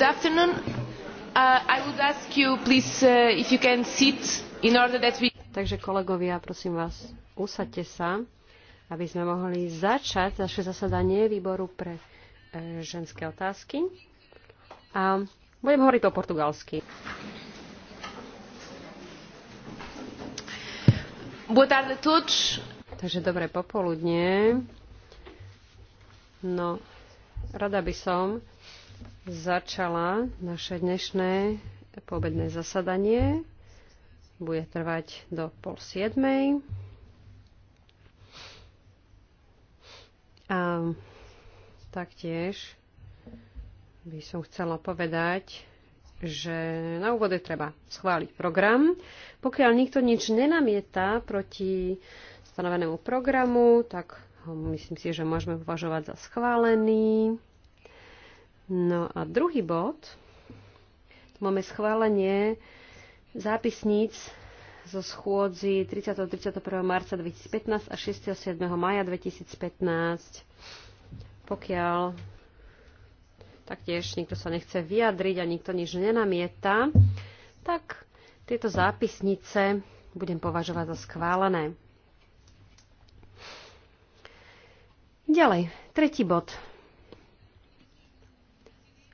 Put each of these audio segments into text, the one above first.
Good afternoon. Uh, I would ask you, please, uh, if you can sit in order that we... Takže kolegovia, prosím vás, usadte sa, aby sme mohli začať naše zasadanie výboru pre e, ženské otázky. A budem hovoriť po portugalsky. Boa tarde a todos. Takže dobré popoludne. No, rada by som začala naše dnešné poobedné zasadanie. Bude trvať do pol siedmej. A taktiež by som chcela povedať, že na úvode treba schváliť program. Pokiaľ nikto nič nenamieta proti stanovenému programu, tak myslím si, že môžeme považovať za schválený. No a druhý bod, máme schválenie zápisníc zo schôdzi 30. 31. marca 2015 a 6. 7. maja 2015. Pokiaľ taktiež nikto sa nechce vyjadriť a nikto nič nenamieta, tak tieto zápisnice budem považovať za schválené. Ďalej, tretí bod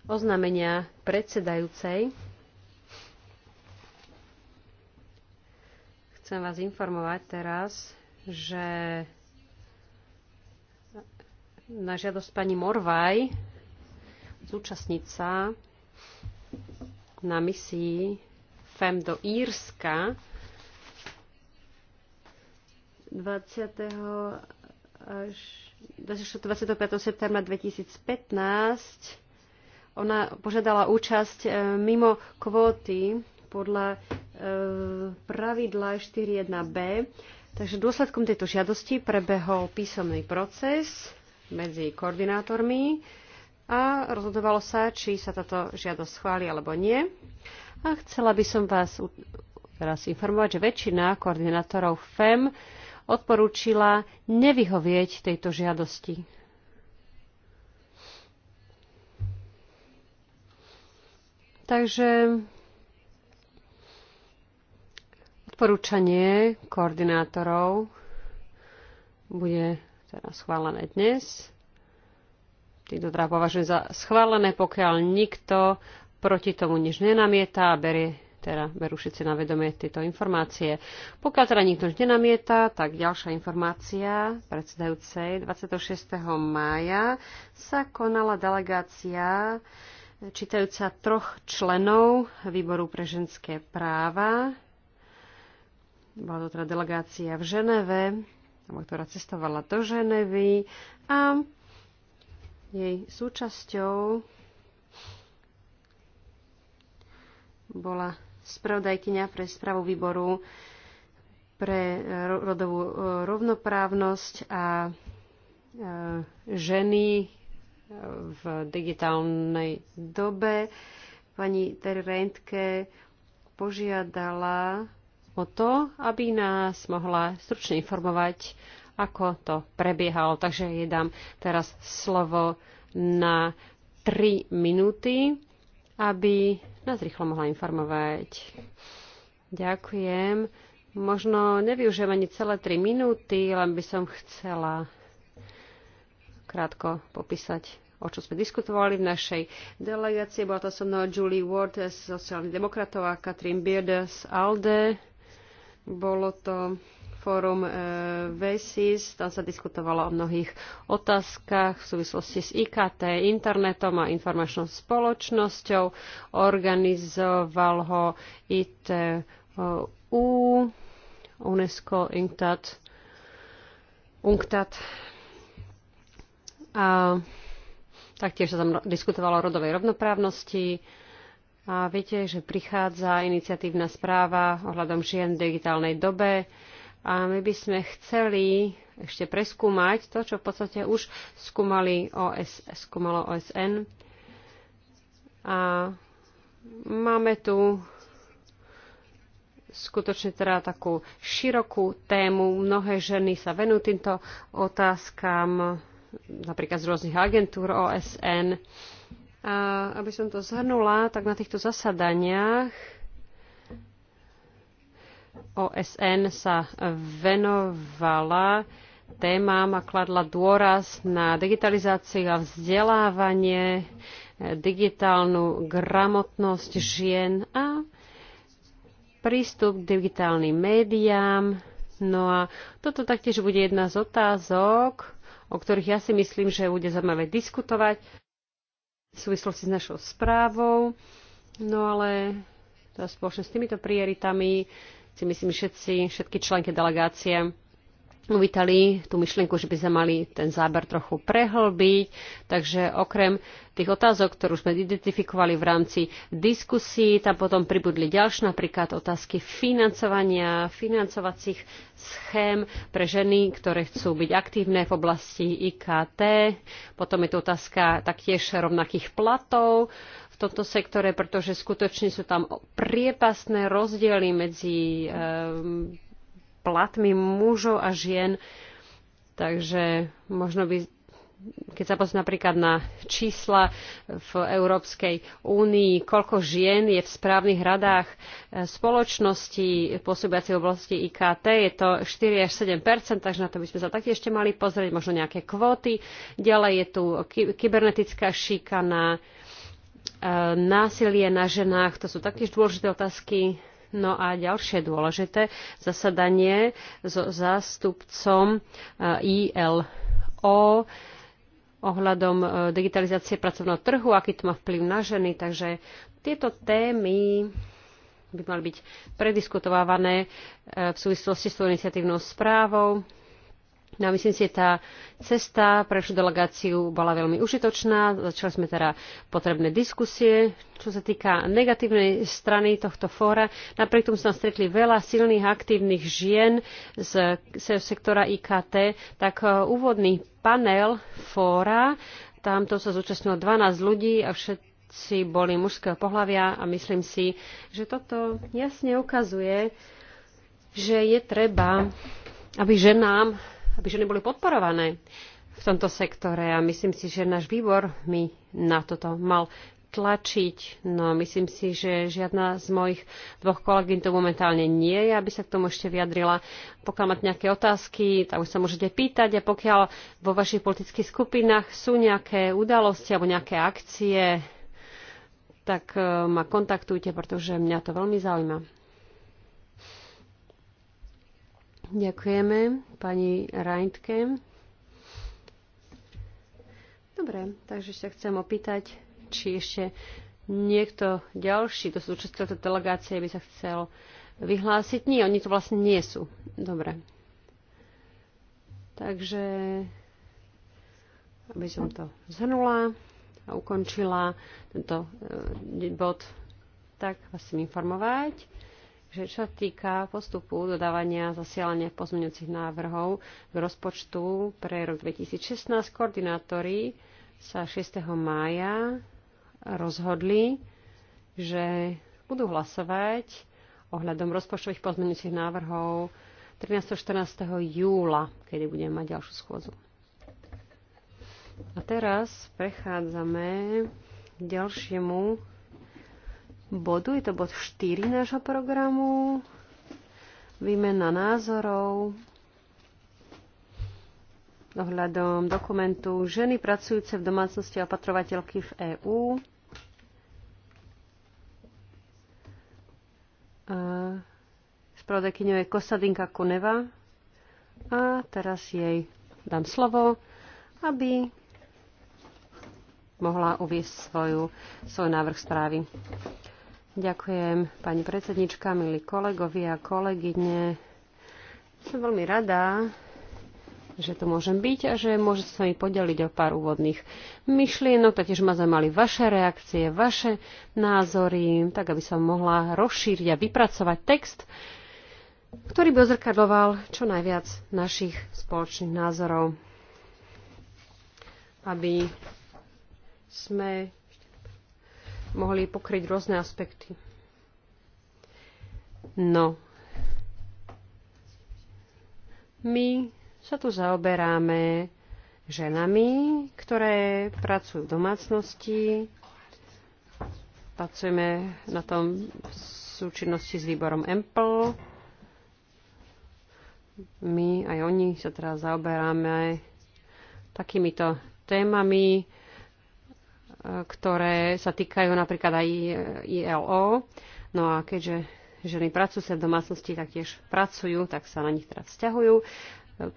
oznámenia predsedajúcej. Chcem vás informovať teraz, že na žiadosť pani Morvaj, zúčastnica na misii FEM do Írska 20. až 25. septembra 2015 ona požiadala účasť e, mimo kvóty podľa e, pravidla 4.1b. Takže dôsledkom tejto žiadosti prebehol písomný proces medzi koordinátormi a rozhodovalo sa, či sa táto žiadosť schváli alebo nie. A chcela by som vás teraz informovať, že väčšina koordinátorov FEM odporúčila nevyhovieť tejto žiadosti. Takže odporúčanie koordinátorov bude teda schválené dnes. Týto teda považujem za schválené, pokiaľ nikto proti tomu nič nenamieta a berie, teda berú všetci na vedomie tieto informácie. Pokiaľ teda nikto už nenamieta, tak ďalšia informácia predsedajúcej 26. mája sa konala delegácia čítajúca troch členov Výboru pre ženské práva. Bola to teda delegácia v Ženeve, ktorá cestovala do Ženevy a jej súčasťou bola spravodajkyňa pre správu výboru pre rodovú e, rovnoprávnosť a e, ženy v digitálnej dobe. Pani Terrentke požiadala o to, aby nás mohla stručne informovať, ako to prebiehalo. Takže jej dám teraz slovo na 3 minúty, aby nás rýchlo mohla informovať. Ďakujem. Možno nevyužijem ani celé 3 minúty, len by som chcela krátko popísať, o čo sme diskutovali v našej delegácii. Bola to so mnou Julie Ward z sociálnych demokratov a Katrin Bierde z ALDE. Bolo to fórum e, VESIS, tam sa diskutovalo o mnohých otázkach v súvislosti s IKT, internetom a informačnou spoločnosťou. Organizoval ho ITU, UNESCO, INCTAD, UNCTAD a taktiež sa tam diskutovalo o rodovej rovnoprávnosti. A viete, že prichádza iniciatívna správa ohľadom žien v digitálnej dobe a my by sme chceli ešte preskúmať to, čo v podstate už skúmali OS, skúmalo OSN. A máme tu skutočne teda takú širokú tému. Mnohé ženy sa venujú týmto otázkam napríklad z rôznych agentúr OSN. A aby som to zhrnula, tak na týchto zasadaniach OSN sa venovala témam a kladla dôraz na digitalizáciu a vzdelávanie, digitálnu gramotnosť žien a prístup k digitálnym médiám. No a toto taktiež bude jedna z otázok, o ktorých ja si myslím, že bude zaujímavé diskutovať v súvislosti s našou správou. No ale teda spoločne s týmito prioritami si myslím všetci, všetky členky delegácie uvítali tú myšlienku, že by sme mali ten záber trochu prehlbiť. Takže okrem tých otázok, ktorú sme identifikovali v rámci diskusí, tam potom pribudli ďalšie napríklad otázky financovania, financovacích schém pre ženy, ktoré chcú byť aktívne v oblasti IKT. Potom je tu otázka taktiež rovnakých platov v tomto sektore, pretože skutočne sú tam priepasné rozdiely medzi um, platmi mužov a žien. Takže možno by, keď sa pozrieme napríklad na čísla v Európskej únii, koľko žien je v správnych radách e, spoločnosti pôsobiacej oblasti IKT, je to 4 až 7 takže na to by sme sa taktiež ešte mali pozrieť, možno nejaké kvóty. Ďalej je tu kybernetická šikana, e, násilie na ženách, to sú taktiež dôležité otázky, No a ďalšie dôležité zasadanie so zástupcom eh, ILO ohľadom eh, digitalizácie pracovného trhu, aký to má vplyv na ženy. Takže tieto témy by mali byť prediskutovávané eh, v súvislosti s tou iniciatívnou správou No myslím si, tá cesta pre našu delegáciu bola veľmi užitočná. Začali sme teda potrebné diskusie, čo sa týka negatívnej strany tohto fóra. Napriek tomu sme stretli veľa silných aktívnych žien z sektora IKT, tak e, úvodný panel fóra, tamto sa zúčastnilo 12 ľudí a všetci boli mužského pohľavia a myslím si, že toto jasne ukazuje, že je treba, aby ženám aby ženy boli podporované v tomto sektore a myslím si, že náš výbor mi na toto mal tlačiť. No myslím si, že žiadna z mojich dvoch kolegyň to momentálne nie je, aby sa k tomu ešte vyjadrila. Pokiaľ máte nejaké otázky, tak už sa môžete pýtať a pokiaľ vo vašich politických skupinách sú nejaké udalosti alebo nejaké akcie, tak eh, ma kontaktujte, pretože mňa to veľmi zaujíma. Ďakujeme pani Reintke. Dobre, takže sa chcem opýtať, či ešte niekto ďalší, to sú tejto delegácie, by sa chcel vyhlásiť. Nie, oni to vlastne nie sú. Dobre. Takže, aby som to zhrnula a ukončila tento e, bod, tak vás chcem informovať, že čo sa týka postupu dodávania zasielania pozmeňujúcich návrhov k rozpočtu pre rok 2016, koordinátori sa 6. mája rozhodli, že budú hlasovať ohľadom rozpočtových pozmeňujúcich návrhov 13. 14. júla, kedy budeme mať ďalšiu schôdzu. A teraz prechádzame k ďalšiemu bodu. Je to bod 4 nášho programu. Výmena názorov ohľadom dokumentu Ženy pracujúce v domácnosti a opatrovateľky v EÚ. Spravodajkyňou je Kostadinka Kuneva. A teraz jej dám slovo, aby mohla uviesť svoju, svoj návrh správy. Ďakujem, pani predsednička, milí kolegovia a kolegyne. Som veľmi rada, že tu môžem byť a že môžete sa mi podeliť o pár úvodných myšlienok. Taktiež ma zaujímali vaše reakcie, vaše názory, tak aby som mohla rozšíriť a vypracovať text, ktorý by ozrkadloval čo najviac našich spoločných názorov. Aby sme mohli pokryť rôzne aspekty. No. My sa tu zaoberáme ženami, ktoré pracujú v domácnosti. Pracujeme na tom v súčinnosti s výborom EMPL. My aj oni sa teraz zaoberáme takýmito témami, ktoré sa týkajú napríklad aj ILO. No a keďže ženy sa v domácnosti taktiež pracujú, tak sa na nich teraz vzťahujú e,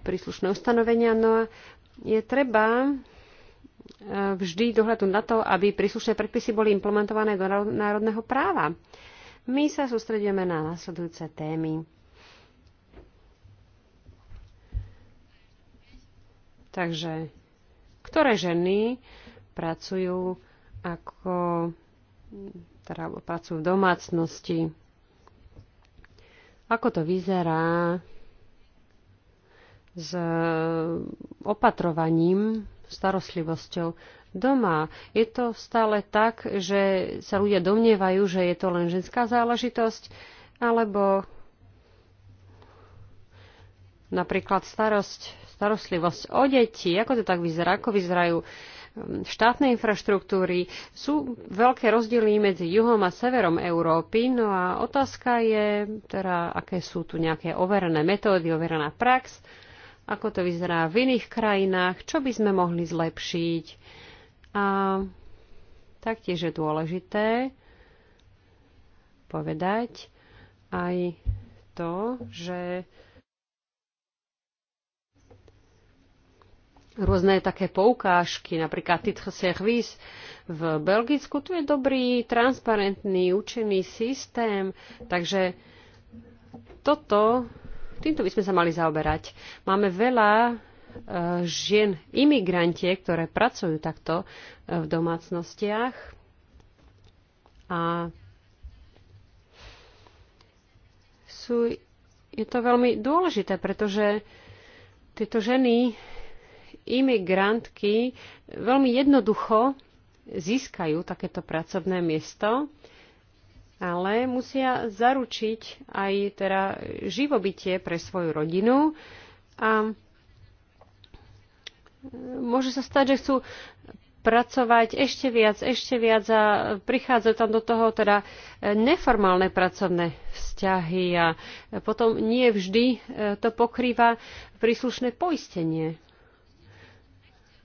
príslušné ustanovenia. No a je treba e, vždy dohľadu na to, aby príslušné predpisy boli implementované do národného práva. My sa sústredíme na nasledujúce témy. Takže, ktoré ženy pracujú ako teda pracujú v domácnosti. Ako to vyzerá s opatrovaním, starostlivosťou doma. Je to stále tak, že sa ľudia domnievajú, že je to len ženská záležitosť, alebo napríklad starosť, starostlivosť o deti. Ako to tak vyzerá? Ako vyzerajú Ehm, štátnej infraštruktúry. Sú veľké rozdiely medzi juhom a severom Európy, no a otázka je, teda, aké sú tu nejaké overené metódy, overená prax, ako to vyzerá v iných krajinách, čo by sme mohli zlepšiť. A taktiež je dôležité povedať aj to, že rôzne také poukážky, napríklad titre service v Belgicku. Tu je dobrý, transparentný, účinný systém, takže toto, týmto by sme sa mali zaoberať. Máme veľa e, žien imigrantie, ktoré pracujú takto e, v domácnostiach. A sú, je to veľmi dôležité, pretože tieto ženy imigrantky veľmi jednoducho získajú takéto pracovné miesto, ale musia zaručiť aj teda živobytie pre svoju rodinu a môže sa stať, že chcú pracovať ešte viac, ešte viac a prichádzajú tam do toho teda neformálne pracovné vzťahy a potom nie vždy to pokrýva príslušné poistenie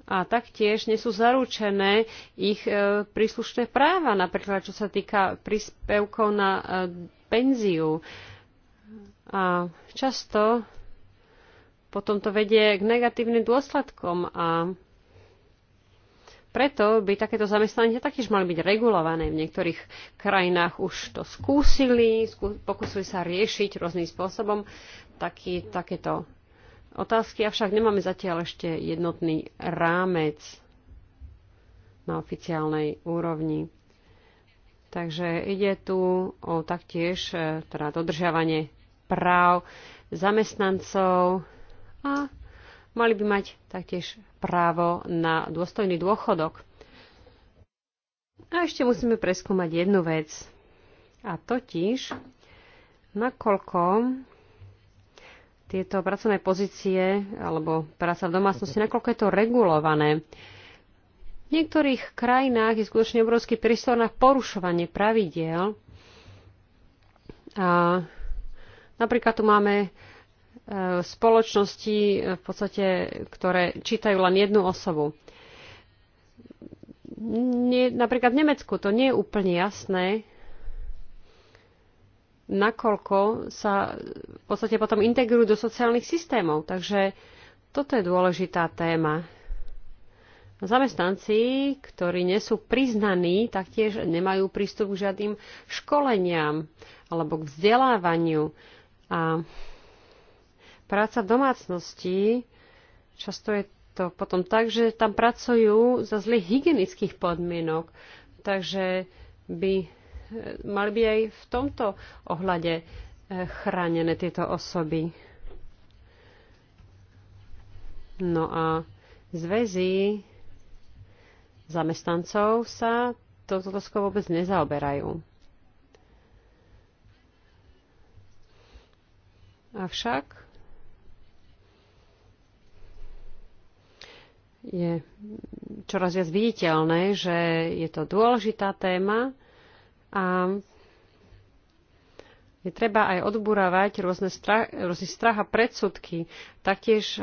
a taktiež nie sú zaručené ich e, príslušné práva, napríklad čo sa týka príspevkov na e, penziu. A často potom to vedie k negatívnym dôsledkom a preto by takéto zamestnania taktiež mali byť regulované. V niektorých krajinách už to skúsili, skú, pokúsili sa riešiť rôznym spôsobom taký, takéto otázky, avšak nemáme zatiaľ ešte jednotný rámec na oficiálnej úrovni. Takže ide tu o taktiež e, teda dodržiavanie práv zamestnancov a mali by mať taktiež právo na dôstojný dôchodok. A ešte musíme preskúmať jednu vec. A totiž, nakoľko tieto pracovné pozície alebo práca v domácnosti, nakoľko je to regulované. V niektorých krajinách je skutočne obrovský prístor na porušovanie pravidiel. A napríklad tu máme e, spoločnosti v podstate, ktoré čítajú len jednu osobu. Nie, napríklad v Nemecku to nie je úplne jasné, nakoľko sa v podstate potom integrujú do sociálnych systémov. Takže toto je dôležitá téma. Zamestnanci, ktorí nie sú priznaní, taktiež nemajú prístup k žiadnym školeniam alebo k vzdelávaniu. A práca v domácnosti, často je to potom tak, že tam pracujú za zlých hygienických podmienok. Takže by mali by aj v tomto ohľade eh, chránené tieto osoby. No a zväzy zamestnancov sa toto otázkou vôbec nezaoberajú. Avšak je čoraz viac viditeľné, že je to dôležitá téma, a je treba aj odburávať rôzne strach, rôzne strach a predsudky. Taktiež e,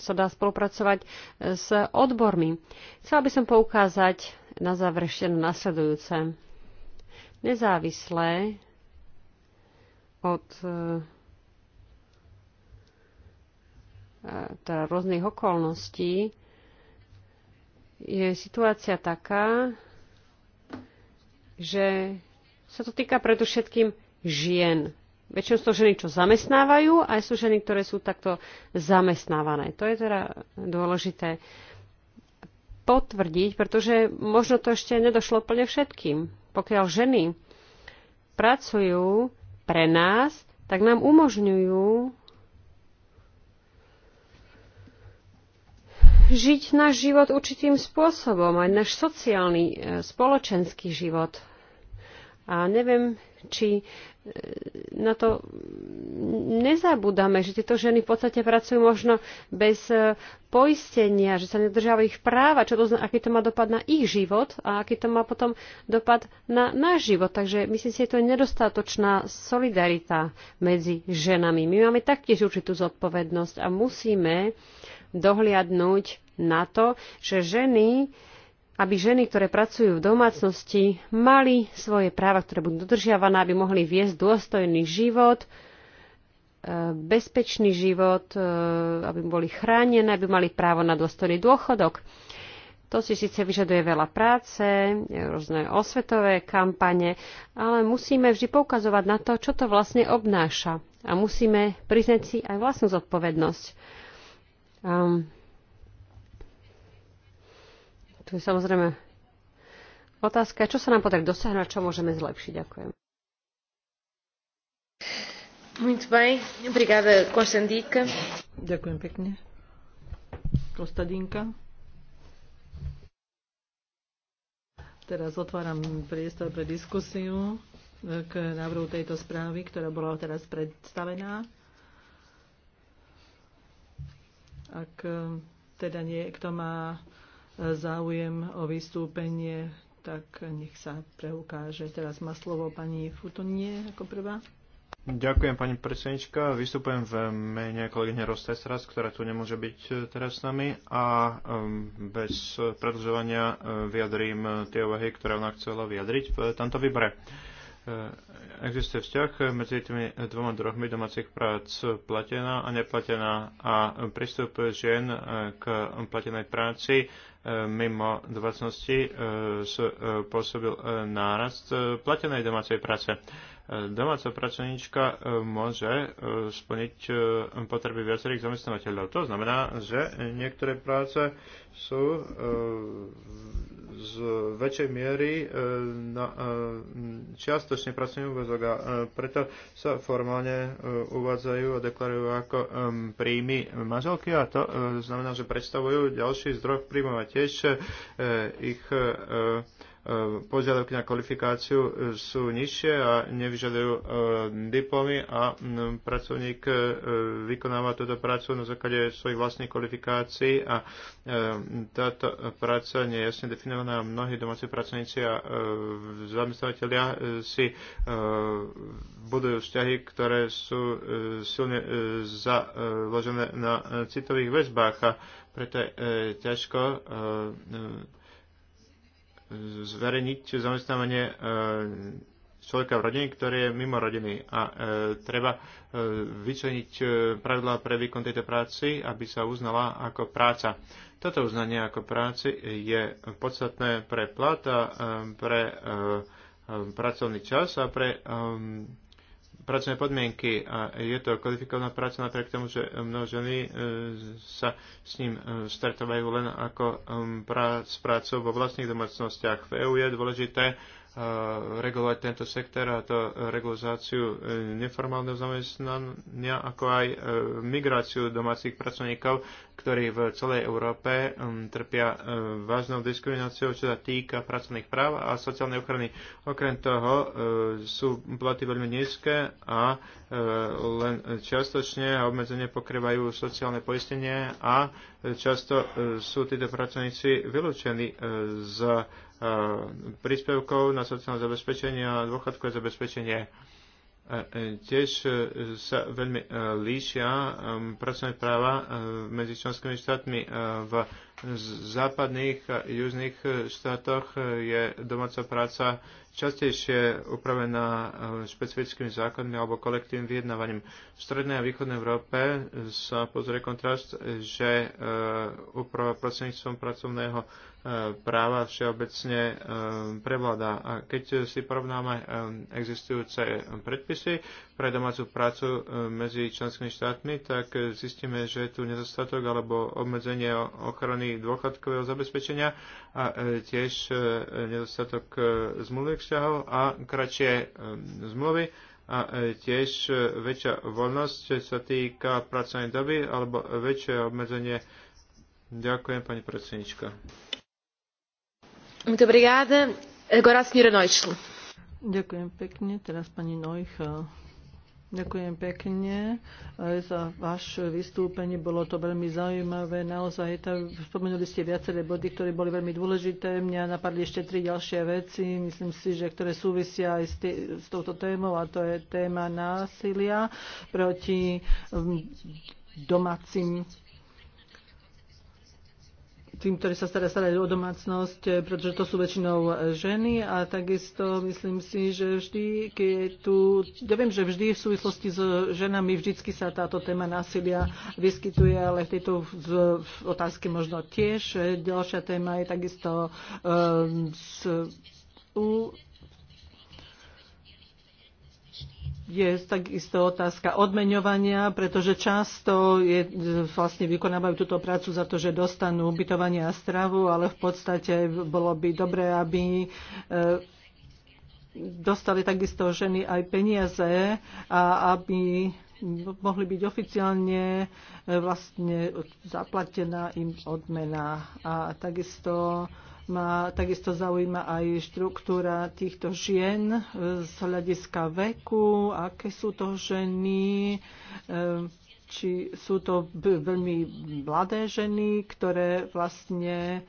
sa dá spolupracovať e, s odbormi. Chcela by som poukázať na záver ešte na nasledujúce. Nezávislé od e, e teda rôznych okolností je situácia taká, že sa to týka predovšetkým žien. Väčšinou sú to ženy, čo zamestnávajú, a sú ženy, ktoré sú takto zamestnávané. To je teda dôležité potvrdiť, pretože možno to ešte nedošlo plne všetkým. Pokiaľ ženy pracujú pre nás, tak nám umožňujú žiť náš život určitým spôsobom, aj náš sociálny, e, spoločenský život a neviem, či e, na to nezabúdame, že tieto ženy v podstate pracujú možno bez e, poistenia, že sa nedržiavajú ich práva, čo to, aký to má dopad na ich život a aký to má potom dopad na náš život. Takže myslím si, že to je nedostatočná solidarita medzi ženami. My máme taktiež určitú zodpovednosť a musíme dohliadnúť na to, že ženy aby ženy, ktoré pracujú v domácnosti, mali svoje práva, ktoré budú dodržiavané, aby mohli viesť dôstojný život, e, bezpečný život, e, aby boli chránené, aby mali právo na dôstojný dôchodok. To si síce vyžaduje veľa práce, e, rôzne osvetové kampane, ale musíme vždy poukazovať na to, čo to vlastne obnáša. A musíme priznať si aj vlastnú zodpovednosť. Um, tu je samozrejme otázka, čo sa nám podarí dosiahnuť, čo môžeme zlepšiť. Ďakujem. Muito bem. Obrigada, Ďakujem pekne. Kostadinka. Teraz otváram priestor pre diskusiu k návrhu tejto správy, ktorá bola teraz predstavená. Ak teda niekto má záujem o vystúpenie, tak nech sa preukáže. Teraz má slovo pani Futonie ako prvá. Ďakujem pani predsednička. Vystupujem v mene kolegyne Rostesras, ktorá tu nemôže byť eh, teraz s nami a ehm, bez predlžovania eh, vyjadrím eh, tie ovahy, ktoré ona chcela vyjadriť v tomto výbore. Eh, existuje vzťah medzi tými dvoma druhmi domácich prác, platená a neplatená a prístup žien eh, k platenej práci eh, mimo domácnosti spôsobil nárast platenej domácej práce domáca pracovníčka e, môže e, splniť e, potreby viacerých zamestnávateľov. To znamená, že niektoré práce sú z väčšej miery na čiastočne pracovný úvezok a preto sa formálne uvádzajú a deklarujú ako príjmy manželky a to znamená, že predstavujú ďalší zdroj príjmov a tiež ich požiadavky na kvalifikáciu e, sú nižšie a nevyžadujú e, diplomy a pracovník e, vykonáva túto prácu na základe svojich vlastných kvalifikácií a táto práca nie je jasne definovaná. Mnohí domáci pracovníci a zamestnávateľia si budujú vzťahy, ktoré sú silne založené na citových väzbách a preto je ťažko zverejniť zamestnávanie e, človeka v rodine, ktorý je mimo rodiny. A e, treba e, vyčleniť e, pravidlá pre výkon tejto práci, aby sa uznala ako práca. Toto uznanie ako práci je podstatné pre plat a e, pre e, e pracovný čas a pre e, pracovné podmienky a je to kvalifikovaná práca no napriek tomu, že mnoho ženy e, sa s ním e, stretávajú len ako e, s prácou vo vlastných domácnostiach. V EU je dôležité regulovať tento sektor a to regulizáciu e, neformálneho zamestnania, ako aj e, migráciu domácich pracovníkov, ktorí v celej Európe um, trpia e, vážnou diskrimináciou, čo sa týka pracovných práv a sociálnej ochrany. Okrem toho sú platy veľmi nízke a len čiastočne a obmedzenie pokrývajú sociálne poistenie a často sú títo pracovníci vylúčení z príspevkov na sociálne zabezpečenie a dôchodkové zabezpečenie. E, e, tiež e, sa veľmi líšia pracovné práva medzi členskými štátmi v v západných a južných štátoch je domáca práca častejšie upravená eh, špecifickými zákonmi alebo kolektívnym vyjednávaním. V strednej a východnej Európe sa pozrie kontrast, že eh, úprava prostredníctvom pracovného eh, práva všeobecne prevláda. A keď si porovnáme existujúce predpisy pre domácu prácu medzi členskými štátmi, tak zistíme, že je tu nedostatok alebo obmedzenie ochrany dôchodkového zabezpečenia a e, tiež e, nedostatok e, zmluvných vzťahov a kratšie zmluvy a tiež väčšia voľnosť sa týka pracovnej doby alebo väčšie obmedzenie. Ďakujem, pani predsednička. Ďakujem pekne. Teraz pani Neuchel. Ďakujem pekne eh, za vaše vystúpenie. Bolo to veľmi zaujímavé. Naozaj, tam spomenuli ste viaceré body, ktoré boli veľmi dôležité. Mňa napadli ešte tri ďalšie veci, myslím si, že ktoré súvisia aj s, tý, s touto témou, a to je téma násilia proti mm, domácim tým, ktorí sa stará starajú o domácnosť, eh, pretože to sú väčšinou eh, ženy a takisto myslím si, že vždy, keď tu, ja viem, že vždy v súvislosti s ženami vždycky sa táto téma násilia vyskytuje, ale v tejto otázke možno tiež. Eh, ďalšia téma je takisto um, s, u, je takisto otázka odmeňovania, pretože často je, vlastne vykonávajú túto prácu za to, že dostanú ubytovanie a stravu, ale v podstate bolo by dobré, aby e, dostali takisto ženy aj peniaze a aby mohli byť oficiálne e, vlastne zaplatená im odmena. A takisto ma takisto zaujíma aj štruktúra týchto žien e, z hľadiska veku, aké sú to ženy, e, či sú to veľmi mladé ženy, ktoré vlastne e,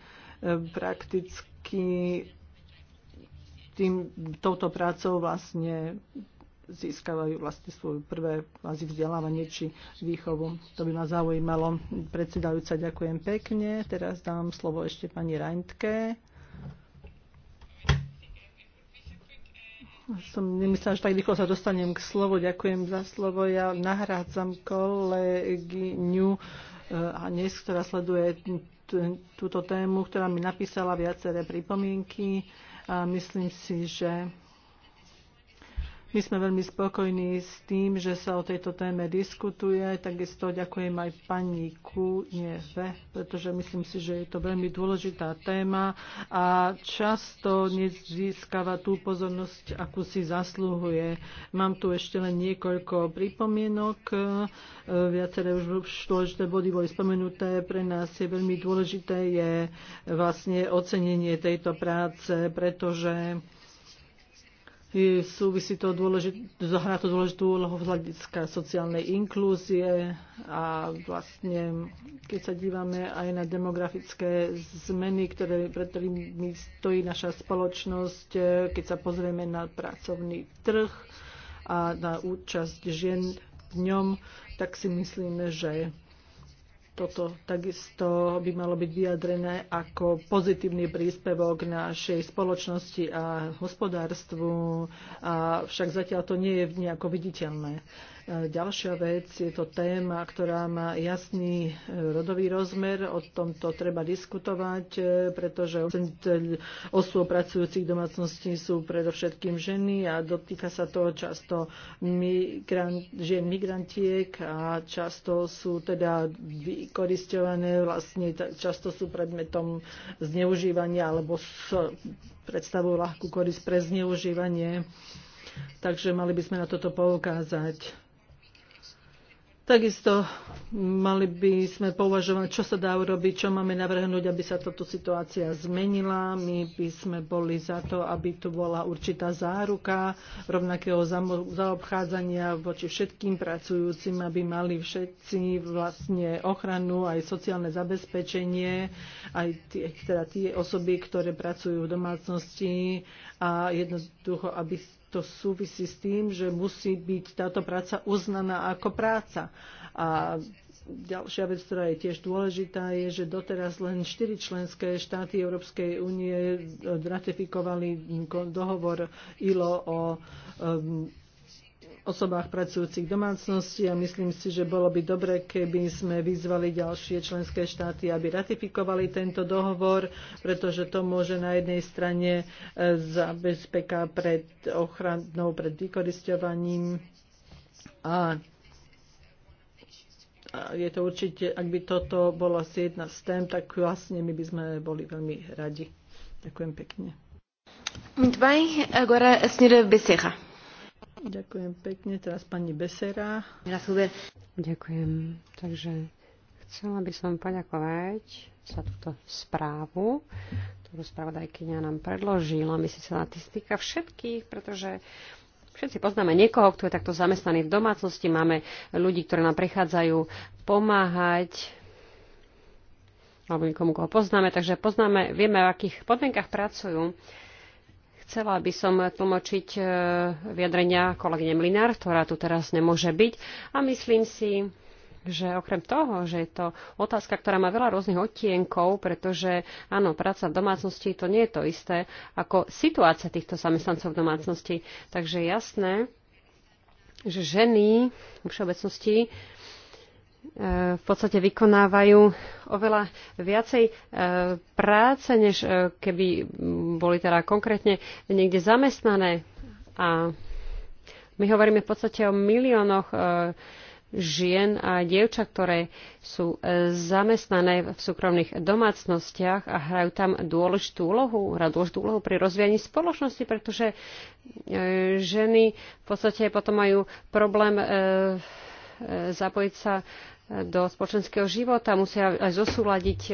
prakticky tým, touto prácou vlastne získavajú vlastne svoje prvé kvázi vzdelávanie či výchovu. To by ma zaujímalo. Predsedajúca, ďakujem pekne. Teraz dám slovo ešte pani Reintke. Som nemyslela, že tak rýchlo sa dostanem k slovu. Ďakujem za slovo. Ja nahrádzam kolegyňu dnes, eh, ktorá sleduje túto tému, ktorá mi napísala viaceré pripomienky. A myslím si, že my sme veľmi spokojní s tým, že sa o tejto téme diskutuje. Takisto ďakujem aj pani Kuneve, pretože myslím si, že je to veľmi dôležitá téma a často nezískava tú pozornosť, akú si zaslúhuje. Mám tu ešte len niekoľko pripomienok. E, viaceré už dôležité body boli spomenuté. Pre nás je veľmi dôležité je vlastne ocenenie tejto práce, pretože súvisí to dôležit, zahrá to dôležitú úlohu v hľadiska sociálnej inklúzie a vlastne, keď sa dívame aj na demografické zmeny, ktoré, pred ktorými stojí naša spoločnosť, keď sa pozrieme na pracovný trh a na účasť žien v ňom, tak si myslíme, že toto takisto by malo byť vyjadrené ako pozitívny príspevok našej spoločnosti a hospodárstvu, a však zatiaľ to nie je nejako viditeľné. Ďalšia vec je to téma, ktorá má jasný e, rodový rozmer. O tomto treba diskutovať, e, pretože osôb pracujúcich domácností sú predovšetkým ženy a dotýka sa to často migrant, žien migrantiek a často sú teda vykoristované, vlastne často sú predmetom zneužívania alebo predstavujú ľahkú korist pre zneužívanie. Takže mali by sme na toto poukázať. Takisto mali by sme považovať, čo sa dá urobiť, čo máme navrhnúť, aby sa táto situácia zmenila. My by sme boli za to, aby tu bola určitá záruka rovnakého zaobchádzania voči všetkým pracujúcim, aby mali všetci vlastne ochranu, aj sociálne zabezpečenie, aj tie, teda tie osoby, ktoré pracujú v domácnosti, a jednoducho, aby to súvisí s tým, že musí byť táto práca uznaná ako práca. A ďalšia vec, ktorá je tiež dôležitá, je, že doteraz len štyri členské štáty Európskej únie ratifikovali dohovor ILO o um, osobách pracujúcich v domácnosti a myslím si, že bolo by dobre, keby sme vyzvali ďalšie členské štáty, aby ratifikovali tento dohovor, pretože to môže na jednej strane e, zabezpeká pred ochranou, pred vykoristovaním a je to určite, ak by toto bola asi jedna z tém, tak vlastne my by sme boli veľmi radi. Ďakujem pekne. Muito bem, agora a senhora Becerra. Ďakujem pekne. Teraz pani Besera. Ďakujem. Takže chcela by som poďakovať za túto správu, ktorú spravodajkynia nám predložila. My si sa týka všetkých, pretože Všetci poznáme niekoho, kto je takto zamestnaný v domácnosti. Máme ľudí, ktorí nám prichádzajú pomáhať alebo niekomu, koho poznáme. Takže poznáme, vieme, v akých podmienkach pracujú. Chcela by som tlmočiť e, vyjadrenia kolegyne Mlinár, ktorá tu teraz nemôže byť. A myslím si, že okrem toho, že je to otázka, ktorá má veľa rôznych odtienkov, pretože áno, práca v domácnosti to nie je to isté ako situácia týchto zamestnancov v domácnosti. Takže jasné, že ženy v všeobecnosti v podstate vykonávajú oveľa viacej e, práce, než e, keby boli teda konkrétne niekde zamestnané. A my hovoríme v podstate o miliónoch e, žien a dievčat, ktoré sú zamestnané v súkromných domácnostiach a hrajú tam dôležitú úlohu, hrajú dôležitú úlohu pri rozvíjaní spoločnosti, pretože ženy v podstate potom majú problém E, zapojiť sa e, do spoločenského života, musia aj zosúľadiť e,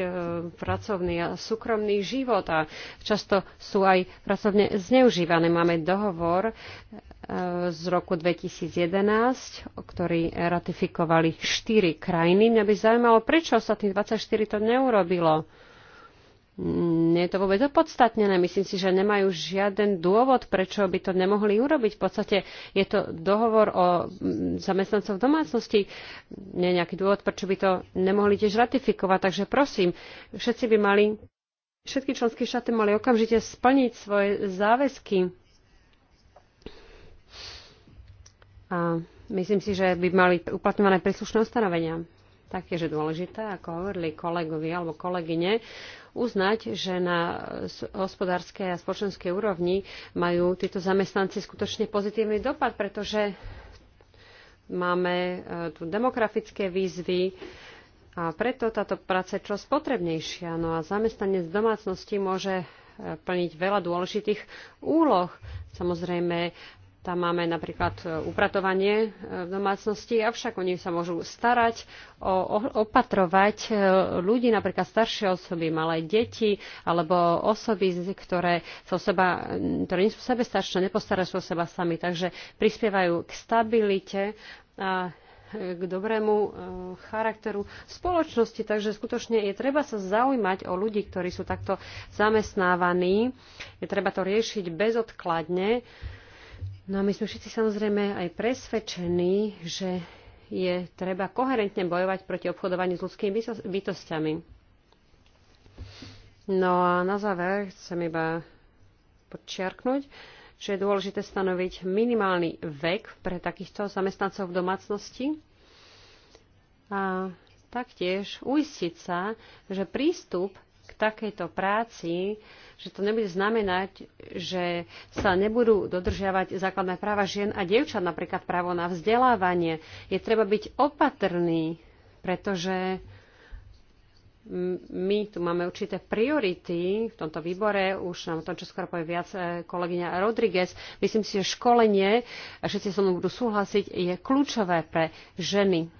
pracovný a súkromný život a často sú aj pracovne zneužívané. Máme dohovor z roku 2011, ktorý ratifikovali štyri krajiny. Mňa by zaujímalo, prečo sa tých 24 to neurobilo. Nie je to vôbec opodstatnené. Myslím si, že nemajú žiaden dôvod, prečo by to nemohli urobiť. V podstate je to dohovor o mm, zamestnancov v domácnosti. Nie je nejaký dôvod, prečo by to nemohli tiež ratifikovať. Takže prosím, všetci by mali, všetky členské štáty mali okamžite splniť svoje záväzky. A myslím si, že by mali uplatňované príslušné ustanovenia taktiež je dôležité, ako hovorili kolegovi alebo kolegyne, uznať, že na hospodárskej a spoločenskej úrovni majú títo zamestnanci skutočne pozitívny dopad, pretože máme e, tu demografické výzvy a preto táto práca je čoraz potrebnejšia. No a zamestnanec v domácnosti môže e, plniť veľa dôležitých úloh. Samozrejme, tam máme napríklad e, upratovanie e, v domácnosti, avšak oni sa môžu starať, o, opatrovať e, ľudí, napríklad staršie osoby, malé deti alebo osoby, ktoré, sa o seba, ktoré nie sú sebestačné, nepostarajú sa o seba sami, takže prispievajú k stabilite a k dobrému charakteru spoločnosti. Takže skutočne je treba sa zaujímať o ľudí, ktorí sú takto zamestnávaní. Je treba to riešiť bezodkladne. No a my sme všetci samozrejme aj presvedčení, že je treba koherentne bojovať proti obchodovaniu s ľudskými bytosťami. No a na záver chcem iba podčiarknúť, že je dôležité stanoviť minimálny vek pre takýchto zamestnancov v domácnosti a taktiež uistiť sa, že prístup k takejto práci že to nebude znamenať, že sa nebudú dodržiavať základné práva žien a dievčat, napríklad právo na vzdelávanie. Je treba byť opatrný, pretože my tu máme určité priority v tomto výbore, už nám o tom čoskoro povie viac e, kolegyňa Rodriguez. Myslím si, že školenie, všetci so mnou budú súhlasiť, je kľúčové pre ženy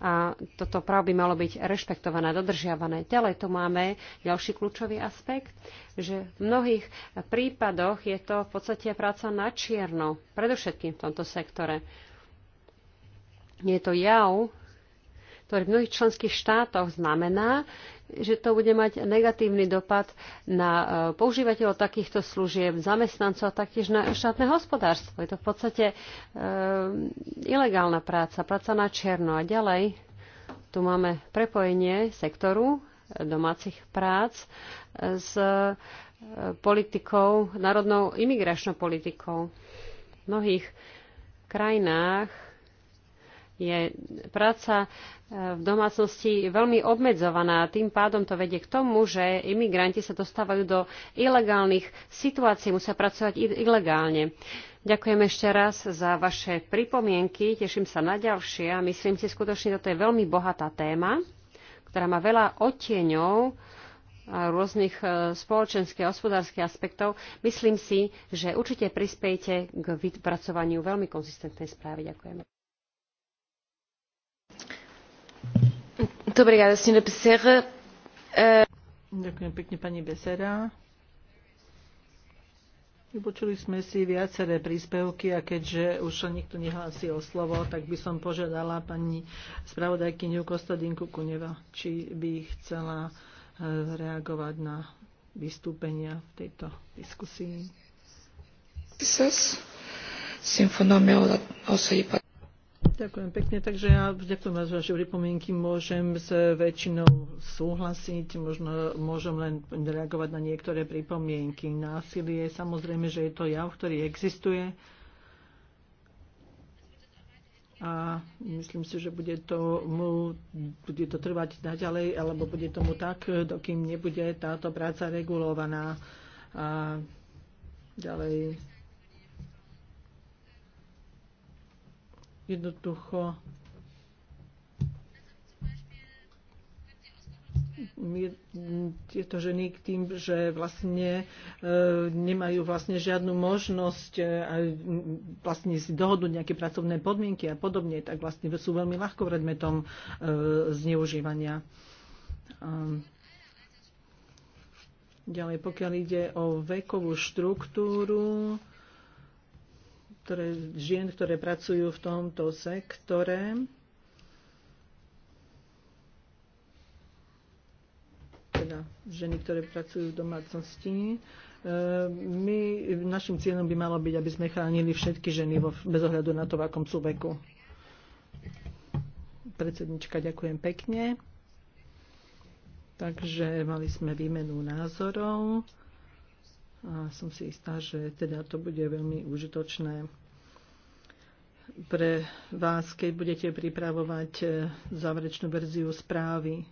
a toto právo by malo byť rešpektované, dodržiavané. Ďalej tu máme ďalší kľúčový aspekt, že v mnohých prípadoch je to v podstate práca na čierno, predovšetkým v tomto sektore. Je to jav, ktorý v mnohých členských štátoch znamená, že to bude mať negatívny dopad na e, používateľov takýchto služieb, zamestnancov a taktiež na štátne hospodárstvo. Je to v podstate e, ilegálna práca, práca na černo. A ďalej tu máme prepojenie sektoru e, domácich prác e, s politikou, národnou imigračnou politikou. V mnohých krajinách je práca e, v domácnosti veľmi obmedzovaná a tým pádom to vedie k tomu, že imigranti sa dostávajú do ilegálnych situácií, musia pracovať ilegálne. Ďakujem ešte raz za vaše pripomienky, teším sa na ďalšie a myslím si skutočne, toto je veľmi bohatá téma, ktorá má veľa odtieňov rôznych e, spoločenských a hospodárskych aspektov. Myslím si, že určite prispejete k vypracovaniu veľmi konzistentnej správy. Ďakujeme. Eh, Vypočuli sme si viaceré príspevky a keďže už sa nikto nehlási o slovo, tak by som požiadala pani spravodajkyňu Kostadinku Kuneva, či by chcela eh, reagovať na vystúpenia v tejto diskusii. Ďakujem pekne, takže ja ďakujem vás vaše pripomienky, môžem s väčšinou súhlasiť, možno môžem len reagovať na niektoré pripomienky. Násilie, samozrejme, že je to jav, ktorý existuje a myslím si, že bude to, mu, bude to trvať naďalej, alebo bude tomu tak, dokým nebude táto práca regulovaná. A ďalej jednoducho tieto ženy k tým, že vlastne e, nemajú vlastne žiadnu možnosť e, vlastne si dohodnúť nejaké pracovné podmienky a podobne, tak vlastne sú veľmi ľahko predmetom e, zneužívania. Ďalej, pokiaľ ide o vekovú štruktúru, ktoré, žien, ktoré pracujú v tomto sektore. Teda ženy, ktoré pracujú v domácnosti. E, my, našim cieľom by malo byť, aby sme chránili všetky ženy bez ohľadu na to, v akom sú veku. Predsednička, ďakujem pekne. Takže mali sme výmenu názorov a som si istá, že teda to bude veľmi užitočné pre vás, keď budete pripravovať e, záverečnú verziu správy.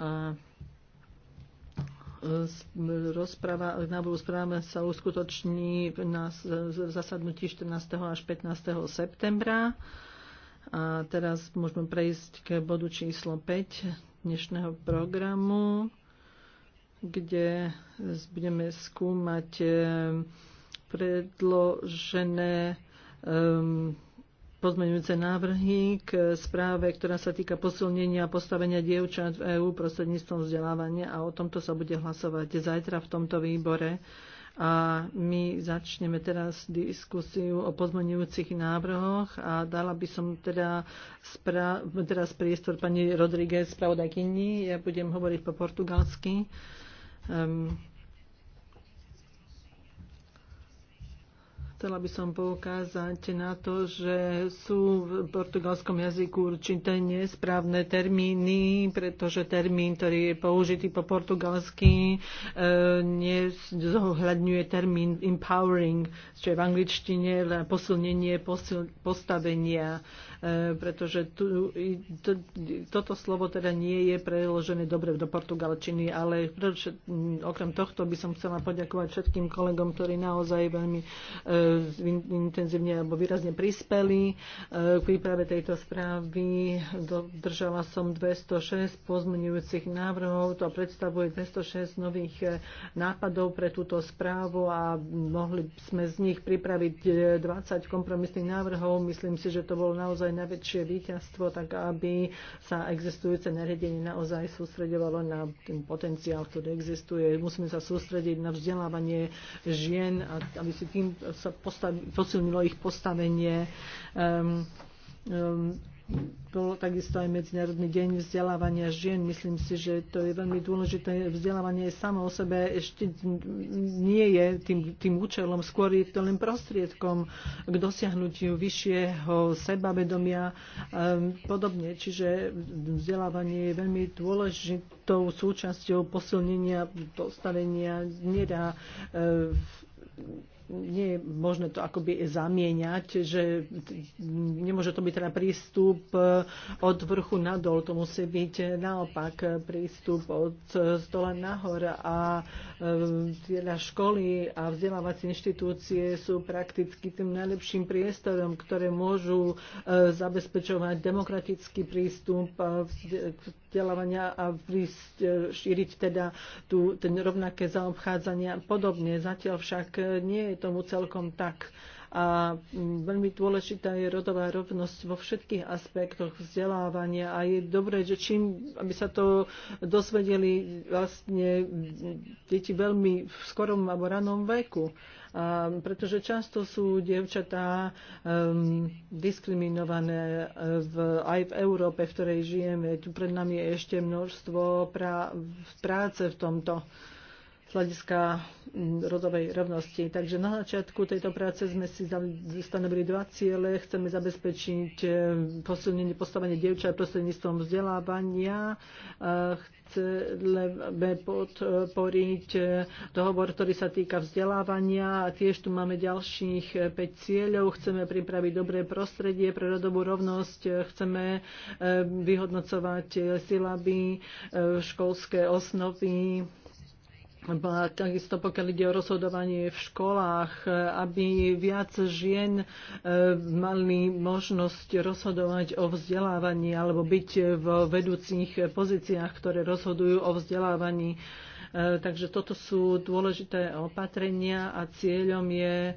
A e, rozpráva, na návrhu sa uskutoční na zasadnutí 14. až 15. septembra. A teraz môžeme prejsť k bodu číslo 5 dnešného programu, kde budeme skúmať e, predložené um, pozmeňujúce návrhy k správe, ktorá sa týka posilnenia a postavenia dievčat v EÚ prostredníctvom vzdelávania a o tomto sa bude hlasovať zajtra v tomto výbore. A my začneme teraz diskusiu o pozmeňujúcich návrhoch a dala by som teda teraz priestor pani Rodríguez, spravodajkyni. Ja budem hovoriť po portugalsky. Um, Chcela by som poukázať na to, že sú v portugalskom jazyku určité nesprávne termíny, pretože termín, ktorý je použitý po portugalsky, e, nezohľadňuje termín empowering, čo je v angličtine posilnenie posil, postavenia Eh, pretože tu, to, toto slovo teda nie je preložené dobre do portugalčiny, ale mm, okrem tohto by som chcela poďakovať všetkým kolegom, ktorí naozaj veľmi eh, intenzívne alebo výrazne prispeli eh, k príprave tejto správy. Držala som 206 pozmenujúcich návrhov, to predstavuje 206 nových nápadov pre túto správu a mohli sme z nich pripraviť 20 kompromisných návrhov. Myslím si, že to bolo naozaj je najväčšie víťazstvo, tak aby sa existujúce nariadenie naozaj sústredovalo na ten potenciál, ktorý existuje. Musíme sa sústrediť na vzdelávanie žien, a aby si tým sa posilnilo ich postavenie. Um, um, bol takisto aj Medzinárodný deň vzdelávania žien. Myslím si, že to je veľmi dôležité. Vzdelávanie samo o sebe ešte nie je tým, tým účelom, skôr je to len prostriedkom k dosiahnutiu vyššieho sebavedomia um, podobne. Čiže vzdelávanie je veľmi dôležitou súčasťou posilnenia, postavenia nedá um, ehm, nie je možné to akoby zamieňať, že nemôže to byť teda prístup eh, od vrchu nadol, to musí byť naopak eh, prístup od stola eh, nahor a teda školy a vzdelávacie inštitúcie sú prakticky tým najlepším priestorom, ktoré môžu zabezpečovať demokratický prístup vzdelávania a prísť, šíriť teda tú, ten rovnaké zaobchádzania podobne. Zatiaľ však nie je tomu celkom tak. A mm, veľmi dôležitá je rodová rovnosť vo všetkých aspektoch vzdelávania a je dobré, že čím, aby sa to dosvedeli vlastne mm, deti veľmi v skorom alebo ranom veku um, pretože často sú dievčatá um, diskriminované eh, v, aj v Európe, v ktorej žijeme. Tu pred nami je ešte množstvo pra- práce v tomto. Uh, z hľadiska mm, rodovej rovnosti. Takže na začiatku tejto práce sme si stanovili dva ciele. Chceme zabezpečiť eh, posilnenie postavenie dievčat prostredníctvom vzdelávania. Eh, chceme podporiť eh, dohovor, ktorý sa týka vzdelávania. A tiež tu máme ďalších 5 cieľov. Chceme pripraviť dobré prostredie pre rodovú rovnosť. Chceme vyhodnocovať silaby, školské osnovy takisto pokiaľ ide o rozhodovanie v školách, aby viac žien e, mali možnosť rozhodovať o vzdelávaní alebo byť v vedúcich pozíciách, ktoré rozhodujú o vzdelávaní. E, takže toto sú dôležité opatrenia a cieľom je e,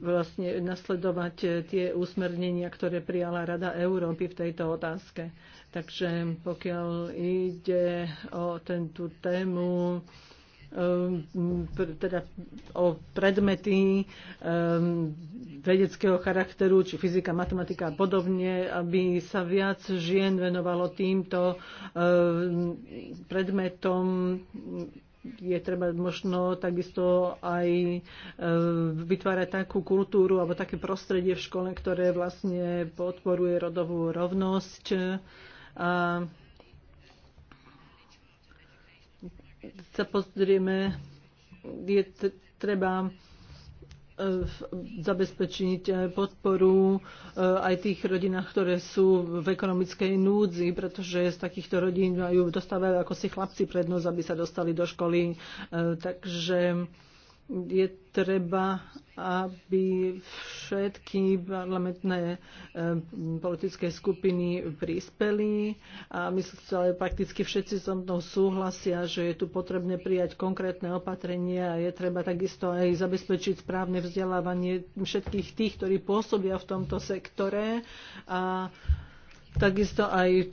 vlastne nasledovať tie úsmernenia, ktoré prijala Rada Európy v tejto otázke. Takže pokiaľ ide o tento tému, Ehm, teda o predmety ehm, vedeckého charakteru, či fyzika, matematika a podobne, aby sa viac žien venovalo týmto ehm, predmetom je treba možno takisto aj vytvárať takú kultúru alebo také prostredie v škole, ktoré vlastne podporuje rodovú rovnosť. A sa pozrieme, je treba e, zabezpečiť e, podporu e, aj tých rodinách, ktoré sú v ekonomickej núdzi, pretože z takýchto rodín majú dostávajú ako si chlapci prednosť, aby sa dostali do školy. Takže je treba, aby všetky parlamentné e, politické skupiny prispeli a myslím, že prakticky všetci so mnou súhlasia, že je tu potrebné prijať konkrétne opatrenia a je treba takisto aj zabezpečiť správne vzdelávanie všetkých tých, ktorí pôsobia v tomto sektore a Takisto aj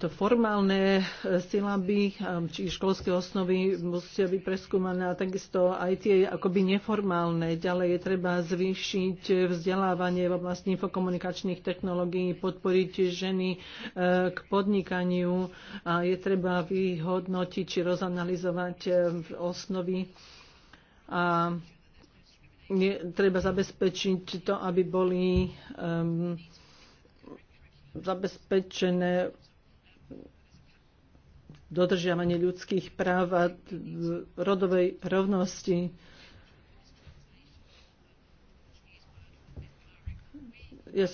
to formálne e, silaby, či školské osnovy musia byť preskúmané a takisto aj tie akoby neformálne. Ďalej je treba zvýšiť vzdelávanie v oblasti infokomunikačných technológií, podporiť ženy e, k podnikaniu a je treba vyhodnotiť či rozanalizovať e, osnovy a je treba zabezpečiť to, aby boli um, zabezpečené dodržiavanie ľudských práv a rodovej rovnosti. ja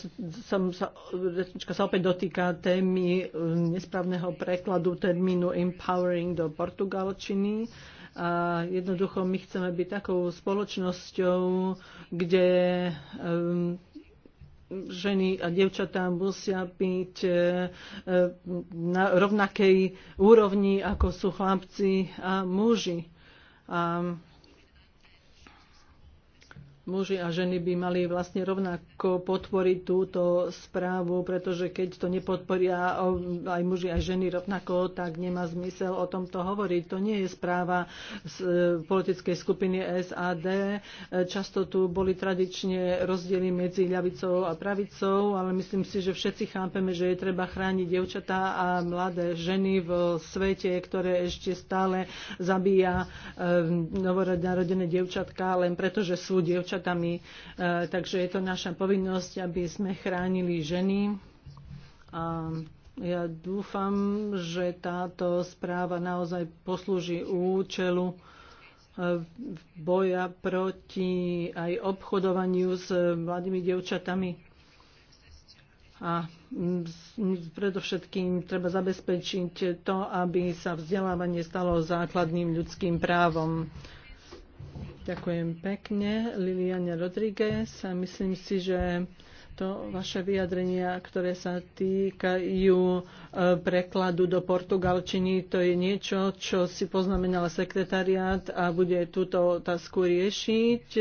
som sa, rečnička sa opäť dotýka témy eh, nesprávneho prekladu termínu empowering do portugalčiny. A jednoducho my chceme byť takou spoločnosťou, kde um, ženy a devčatá musia byť e, na rovnakej úrovni, ako sú chlapci a muži. A muži a ženy by mali vlastne rovnako podporiť túto správu, pretože keď to nepodporia aj muži aj ženy rovnako, tak nemá zmysel o tomto hovoriť. To nie je správa z e, politickej skupiny SAD. E, často tu boli tradične rozdiely medzi ľavicou a pravicou, ale myslím si, že všetci chápeme, že je treba chrániť devčatá a mladé ženy v svete, ktoré ešte stále zabíja e, novonarodené devčatka, len preto, že sú devčatá zásadami. E, takže je to naša povinnosť, aby sme chránili ženy. A ja dúfam, že táto správa naozaj poslúži účelu e, boja proti aj obchodovaniu s mladými dievčatami. A predovšetkým treba zabezpečiť to, aby sa vzdelávanie stalo základným ľudským právom. Ďakujem pekne. Liliane a myslím si, že to vaše vyjadrenia, ktoré sa týkajú e, prekladu do portugalčiny, to je niečo, čo si poznamenala sekretariát a bude túto otázku riešiť.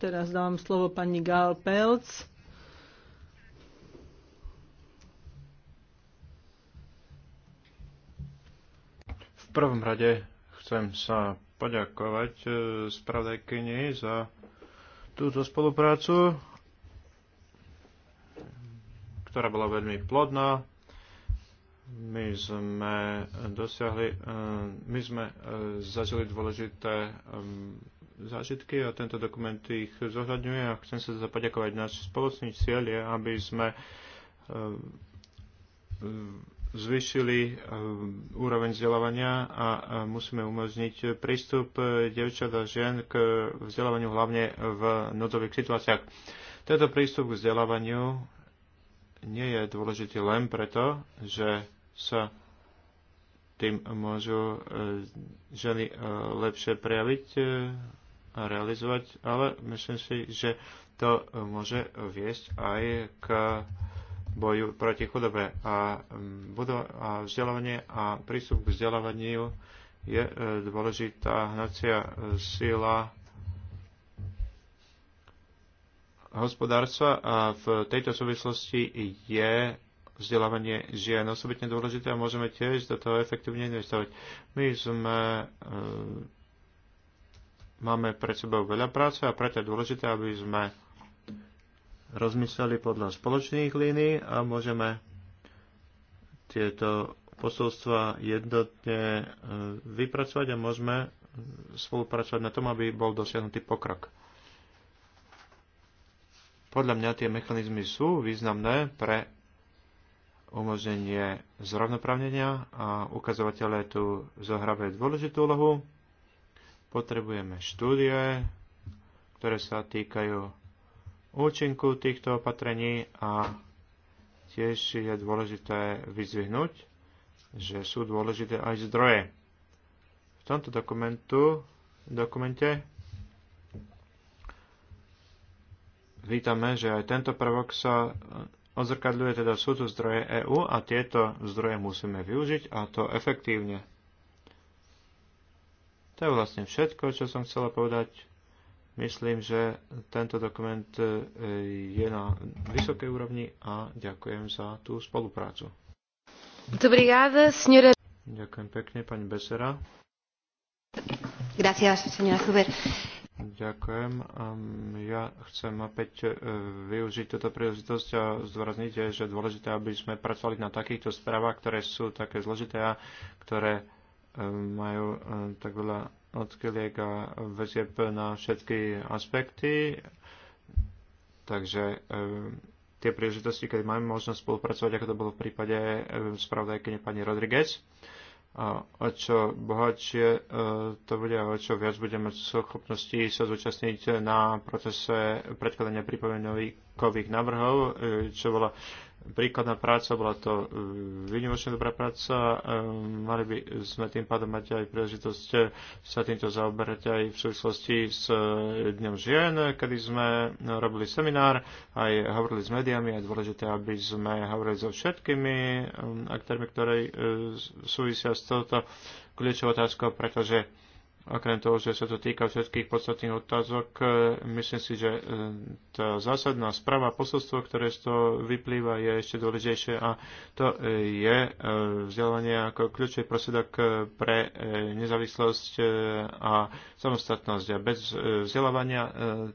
Teraz dávam slovo pani Gál Pelc. V prvom rade chcem sa poďakovať e, spravodajkyni za túto spoluprácu, ktorá bola veľmi plodná. My sme dosiahli, e, my sme e, zažili dôležité zážitky a tento dokument ich zohľadňuje a chcem sa zapoďakovať Náš spoločný cieľ je, aby sme zvyšili eh, úroveň vzdelávania a eh, musíme umožniť prístup eh, devčat a žien k vzdelávaniu hlavne v núdzových situáciách. Tento prístup k vzdelávaniu nie je dôležitý len preto, že sa tým môžu ženy lepšie prejaviť a realizovať, ale myslím si, že to môže viesť aj k boju proti chudobe a, mm, budo, a vzdelávanie a prístup k vzdelávaniu je e, dôležitá hnacia e, sila hospodárstva a v tejto súvislosti je vzdelávanie žien osobitne dôležité a môžeme tiež do toho efektívne investovať. My sme e, máme pred sebou veľa práce a preto je dôležité, aby sme rozmysleli podľa spoločných línií a môžeme tieto posolstva jednotne e, vypracovať a môžeme spolupracovať na tom, aby bol dosiahnutý pokrok. Podľa mňa tie mechanizmy sú významné pre umožnenie zrovnoprávnenia a ukazovatele tu zohrávajú dôležitú úlohu. Potrebujeme štúdie, ktoré sa týkajú účinku týchto opatrení a tiež je dôležité vyzvihnúť, že sú dôležité aj zdroje. V tomto dokumentu, dokumente vítame, že aj tento prvok sa odzrkadľuje, teda sú tu zdroje EÚ a tieto zdroje musíme využiť a to efektívne. To je vlastne všetko, čo som chcela povedať. Myslím, že tento dokument e, je na vysokej úrovni a ďakujem za tú spoluprácu. Obrigada, senhora... Ďakujem pekne, pani Besera. Gracias, señora Huber. Ďakujem. Ja chcem opäť e, využiť túto príležitosť a zdôrazniť, že je dôležité, aby sme pracovali na takýchto správach, ktoré sú také zložité a ktoré e, majú tak veľa odkyliek a väzieb na všetky aspekty. Takže eh, tie príležitosti, keď máme možnosť spolupracovať, ako to bolo v prípade eh, spravodajkyne pani Rodriguez, a o čo bohatšie eh, to bude o čo viac budeme schopnosti sa zúčastniť na procese predkladania pripomienkových návrhov, čo bola príkladná práca, bola to e, výnimočne dobrá práca. E, mali by sme tým pádom mať aj príležitosť e, sa týmto zaoberať aj v súvislosti s Dňom žien, kedy sme robili seminár, aj hovorili s médiami, aj dôležité, aby sme hovorili so všetkými aktérmi, ktoré súvisia s touto kľúčovou otázkou, pretože Okrem toho, že sa to týka všetkých podstatných otázok, e, myslím si, že e, tá zásadná správa, posolstvo, ktoré z toho vyplýva, je ešte dôležitejšie a to e, je vzdelanie ako kľúčový prosedok pre nezávislosť a samostatnosť. A bez vzdelávania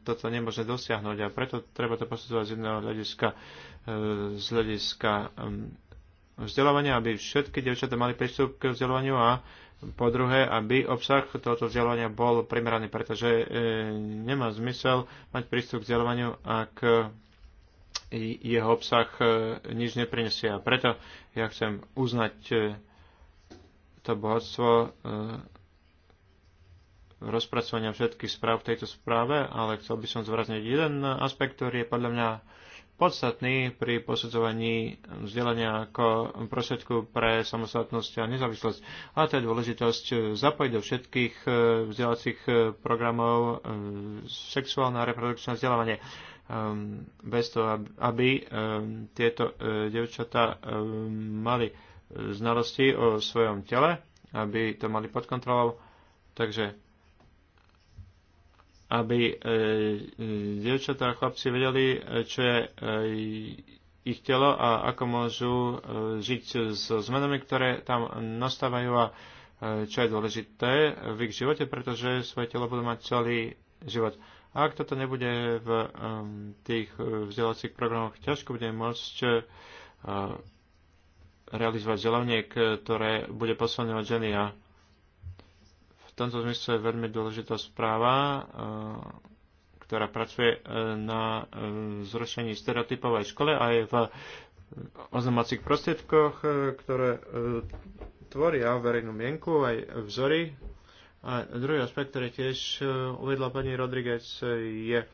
toto nemôže dosiahnuť a preto treba to posudzovať z jedného hľadiska, z hľadiska vzdelávania, aby všetky devčatá mali prístup k vzdelávaniu a po druhé, aby obsah tohoto vzdelávania bol primeraný, pretože e, nemá zmysel mať prístup k vzdelávaniu, ak e, jeho obsah e, nič neprinesie. A preto ja chcem uznať e, to bohatstvo e, rozpracovania všetkých správ v tejto správe, ale chcel by som zvrazniť jeden aspekt, ktorý je podľa mňa podstatný pri posudzovaní vzdelania ako prostriedku pre samostatnosť a nezávislosť. A to je dôležitosť zapojiť do všetkých e, vzdelacích e, programov e, sexuálne a reprodukčné vzdelávanie ehm, bez toho, aby ehm, tieto devčata ehm, mali znalosti o svojom tele, aby to mali pod kontrolou. Takže aby e, e, dievčatá a chlapci vedeli, e, čo je ich telo a ako môžu žiť so zmenami, ktoré tam nastávajú a čo je dôležité v ich živote, pretože svoje telo budú mať celý život. A ak toto nebude v tých vzdelávacích programoch, ťažko bude môcť realizovať želanie, ktoré bude posilňovať ženy a tomto zmysle je veľmi dôležitá správa, eh, ktorá pracuje eh, na eh, zrušení stereotypov aj v škole, aj v oznamacích prostriedkoch, ktoré tvoria verejnú mienku, aj vzory. A druhý aspekt, ktorý tiež uvedla pani Rodriguez, je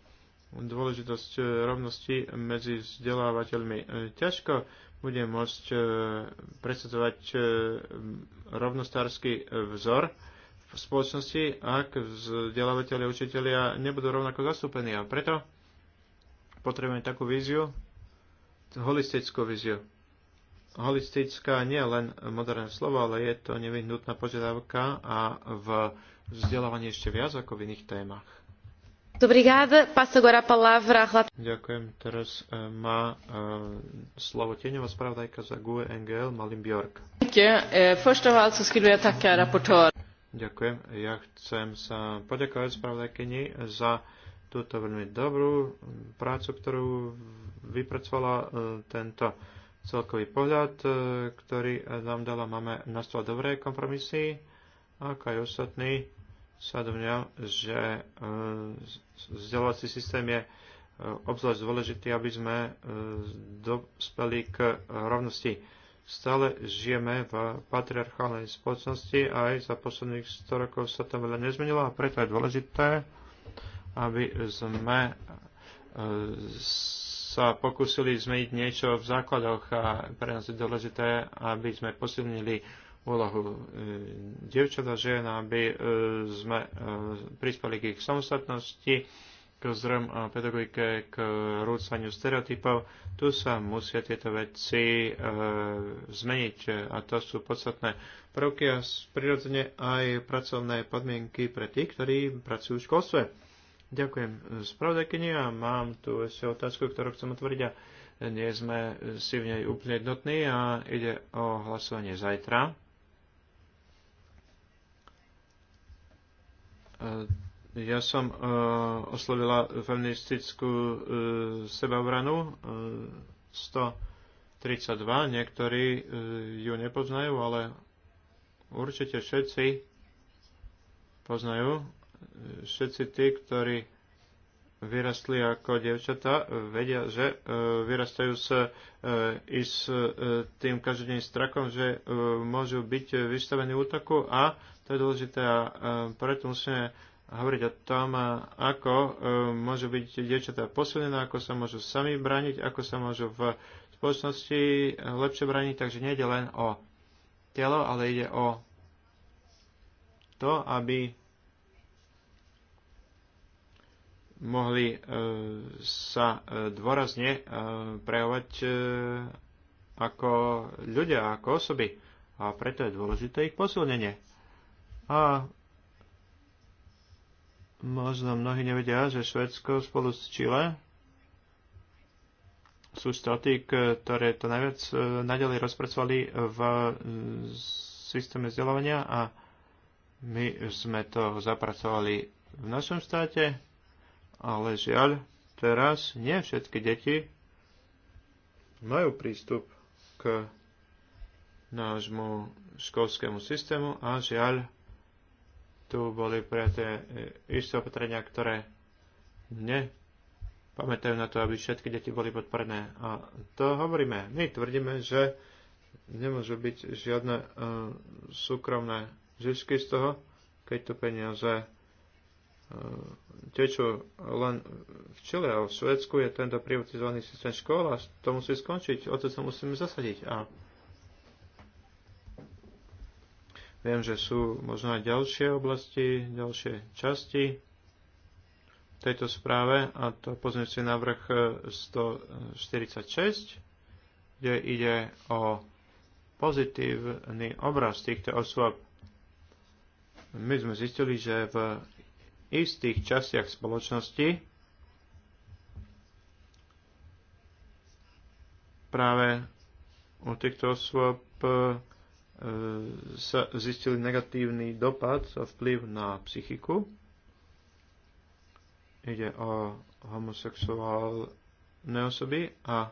dôležitosť rovnosti medzi vzdelávateľmi. Ťažko bude môcť presadzovať rovnostársky vzor, v spoločnosti, ak vzdelávateľi a učiteľia nebudú rovnako zastúpení. A preto potrebujeme takú víziu, holistickú víziu. Holistická nie je len moderné slovo, ale je to nevyhnutná požiadavka a v vzdelávaní ešte viac ako v iných témach. Ďakujem. Teraz eh, má eh, slovo tieňová spravodajka za GUE NGL Malin Björk. Ďakujem. Eh, of all, så skulle jag tacka rapportör. Ďakujem. Ja chcem sa poďakovať spravodajkyni za túto veľmi dobrú prácu, ktorú vypracovala e, tento celkový pohľad, e, ktorý nám dala. Máme na stole dobré kompromisy, ako aj ostatní sa domňam, že e, vzdelávací systém je obzvlášť dôležitý, aby sme dospeli k rovnosti Stále žijeme v patriarchálnej spoločnosti a aj za posledných 100 rokov sa tam veľa nezmenilo a preto je dôležité, aby sme e, sa pokúsili zmeniť niečo v základoch a pre nás je dôležité, aby sme posilnili úlohu e, dievčat a žien, aby e, sme prispeli k ich samostatnosti, k zdrojom eh, pedagogike, k rúcaniu stereotypov. Tu sa musia tieto veci e, zmeniť a to sú podstatné prvky a prirodzene aj pracovné podmienky pre tých, ktorí pracujú v školstve. Ďakujem spravodajkyni a mám tu ešte otázku, ktorú chcem otvoriť a nie sme si v nej úplne jednotní a ide o hlasovanie zajtra. E, ja som uh, oslovila feministickú uh, sebavranu uh, 132. Niektorí uh, ju nepoznajú, ale určite všetci poznajú. Všetci tí, ktorí vyrastli ako devčata, vedia, že e, vyrastajú sa i s tým každodenným strakom, že môžu byť vystavení útoku a to je dôležité a preto musíme hovoriť o tom, e, ako e, môžu byť dievčatá posunené, ako sa môžu sami braniť, ako sa môžu v spoločnosti e, lepšie braniť. Takže nejde len o telo, ale ide o to, aby mohli sa dôrazne prejavovať ako ľudia, ako osoby. A preto je dôležité ich posilnenie. A Možno mnohí nevedia, že Švedsko spolu s Čile sú štáty, ktoré to najviac e, nadalej rozpracovali v e, systéme vzdelávania a my sme to zapracovali v našom štáte, ale žiaľ, teraz nie všetky deti majú prístup k nášmu školskému systému a žiaľ, tu boli prijaté e, isté opatrenia, ktoré ne pamätajú na to, aby všetky deti boli podporné. A to hovoríme. My tvrdíme, že nemôžu byť žiadne uh, súkromné zisky z toho, keď to peniaze uh, tečú len v Čile a v Švedsku je tento privatizovaný systém škôl a to musí skončiť. O to sa musíme zasadiť. A Viem, že sú možno aj ďalšie oblasti, ďalšie časti tejto správe a to si na vrch 146, kde ide o pozitívny obraz týchto osôb. My sme zistili, že v istých častiach spoločnosti práve u týchto osôb e, E, sa zistili negatívny dopad a vplyv na psychiku. Ide o homosexuálne osoby a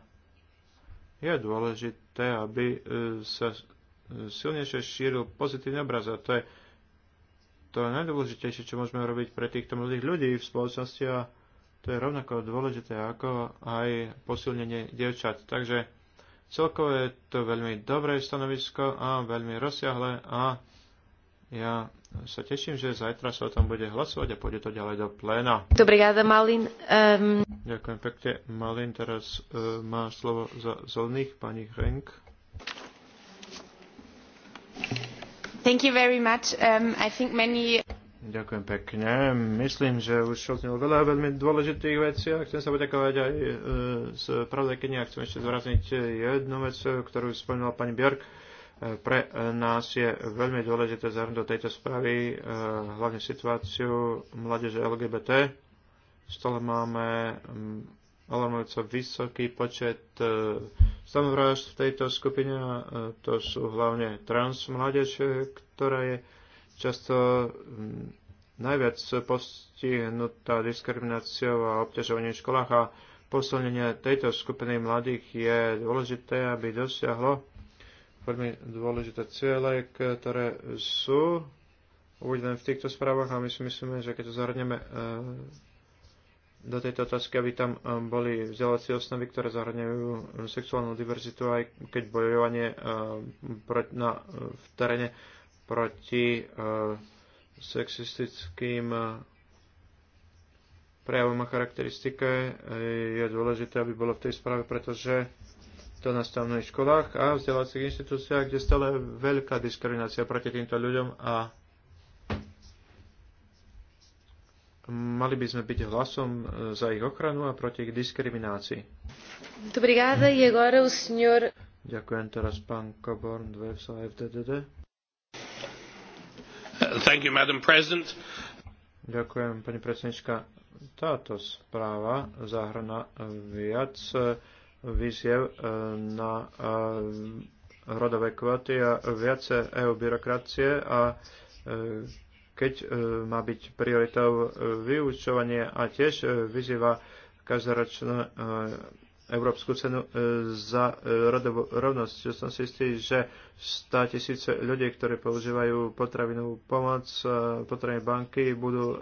je dôležité, aby e, sa silnejšie šíril pozitívny obraz a to je to najdôležitejšie, čo môžeme robiť pre týchto mladých ľudí v spoločnosti a to je rovnako dôležité ako aj posilnenie dievčat. Takže Celkovo je to veľmi dobré stanovisko a veľmi rozsiahle a ja sa teším, že zajtra sa o tom bude hlasovať a pôjde to ďalej do pléna. Dobrý ráda, Malin. Um... Ďakujem pekne. Malin teraz uh, má slovo za zelených, pani Hrenk. Thank you very much. Um, I think many... Ďakujem pekne. Myslím, že už odznelo veľa veľmi dôležitých vecí a chcem sa poďakovať aj e, z pravdajkyni a chcem ešte zvrazniť jednu vec, ktorú spomínala pani Björk. E, pre nás je veľmi dôležité zahrnúť do tejto správy e, hlavne situáciu mládeže LGBT. Stále máme alarmujúco vysoký počet e, samovrážd v tejto skupine a to sú hlavne trans mládež, ktorá je často mm, najviac postihnutá diskrimináciou a obťažovaním v školách a posilnenie tejto skupiny mladých je dôležité, aby dosiahlo veľmi dôležité ciele, ktoré sú uvedené v týchto správach a my si myslíme, že keď to zahrneme eh, do tejto otázky, aby tam eh, boli vzdelávacie osnovy, ktoré zahrňajú eh, sexuálnu diverzitu, aj keď bojovanie na, v teréne proti e, sexistickým e, prejavom a charakteristike e, je dôležité, aby bolo v tej správe, pretože to na stavných školách a vzdelávacích inštitúciách, kde stále veľká diskriminácia proti týmto ľuďom a mali by sme byť hlasom za ich ochranu a proti ich diskriminácii. Obrigada, e agora o senhor... Ďakujem teraz pán Coburn, 2 FDDD. Ďakujem, pani predsednička. Táto správa zahrná viac e, výziev e, na e, rodové kvoty a viace EU byrokracie a keď má byť prioritou vyučovanie a tiež vyzýva každoročné Európsku cenu e, za e, rodovú rovnosť. Čo som si istý, že 100 tisíce ľudí, ktorí používajú potravinovú pomoc, e, potravinové banky, budú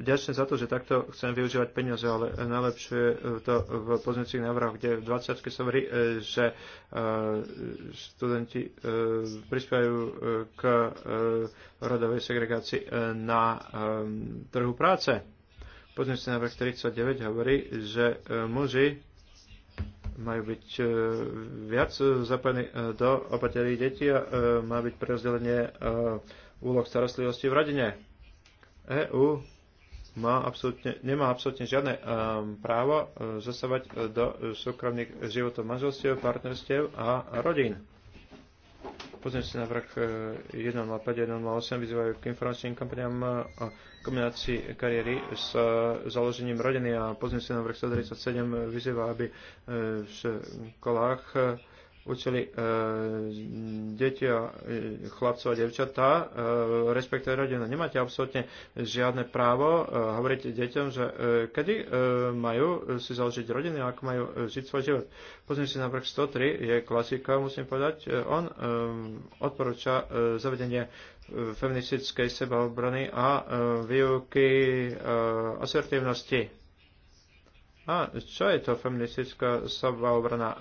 vďační za to, že takto chcem využívať peniaze, ale najlepšie to v pozmeňujúcich návrhoch, kde v 20 sa hovorí, že študenti prispievajú k rodovej segregácii na trhu práce. Pozmeňujúci návrh 39 hovorí, že muži majú byť e, viac e, zapojení e, do opaterí detí a má byť prerozdelenie úloh starostlivosti v rodine. EU má absolútne, nemá absolútne žiadne um, právo uh, zasávať do súkromných životov manželstiev, partnerstiev a rodín sa na vrch 1.05 eh, 1.08 vyzývajú k informačným kampaniám o eh, kombinácii kariéry s eh, založením rodiny a sa na vrch 137 vyzýva, aby v školách učili e, deti a e, chlapcov a devčatá e, respektovať rodina. Nemáte absolútne žiadne právo e, hovoriť deťom, že e, kedy e, majú si založiť rodiny a ako majú e, žiť svoj život. Pozriem si návrh 103, je klasika, musím povedať. E, on e, odporúča e, zavedenie e, feministickej sebaobrany a e, výuky e, asertívnosti a čo je to feministická sebaobrana? E,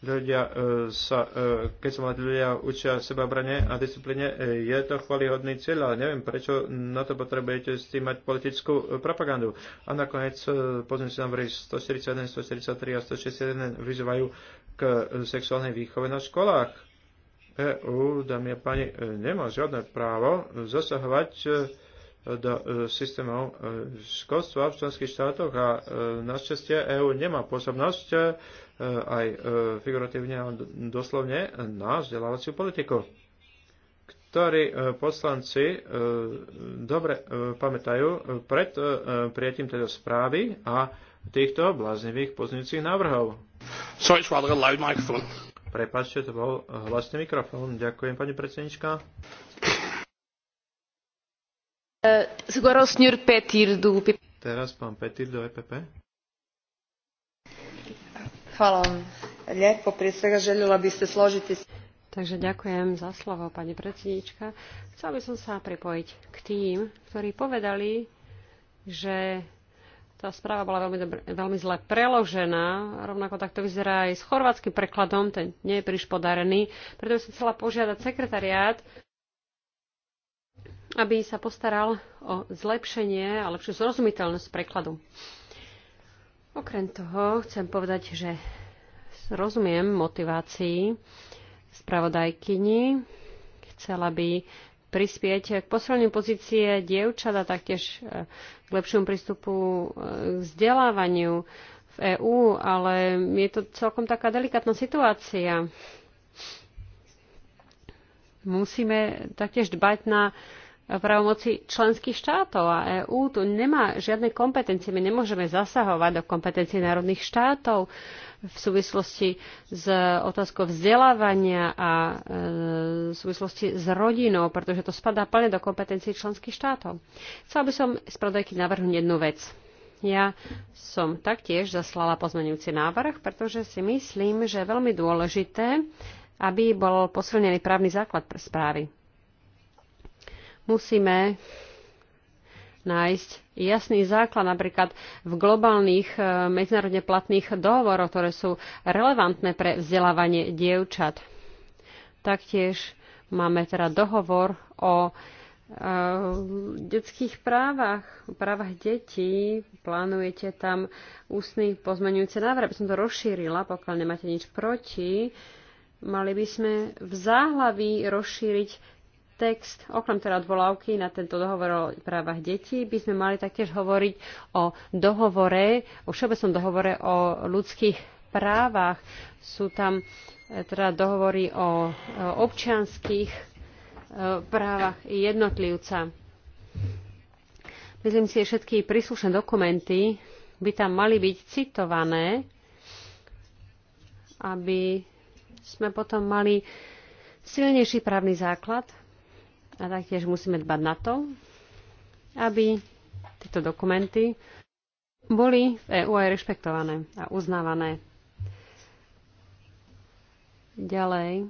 ľudia e, sa, e, keď sa mladí ľudia učia sebaobrane a disciplíne, je to chvalihodný cieľ, ale neviem, prečo na to potrebujete s tým mať politickú propagandu. A nakoniec pozriem si návrhy 141, 143 a 161 vyzývajú k sexuálnej výchove na školách. EU, dámy a páni, nemá žiadne právo zasahovať do e, systémov e, školstva v členských štátoch a e, našťastie EÚ nemá pôsobnosť aj figuratívne a doslovne na vzdelávaciu politiku ktorí poslanci dobre pamätajú pred prijatím tejto správy a týchto bláznivých pozňujúcich návrhov. Sorry, it's rather a loud microphone. Prepačte, to bol hlasný mikrofón. Ďakujem, pani predsednička. Teraz pán Petirdo EPP. Hvala vam lijepo. Prije svega željela se složiti s... Takže ďakujem za slovo, pani predsednička. Chcela by som sa pripojiť k tým, ktorí povedali, že tá správa bola veľmi, dobre, veľmi zle preložená. Rovnako tak to vyzerá aj s chorvátskym prekladom, ten nie je príliš podarený. Preto by som chcela požiadať sekretariát, aby sa postaral o zlepšenie a lepšiu zrozumiteľnosť prekladu. Okrem toho chcem povedať, že rozumiem motivácii spravodajkyni. Chcela by prispieť k posilneniu pozície dievčat a taktiež e, k lepšiemu prístupu e, k vzdelávaniu v EÚ, ale je to celkom taká delikátna situácia. Musíme taktiež dbať na pravomoci členských štátov a EÚ tu nemá žiadne kompetencie. My nemôžeme zasahovať do kompetencií národných štátov v súvislosti s otázkou vzdelávania a e, v súvislosti s rodinou, pretože to spadá plne do kompetencií členských štátov. Chcela by som spravodajky navrhnúť jednu vec. Ja som taktiež zaslala pozmenujúci návrh, pretože si myslím, že je veľmi dôležité, aby bol posilnený právny základ pre správy musíme nájsť jasný základ napríklad v globálnych e, medzinárodne platných dohovoroch, ktoré sú relevantné pre vzdelávanie dievčat. Taktiež máme teda dohovor o e, detských právach, právach detí. Plánujete tam ústny pozmenujúce návrh, aby som to rozšírila, pokiaľ nemáte nič proti. Mali by sme v záhlaví rozšíriť text, okrem teda odvolávky na tento dohovor o právach detí, by sme mali taktiež hovoriť o dohovore, o všeobecnom dohovore o ľudských právach. Sú tam e, teda dohovory o e, občianských e, právach jednotlivca. Myslím si, že všetky príslušné dokumenty by tam mali byť citované, aby sme potom mali silnejší právny základ a taktiež musíme dbať na to, aby tieto dokumenty boli v EÚ aj rešpektované a uznávané. Ďalej.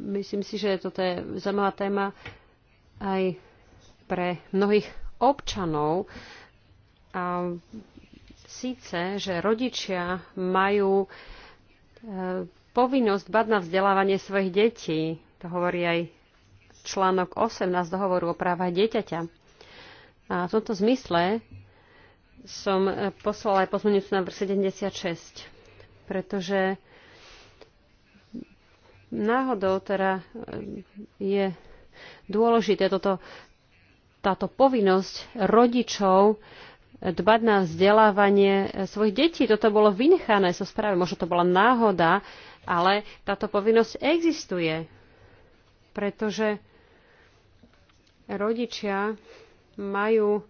Myslím si, že toto je zaujímavá téma aj pre mnohých občanov. A síce, že rodičia majú uh, povinnosť dbať na vzdelávanie svojich detí. To hovorí aj článok 18 dohovoru o právach dieťaťa. A v tomto zmysle som poslala aj pozmeňujúcu návrh 76, pretože náhodou teda e, je dôležité toto, táto povinnosť rodičov dbať na vzdelávanie eh, svojich detí. Toto bolo vynechané zo so správy. Možno to bola náhoda, ale táto povinnosť existuje, pretože rodičia majú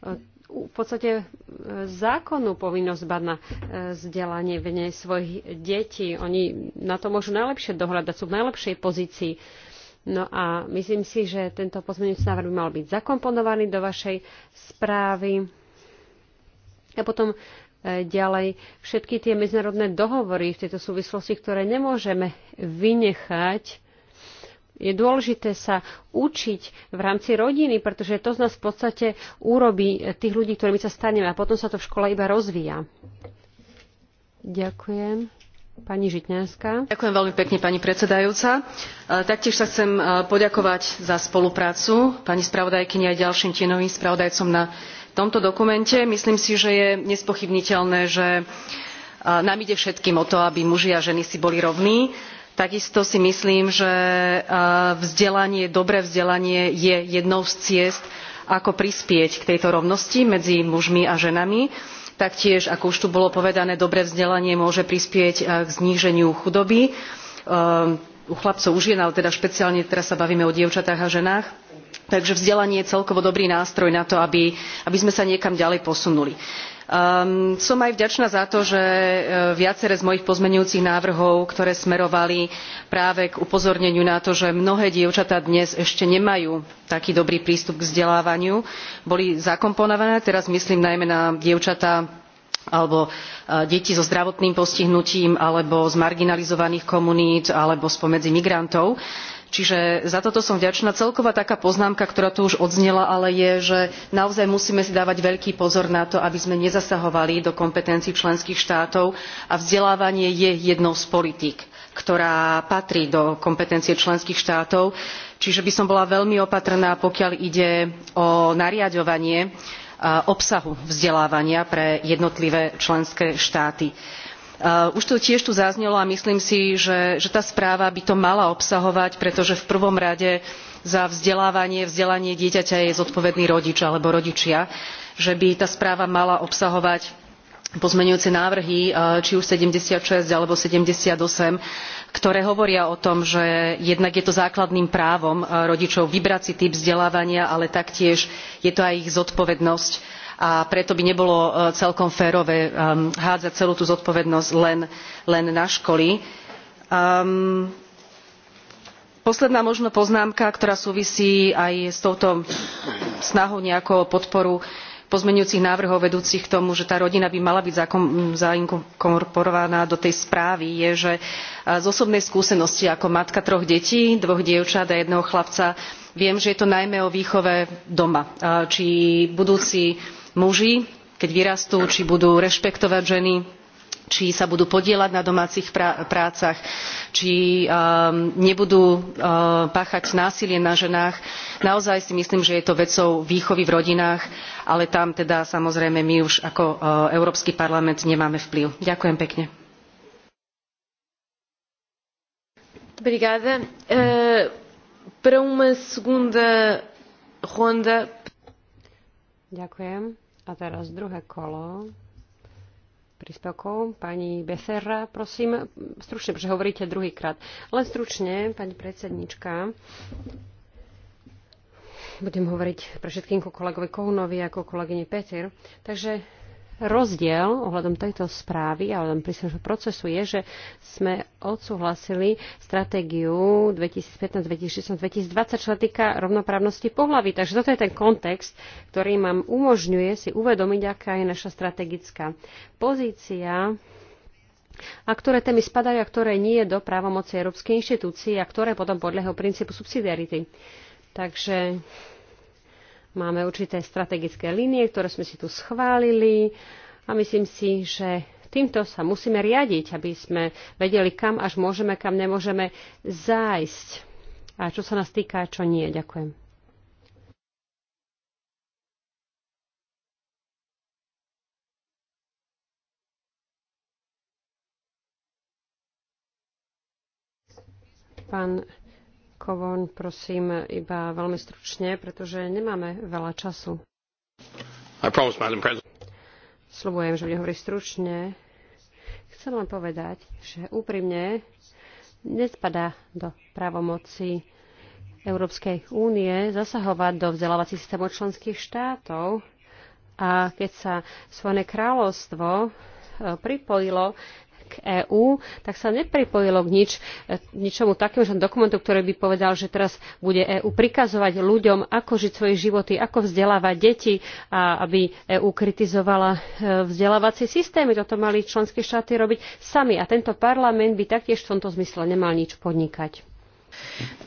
eh, v podstate eh, zákonnú povinnosť dbať na vzdelanie svojich detí. Oni na to môžu najlepšie dohľadať, sú v najlepšej pozícii. No a myslím si, že tento pozmeňujúci návrh by mal byť zakomponovaný do vašej správy. A potom e, ďalej všetky tie medzinárodné dohovory v tejto súvislosti, ktoré nemôžeme vynechať. Je dôležité sa učiť v rámci rodiny, pretože to z nás v podstate urobí tých ľudí, ktorými sa staneme a potom sa to v škole iba rozvíja. Ďakujem. Pani Žitňanská. Ďakujem veľmi pekne, pani predsedajúca. E, taktiež sa chcem e, poďakovať za spoluprácu pani spravodajkyni aj ďalším tienovým spravodajcom na tomto dokumente myslím si že je nespochybniteľné že nám ide všetkým o to aby muži a ženy si boli rovní takisto si myslím že vzdelanie dobré vzdelanie je jednou z ciest ako prispieť k tejto rovnosti medzi mužmi a ženami taktiež ako už tu bolo povedané dobré vzdelanie môže prispieť k zníženiu chudoby ehm, u chlapcov u žien ale teda špeciálne teraz sa bavíme o dievčatách a ženách takže vzdelanie je celkovo dobrý nástroj na to aby, aby sme sa niekam ďalej posunuli. Um, som aj vďačná za to že e, viaceré z mojich pozmenujúcich návrhov ktoré smerovali práve k upozorneniu na to že mnohé dievčatá dnes ešte nemajú taký dobrý prístup k vzdelávaniu boli zakomponované teraz myslím najmä na dievčatá alebo e, deti so zdravotným postihnutím alebo z marginalizovaných komunít alebo spomedzi migrantov Čiže za toto som vďačná. Celková taká poznámka, ktorá tu už odznela, ale je, že naozaj musíme si dávať veľký pozor na to, aby sme nezasahovali do kompetencií členských štátov a vzdelávanie je jednou z politík ktorá patrí do kompetencie členských štátov čiže by som bola veľmi opatrná pokiaľ ide o nariaďovanie obsahu vzdelávania pre jednotlivé členské štáty Uh, už to tiež tu zaznelo a myslím si že, že tá správa by to mala obsahovať pretože v prvom rade za vzdelávanie vzdelanie dieťaťa je zodpovedný rodič alebo rodičia že by tá správa mala obsahovať pozmeňujúce návrhy uh, či už seventy six alebo seventy eight ktoré hovoria o tom že jednak je to základným právom uh, rodičov vybrať si typ vzdelávania ale taktiež je to aj ich zodpovednosť a preto by nebolo e, celkom férové e, hádzať celú tú zodpovednosť len, na školy. Ehm, posledná možno poznámka ktorá súvisí aj s touto snahou nejako o podporu pozmeňujúcich návrhov vedúcich k tomu že tá rodina by mala byť zainkorporovaná do tej správy je že e, z osobnej skúsenosti ako matka troch detí dvoch dievčat a jedného chlapca viem že je to najmä o výchove doma či budúci muži keď vyrastú či budú rešpektovať ženy či sa budú podieľať na domácich prácach či um, nebudú uh, páchať násilie na ženách naozaj si myslím že je to vecou výchovy v rodinách ale tam teda samozrejme my už ako uh, európsky parlament nemáme vplyv. ďakujem pekne. Obrigada. Uh, para uma segunda ronda Ďakujem. A teraz druhé kolo príspevkov. Pani Becerra, prosím, stručne, pretože hovoríte druhýkrát. Len stručne, pani predsednička. Budem hovoriť pre všetkým kolegovi Kounovi ako kolegyne Peter. Takže rozdiel ohľadom tejto správy a ohľadom príslušného procesu je, že sme odsúhlasili stratégiu 2015, 2016, 2020, čo sa týka rovnoprávnosti pohlaví. Takže toto je ten kontext, ktorý nám umožňuje si uvedomiť, aká je naša strategická pozícia a ktoré témy spadajú a ktoré nie do právomoci Európskej inštitúcie a ktoré potom jeho princípu subsidiarity. Takže Máme určité strategické línie, ktoré sme si tu schválili a myslím si, že týmto sa musíme riadiť, aby sme vedeli, kam až môžeme, kam nemôžeme zájsť. A čo sa nás týka, čo nie. Ďakujem. Pán Kovon, prosím, iba veľmi stručne, pretože nemáme veľa času. Slobujem, že budem hovoriť stručne. Chcem len povedať, že úprimne nespadá do právomoci Európskej únie zasahovať do vzdelávacích systémov členských štátov. A keď sa Svojené kráľovstvo eh, pripojilo k EÚ, tak sa nepripojilo k nič, e, ničomu takému dokumentu, ktorý by povedal, že teraz bude EÚ prikazovať ľuďom, ako žiť svoje životy, ako vzdelávať deti a aby EÚ kritizovala e, vzdelávacie systémy. Toto mali členské štáty robiť sami a tento parlament by taktiež v tomto zmysle nemal nič podnikať.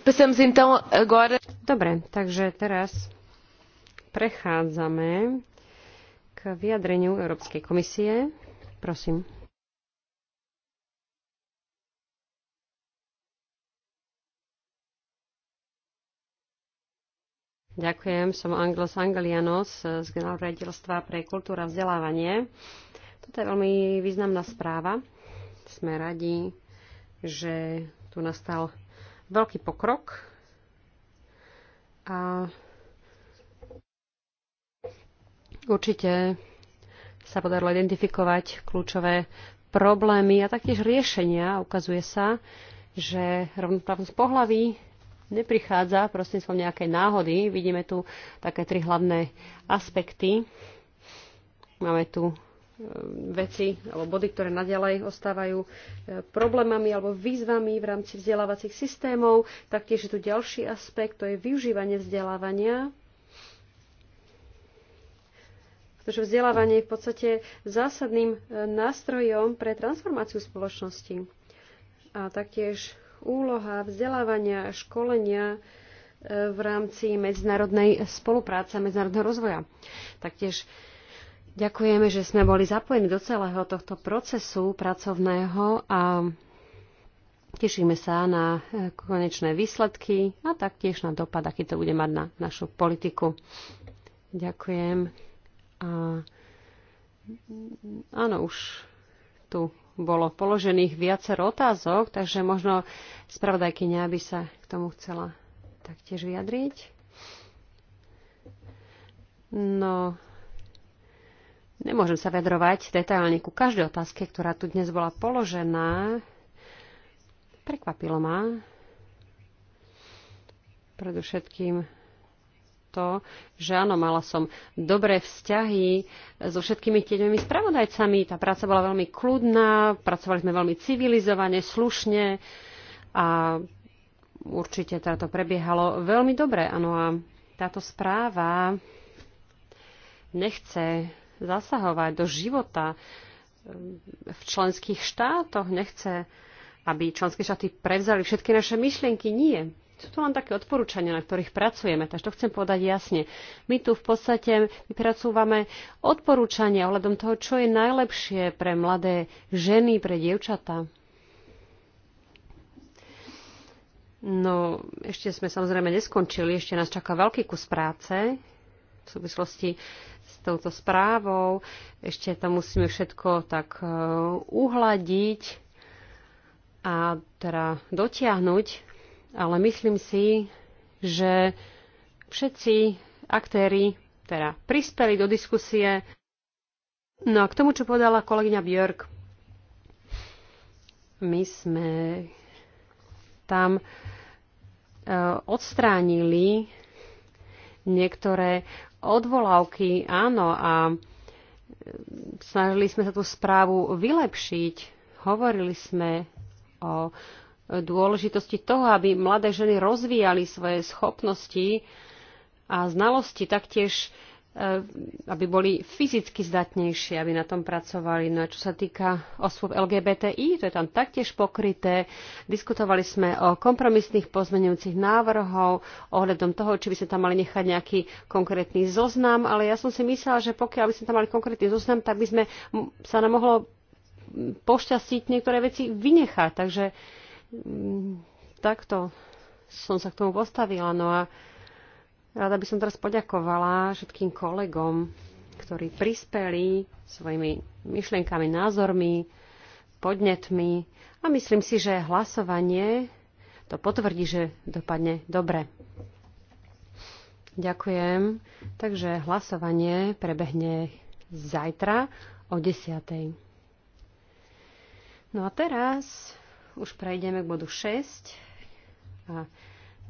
E, Dobre, takže teraz prechádzame k vyjadreniu Európskej komisie. Prosím. Ďakujem, som Anglos Angelianos z Generálneho pre kultúra a vzdelávanie. Toto je veľmi významná správa. Sme radi, že tu nastal veľký pokrok a určite sa podarilo identifikovať kľúčové problémy a taktiež riešenia. Ukazuje sa, že rovnoprávnosť pohlaví neprichádza prostredníctvom nejakej náhody. Vidíme tu také tri hlavné aspekty. Máme tu e, veci alebo body, ktoré naďalej ostávajú e, problémami alebo výzvami v rámci vzdelávacích systémov. Taktiež je tu ďalší aspekt, to je využívanie vzdelávania. Pretože vzdelávanie je v podstate zásadným e, nástrojom pre transformáciu spoločnosti. A taktiež úloha vzdelávania a školenia e, v rámci medzinárodnej spolupráce a medzinárodného rozvoja. Taktiež ďakujeme, že sme boli zapojení do celého tohto procesu pracovného a tešíme sa na e, konečné výsledky a taktiež na dopad, aký to bude mať na našu politiku. Ďakujem. A áno, už tu bolo položených viacero otázok, takže možno spravodajkyňa by sa k tomu chcela taktiež vyjadriť. No, nemôžem sa vedrovať detailne ku každej otázke, ktorá tu dnes bola položená. Prekvapilo ma, predovšetkým to, že áno, mala som dobré vzťahy so všetkými tieňovými spravodajcami. Tá práca bola veľmi kľudná, pracovali sme veľmi civilizovane, slušne a určite táto teda prebiehalo veľmi dobre. Áno a táto správa nechce zasahovať do života ehm, v členských štátoch, nechce, aby členské štáty prevzali všetky naše myšlienky. Nie. Sú to len také odporúčania, na ktorých pracujeme, takže to chcem povedať jasne. My tu v podstate vypracúvame odporúčania ohľadom toho, čo je najlepšie pre mladé ženy, pre dievčatá. No, ešte sme samozrejme neskončili, ešte nás čaká veľký kus práce v súvislosti s touto správou. Ešte to musíme všetko tak eh, uhladiť a teda dotiahnuť ale myslím si, že všetci aktéry teda prispeli do diskusie. No a k tomu, čo povedala kolegyňa Björk, my sme tam e, odstránili niektoré odvolávky, áno, a e, snažili sme sa tú správu vylepšiť. Hovorili sme o dôležitosti toho, aby mladé ženy rozvíjali svoje schopnosti a znalosti, taktiež e, aby boli fyzicky zdatnejšie, aby na tom pracovali. No a čo sa týka osôb LGBTI, to je tam taktiež pokryté. Diskutovali sme o kompromisných pozmenujúcich návrhov, ohľadom toho, či by sme tam mali nechať nejaký konkrétny zoznam, ale ja som si myslela, že pokiaľ by sme tam mali konkrétny zoznam, tak by sme sa nám mohlo pošťastiť niektoré veci vynechať. Takže Mm, takto som sa k tomu postavila. No a rada by som teraz poďakovala všetkým kolegom, ktorí prispeli svojimi myšlienkami, názormi, podnetmi a myslím si, že hlasovanie to potvrdí, že dopadne dobre. Ďakujem. Takže hlasovanie prebehne zajtra o 10. No a teraz už prejdeme k bodu 6. A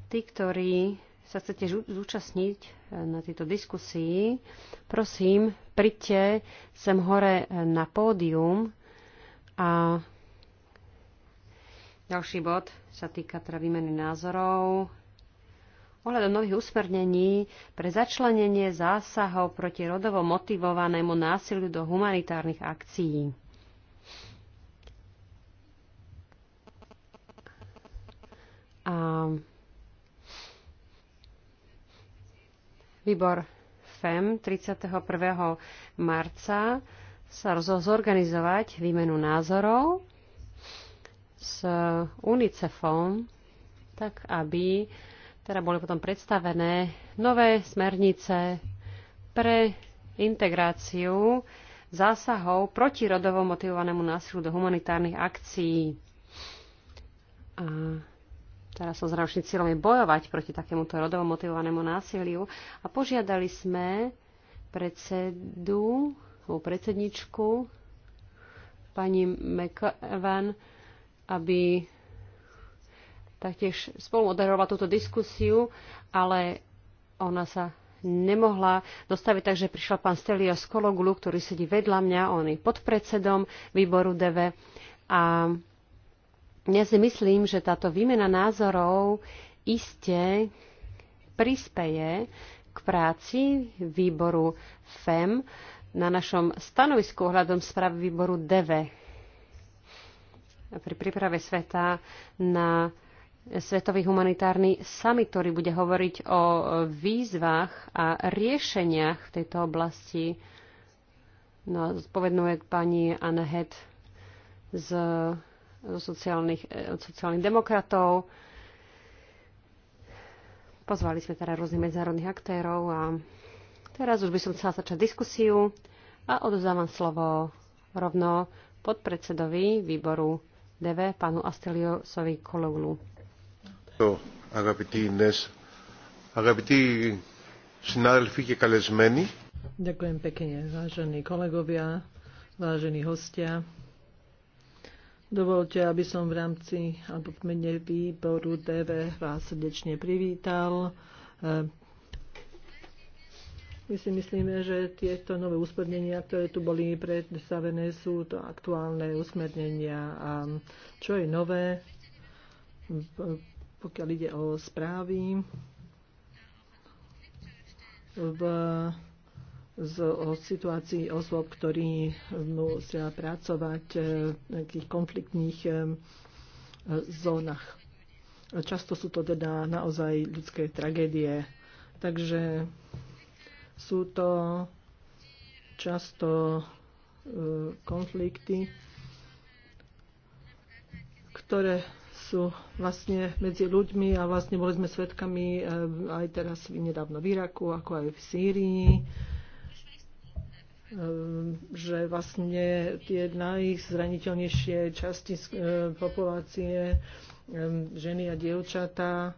tí, ktorí sa chcete zúčastniť e, na tejto diskusii, prosím, príďte sem hore e, na pódium a ďalší bod sa týka teda výmeny názorov ohľadom nových usmernení pre začlenenie zásahov proti rodovo motivovanému násiliu do humanitárnych akcií. A výbor FEM 31. marca sa rozhodol zorganizovať výmenu názorov s UNICEFom, tak aby teda boli potom predstavené nové smernice pre integráciu zásahov proti rodovo motivovanému násilu do humanitárnych akcií. A teraz som zravším cieľom je bojovať proti takémuto rodovo motivovanému násiliu a požiadali sme predsedu alebo predsedničku pani McEvan, aby taktiež spolu moderovala túto diskusiu, ale ona sa nemohla dostaviť, takže prišiel pán Stelio Skologulu, ktorý sedí vedľa mňa, on je podpredsedom výboru DV a ja si myslím, že táto výmena názorov iste prispeje k práci výboru FEM na našom stanovisku ohľadom správy výboru DV pri príprave sveta na Svetový humanitárny summit, ktorý bude hovoriť o výzvach a riešeniach v tejto oblasti. No, povednú je pani Anne Head z zo sociálnych, e, od sociálnych demokratov. Pozvali sme teda rôznych medzárodných aktérov a teraz už by som chcela začať diskusiu a odovzdávam slovo rovno podpredsedovi výboru DV, pánu Asteliosovi Koloulu. Ďakujem pekne, vážení kolegovia, vážení hostia. Dovolte, aby som v rámci alebo v mene výboru DV vás srdečne privítal. Eh, my si myslíme, že tieto nové usmernenia, ktoré tu boli predstavené, sú to aktuálne usmernenia. A čo je nové, pokiaľ ide o správy, v z, o situácii osôb, ktorí musia pracovať eh, v nejakých konfliktných eh, zónach. Často sú to teda naozaj ľudské tragédie. Takže sú to často eh, konflikty, ktoré sú vlastne medzi ľuďmi a vlastne boli sme svedkami aj teraz nedávno v Iraku, ako aj v Sýrii Ehm, že vlastne tie najzraniteľnejšie časti e, populácie, ehm, ženy a dievčatá,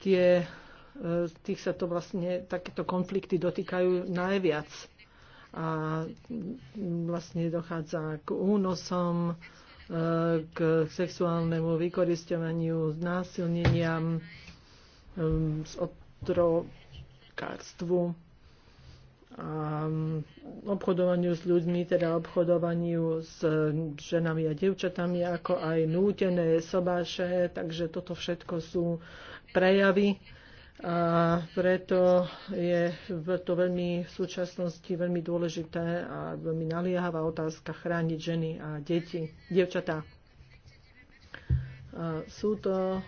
tie, e, tých sa to vlastne takéto konflikty dotýkajú najviac. A vlastne dochádza k únosom, e, k sexuálnemu vykoristovaniu, násilneniam, ehm, z otrokárstvu a obchodovaniu s ľuďmi, teda obchodovaniu s e, ženami a devčatami, ako aj nútené sobáše, takže toto všetko sú prejavy. A preto je to veľmi v súčasnosti veľmi dôležité a veľmi naliehavá otázka chrániť ženy a deti, devčatá. Sú to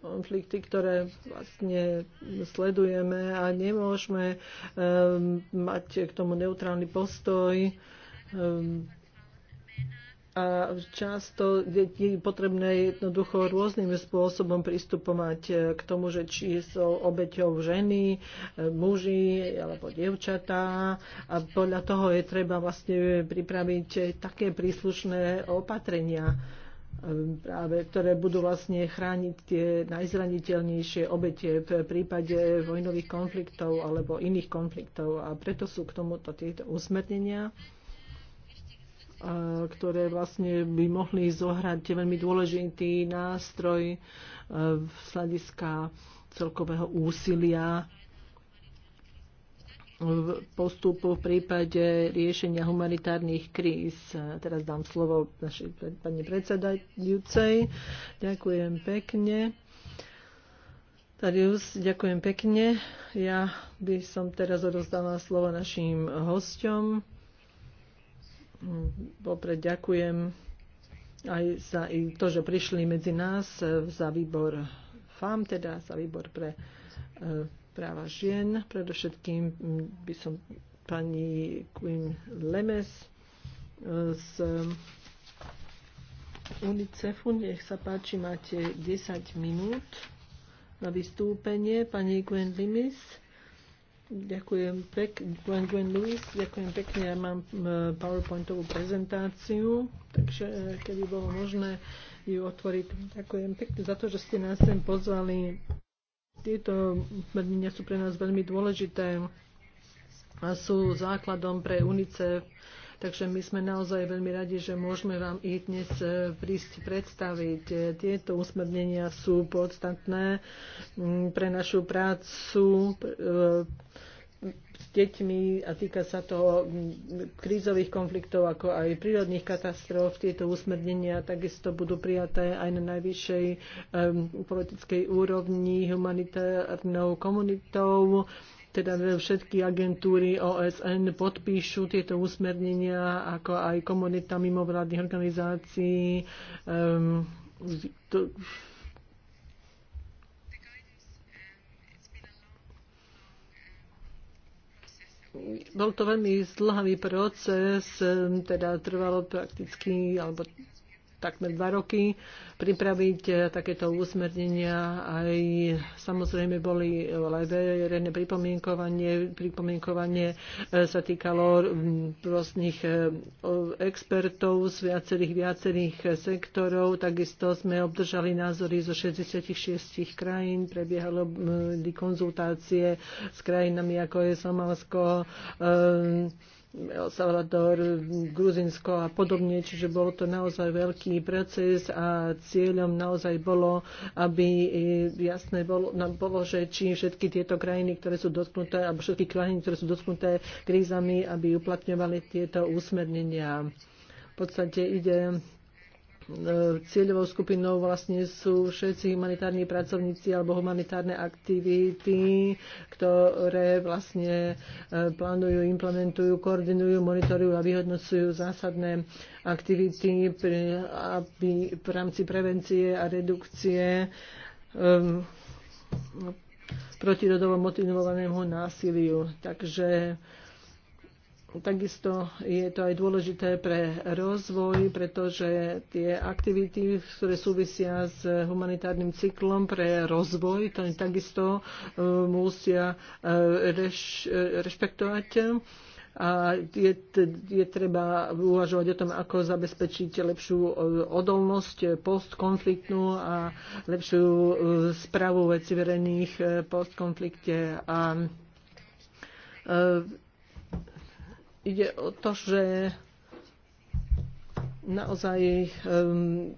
konflikty, ktoré vlastne sledujeme a nemôžeme um, mať k tomu neutrálny postoj. Um, a často je potrebné jednoducho rôznym spôsobom pristupovať eh, k tomu, že či sú obeťou ženy, eh, muži alebo dievčatá a podľa toho je treba vlastne pripraviť také príslušné opatrenia Ehm, práve, ktoré budú vlastne chrániť tie najzraniteľnejšie obete v prípade vojnových konfliktov alebo iných konfliktov. A preto sú k tomuto tieto usmernenia ktoré vlastne by mohli zohrať veľmi dôležitý nástroj e, z hľadiska celkového úsilia postupu v prípade riešenia humanitárnych kríz. Teraz dám slovo našej pani predsedajúcej. Ďakujem pekne. Darius, ďakujem pekne. Ja by som teraz odozdala slovo našim hosťom. Popred ďakujem aj za i to, že prišli medzi nás za výbor FAM, teda za výbor pre eh, práva žien. Predovšetkým by som pani Queen Lemes eh, z eh, UNICEFu. Nech sa páči, máte 10 minút na vystúpenie. Pani Gwen Limis. Ďakujem pekne, Gwen, Gwen Lewis, ďakujem pekne, ja mám eh, PowerPointovú prezentáciu, takže keby bolo možné ju otvoriť. Ďakujem pekne za to, že ste nás sem pozvali. Tieto usmernenia sú pre nás veľmi dôležité a sú základom pre UNICEF. Takže my sme naozaj veľmi radi, že môžeme vám ich dnes e, prísť predstaviť. Tieto usmernenia sú podstatné pre našu prácu e, deťmi a týka sa to krízových konfliktov, ako aj prírodných katastrof. Tieto usmernenia takisto budú prijaté aj na najvyššej um, politickej úrovni humanitárnou komunitou teda všetky agentúry OSN podpíšu tieto usmernenia, ako aj komunita mimovládnych organizácií. Um, to, bol to veľmi zdlhavý proces, teda trvalo prakticky, alebo takmer dva roky pripraviť eh, takéto úsmernenia. Aj samozrejme boli aj verejné pripomienkovanie. Pripomienkovanie eh, sa týkalo mm, rôznych eh, expertov z viacerých, viacerých sektorov. Takisto sme obdržali názory zo 66 krajín. Prebiehalo mm, konzultácie s krajinami ako je Somalsko, El Salvador, Gruzinsko a podobne, čiže bol to naozaj veľký proces a cieľom naozaj bolo, aby e, jasné bolo, nám bolo, že či všetky tieto krajiny, ktoré sú dotknuté, alebo všetky krajiny, ktoré sú dotknuté krízami, aby uplatňovali tieto úsmernenia. V podstate ide E, cieľovou skupinou vlastne sú všetci humanitárni pracovníci alebo humanitárne aktivity, ktoré vlastne e, plánujú, implementujú, koordinujú, monitorujú a vyhodnocujú zásadné aktivity aby v rámci prevencie a redukcie um, e, protirodovo motivovanému násiliu. Takže Takisto je to aj dôležité pre rozvoj, pretože tie aktivity, ktoré súvisia s humanitárnym cyklom pre rozvoj, to takisto e, musia e, reš, e, rešpektovať a je, je treba uvažovať o tom, ako zabezpečiť lepšiu odolnosť postkonfliktnú a lepšiu správu veci verejných postkonflikte a ide o to, že naozaj um,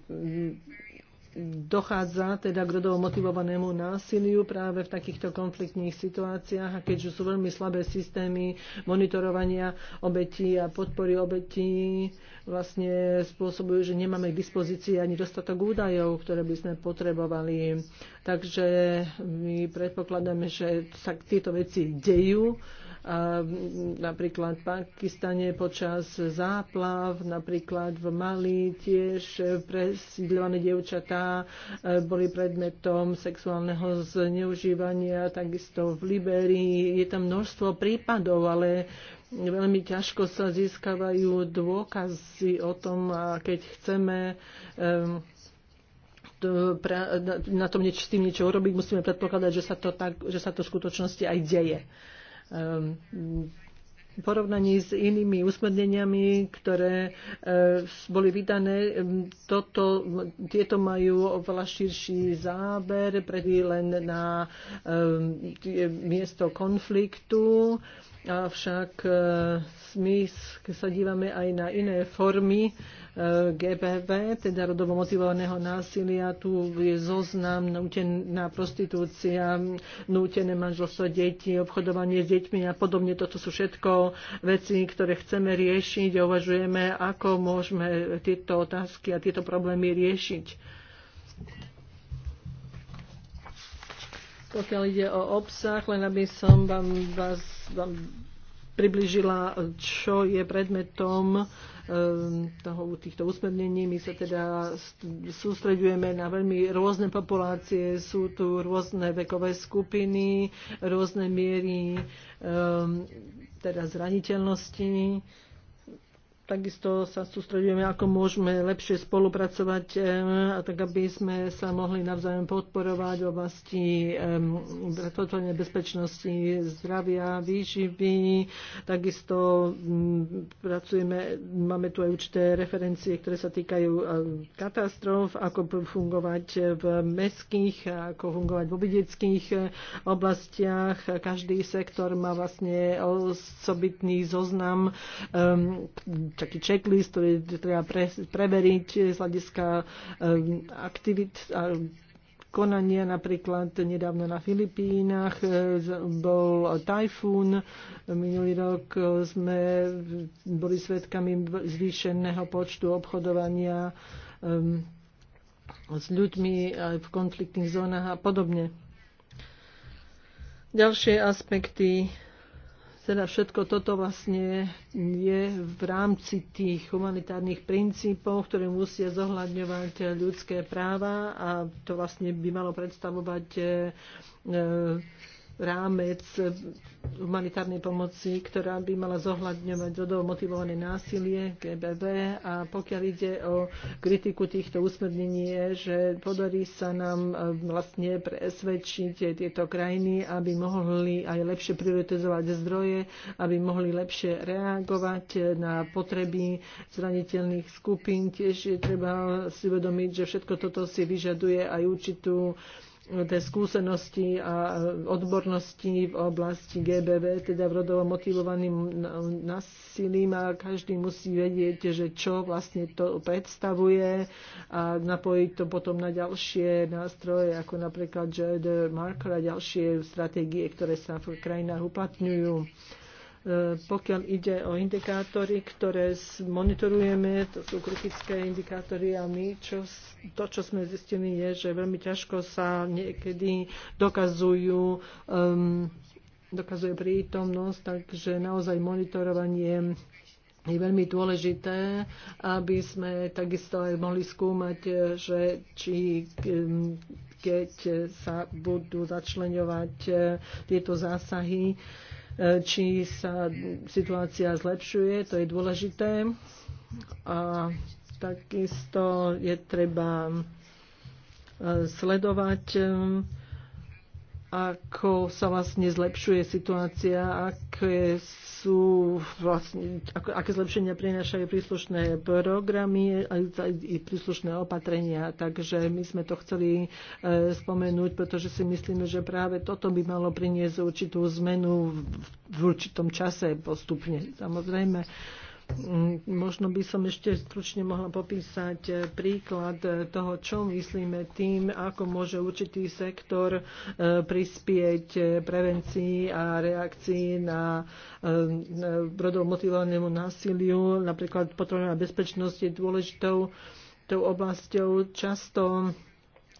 dochádza teda k rodovo motivovanému násiliu práve v takýchto konfliktných situáciách a keďže sú veľmi slabé systémy monitorovania obetí a podpory obetí, vlastne spôsobujú, že nemáme k dispozícii ani dostatok údajov, ktoré by sme potrebovali. Takže my predpokladáme, že sa tieto veci dejú. A napríklad v Pakistane počas záplav, napríklad v Mali tiež presídľované dievčatá e, boli predmetom sexuálneho zneužívania, takisto v Liberii. Je tam množstvo prípadov, ale veľmi ťažko sa získavajú dôkazy o tom, a keď chceme um, na tom nieč, s tým niečo urobiť, musíme predpokladať, že sa to, tak, že sa to v skutočnosti aj deje. Um, v porovnaní s inými usmerneniami, ktoré eh, boli vydané, toto, tieto majú oveľa širší záber, predí len na miesto konfliktu Avšak e, my sa dívame aj na iné formy e, GBV, teda rodovo motivovaného násilia. Tu je zoznam nútená prostitúcia, nútené manželstvo detí, obchodovanie s deťmi a podobne. Toto sú všetko veci, ktoré chceme riešiť a uvažujeme, ako môžeme tieto otázky a tieto problémy riešiť. Pokiaľ ide o obsah, len aby som vám vás vám približila, čo je predmetom eh, toho, týchto usmernení. My sa teda sústredujeme na veľmi rôzne populácie, sú tu rôzne vekové skupiny, rôzne miery eh, teda zraniteľnosti Takisto sa sústredujeme, ako môžeme lepšie spolupracovať, eh, a tak aby sme sa mohli navzájom podporovať v oblasti eh, totálnej bezpečnosti, zdravia, výživy. Takisto mm, pracujeme, máme tu aj určité referencie, ktoré sa týkajú eh, katastrof, ako fungovať v mestských, ako fungovať v obideckých oblastiach. Každý sektor má vlastne osobitný zoznam taký checklist, ktorý treba pre, preveriť z hľadiska eh, aktivít a konania napríklad nedávno na Filipínach eh, bol tajfún. Minulý rok eh, sme boli svedkami zvýšeného počtu obchodovania s ľuďmi aj v konfliktných zónach a podobne. Ďalšie aspekty teda všetko toto vlastne je v rámci tých humanitárnych princípov, ktoré musia zohľadňovať ľudské práva a to vlastne by malo predstavovať e, rámec humanitárnej pomoci, ktorá by mala zohľadňovať rodovo motivované násilie, GBV. A pokiaľ ide o kritiku týchto usmernení, je, že podarí sa nám e, vlastne presvedčiť tieto krajiny, aby mohli aj lepšie prioritizovať zdroje, aby mohli lepšie reagovať na potreby zraniteľných skupín. Tiež je treba si uvedomiť, že všetko toto si vyžaduje aj určitú tie skúsenosti a odbornosti v oblasti GBV, teda v rodovo motivovaným násilím a každý musí vedieť, že čo vlastne to predstavuje a napojiť to potom na ďalšie nástroje, ako napríklad Jader Marker a ďalšie stratégie, ktoré sa v krajinách uplatňujú. E, pokiaľ ide o indikátory, ktoré monitorujeme, to sú kritické indikátory a my, čo, to, čo sme zistili, je, že veľmi ťažko sa niekedy dokazujú um, dokazuje prítomnosť, takže naozaj monitorovanie je veľmi dôležité, aby sme takisto aj mohli skúmať, e, že či keď sa budú začleňovať e, tieto zásahy, E, či sa situácia zlepšuje, to je dôležité. A takisto je treba e, sledovať e, ako sa vlastne zlepšuje situácia, aké sú vlastne, ako, aké zlepšenia prinášajú príslušné programy a, príslušné opatrenia. Takže my sme to chceli e, spomenúť, pretože si myslíme, že práve toto by malo priniesť určitú zmenu v, v určitom čase postupne. Samozrejme, e, Mm, možno by som ešte stručne mohla popísať eh, príklad eh, toho, čo myslíme tým, ako môže určitý sektor eh, prispieť prevencii a reakcii na rodov motivovanému násiliu. Napríklad potrebná bezpečnosť je dôležitou tou oblasťou. Často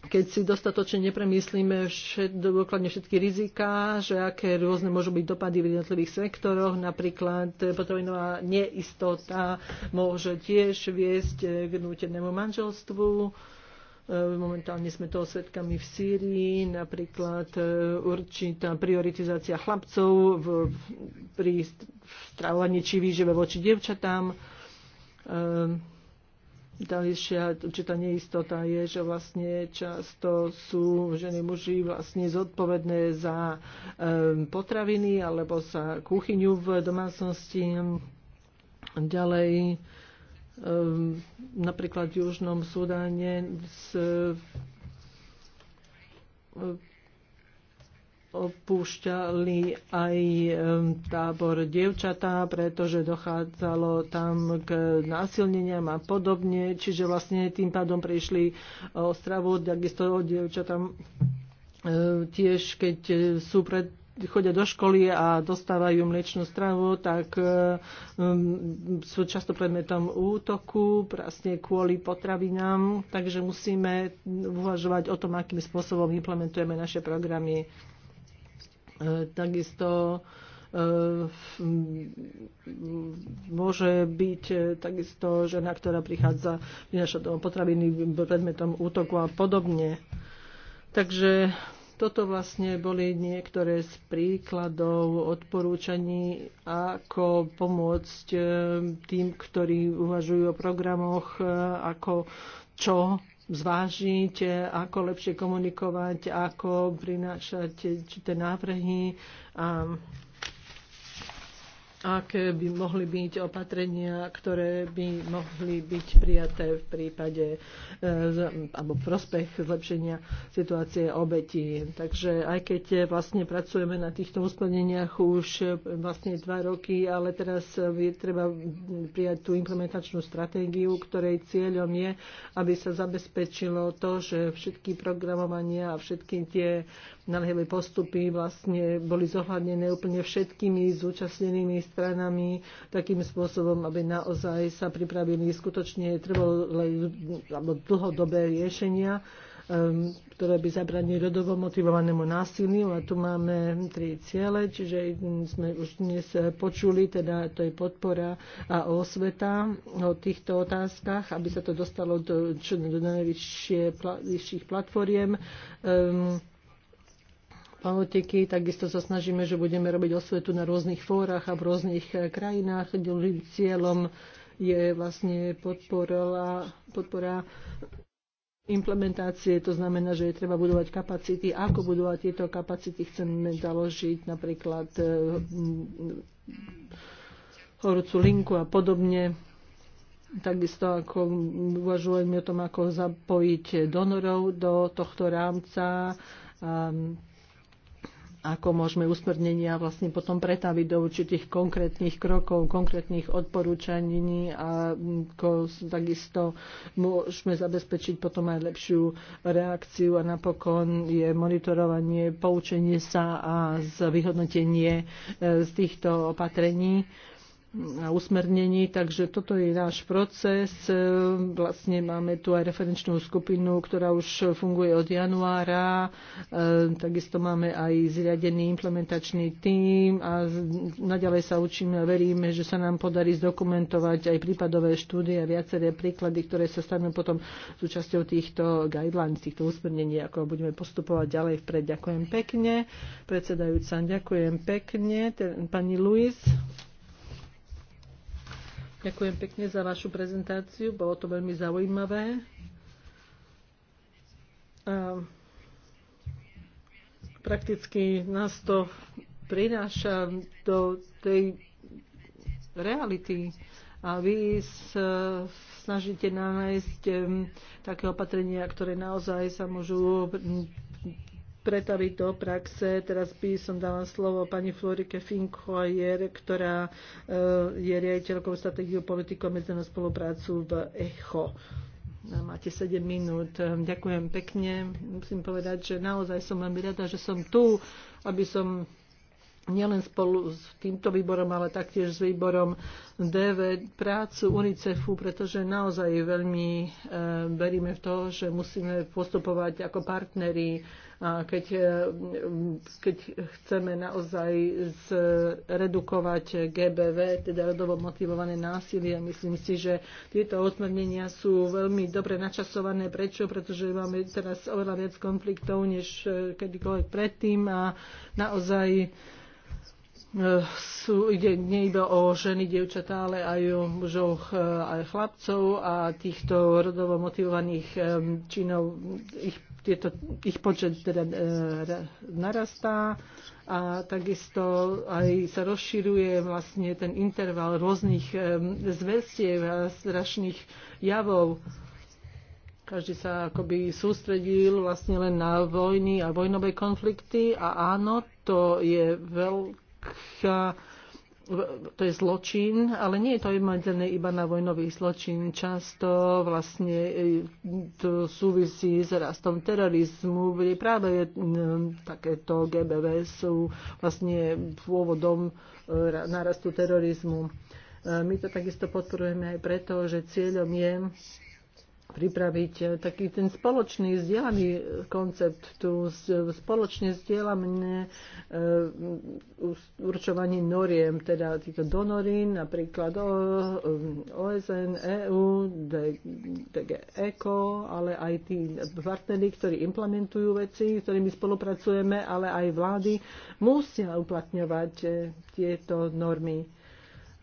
keď si dostatočne nepremyslíme všet, dôkladne všetky riziká, že aké rôzne môžu byť dopady v jednotlivých sektoroch, napríklad potravinová neistota môže tiež viesť k nútenému manželstvu. E, momentálne sme toho svetkami v Sýrii, napríklad e, určitá prioritizácia chlapcov v, pri stravovaní či výžive voči dievčatám. E, Ďalšia určitá neistota je, že vlastne často sú ženy muži vlastne zodpovedné za potraviny alebo za kuchyňu v domácnosti. Ďalej napríklad v Južnom Sudáne opúšťali aj tábor dievčatá, pretože dochádzalo tam k násilneniam a podobne. Čiže vlastne tým pádom prišli o stravu, takisto dievčatám tiež, keď sú pred chodia do školy a dostávajú mliečnú stravu, tak um, sú často predmetom útoku, prasne kvôli potravinám, takže musíme uvažovať o tom, akým spôsobom implementujeme naše programy. E, takisto e, môže byť e, takisto žena, ktorá prichádza prinašať potraviny predmetom útoku a podobne. Takže toto vlastne boli niektoré z príkladov odporúčaní, ako pomôcť tým, ktorí uvažujú o programoch, ako čo zvážiť, ako lepšie komunikovať, ako prinášať tie návrhy a aké by mohli byť opatrenia, ktoré by mohli byť prijaté v prípade e, alebo prospech zlepšenia situácie obetí. Takže aj keď vlastne pracujeme na týchto usplneniach už e, vlastne dva roky, ale teraz je treba prijať tú implementačnú stratégiu, ktorej cieľom je, aby sa zabezpečilo to, že všetky programovania a všetky tie naliehavé postupy vlastne boli zohľadnené úplne všetkými zúčastnenými stranami takým spôsobom, aby naozaj sa pripravili skutočne trvalé alebo dlhodobé riešenia, ehm, ktoré by zabranili rodovo motivovanému násiliu. A tu máme tri ciele, čiže sme už dnes počuli, teda to je podpora a osveta o týchto otázkach, aby sa to dostalo do čo do najvyšších platformiem. Um, politiky. Takisto sa snažíme, že budeme robiť osvetu na rôznych fórach a v rôznych eh, krajinách. Cieľom je vlastne podpora, podpora implementácie, to znamená, že je treba budovať kapacity. Ako budovať tieto kapacity chceme založiť, napríklad eh, hm, horúcu linku a podobne. Takisto ako uvažujeme o tom, ako zapojiť donorov do tohto rámca. A ehm, ako môžeme usmernenia vlastne potom pretaviť do určitých konkrétnych krokov, konkrétnych odporúčaní a ko, takisto môžeme zabezpečiť potom aj lepšiu reakciu a napokon je monitorovanie, poučenie sa a vyhodnotenie e, z týchto opatrení a usmernení, takže toto je náš proces. E, vlastne máme tu aj referenčnú skupinu, ktorá už funguje od januára. E, takisto máme aj zriadený implementačný tím a naďalej sa učíme a veríme, že sa nám podarí zdokumentovať aj prípadové štúdie a viaceré príklady, ktoré sa stanú potom súčasťou týchto guidelines, týchto usmernení, ako budeme postupovať ďalej vpred. Ďakujem pekne. Predsedajúca, ďakujem pekne. Pani Luis. Ďakujem pekne za vašu prezentáciu, bolo to veľmi zaujímavé. prakticky nás to prináša do tej reality a vy sa snažíte nájsť také opatrenia, ktoré naozaj sa môžu pretaviť do praxe. Teraz by som dala slovo pani Florike Finkhoyer, ktorá eh, je riaditeľkou stratégiu politikov medzinárodnú spoluprácu v ECHO. Eh, máte 7 minút. Eh, ďakujem pekne. Musím povedať, že naozaj som veľmi rada, že som tu, aby som nielen spolu s týmto výborom, ale taktiež s výborom DV prácu UNICEFu, pretože naozaj veľmi e, veríme v to, že musíme postupovať ako partneri a keď, e, keď chceme naozaj zredukovať GBV, teda rodovo motivované násilie, myslím si, že tieto usmernenia sú veľmi dobre načasované. Prečo? Pretože máme teraz oveľa viac konfliktov, než e, kedykoľvek predtým a naozaj e, sú, ide nie iba o ženy, dievčatá, ale aj o mužov aj chlapcov a týchto rodovo motivovaných činov ich tieto, ich počet teda e, narastá a takisto aj sa rozširuje vlastne ten interval rôznych e, zverstiev a strašných javov. Každý sa akoby sústredil vlastne len na vojny a vojnové konflikty a áno, to je veľká to je zločin, ale nie je to obmedzené iba na vojnový zločin. Často vlastne e, to súvisí s rastom terorizmu, kde práve je, takéto GBV sú vlastne pôvodom e, nárastu terorizmu. E, my to takisto podporujeme aj preto, že cieľom je pripraviť e, taký ten spoločný vzdielaný e, koncept, tu e, spoločne vzdielané určovanie noriem, teda týchto donorín, napríklad OSN, EU, DG ECO, ale aj tí partnery, ktorí implementujú veci, ktorými spolupracujeme, ale aj vlády musia uplatňovať tieto normy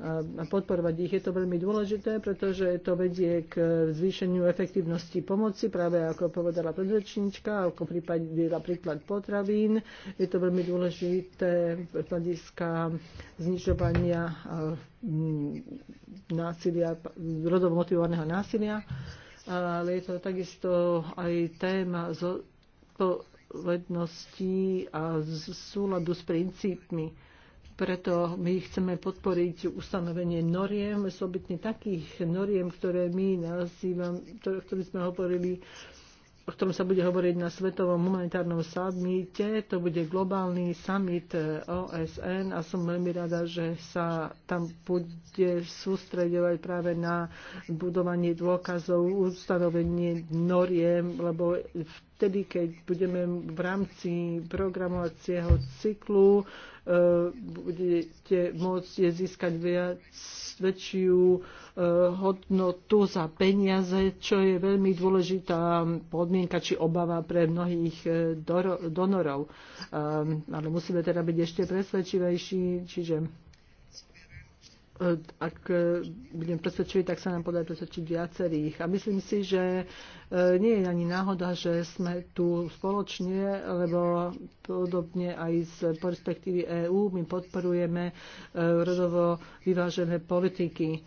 a podporovať ich. Je to veľmi dôležité, pretože to vedie k zvýšeniu efektívnosti pomoci, práve ako povedala predrečníčka, ako pripadila príklad potravín. Je to veľmi dôležité z hľadiska znižovania mm, násilia, rodovo motivovaného násilia, ale je to takisto aj téma zodpovednosti a súladu s princípmi preto my chceme podporiť ustanovenie noriem, osobitne takých noriem, ktoré my nazývam, o ktorých sme hovorili, o ktorom sa bude hovoriť na Svetovom humanitárnom samite. To bude globálny summit eh, OSN a som veľmi rada, že sa tam bude sústredovať práve na budovanie dôkazov, ustanovenie noriem, lebo v vtedy, keď budeme v rámci programovacieho cyklu e, budete môcť je získať viac, väčšiu e, hodnotu za peniaze, čo je veľmi dôležitá podmienka či obava pre mnohých e, donorov. Ale musíme teda byť ešte presvedčivejší, čiže E, ak e, budem presvedčiť, tak sa nám podarí presvedčiť viacerých. A myslím si, že e, nie je ani náhoda, že sme tu spoločne, lebo podobne aj z perspektívy EÚ my podporujeme rodovo vyvážené politiky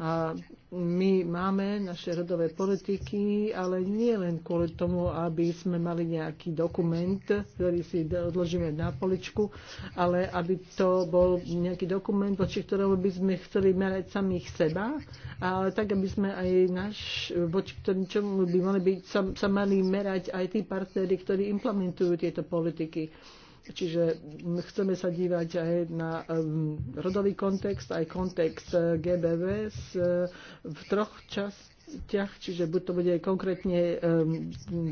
a my máme naše rodové politiky, ale nie len kvôli tomu, aby sme mali nejaký dokument, ktorý si odložíme na poličku, ale aby to bol nejaký dokument, voči ktorého by sme chceli merať samých seba, ale tak, aby sme aj náš, voči čomu by mali byť, sa, sa mali merať aj tí partnery, ktorí implementujú tieto politiky Čiže chceme sa dívať aj na um, rodový kontext, aj kontext eh, GBV eh, v troch častiach ťah, čiže buď to bude konkrétne um,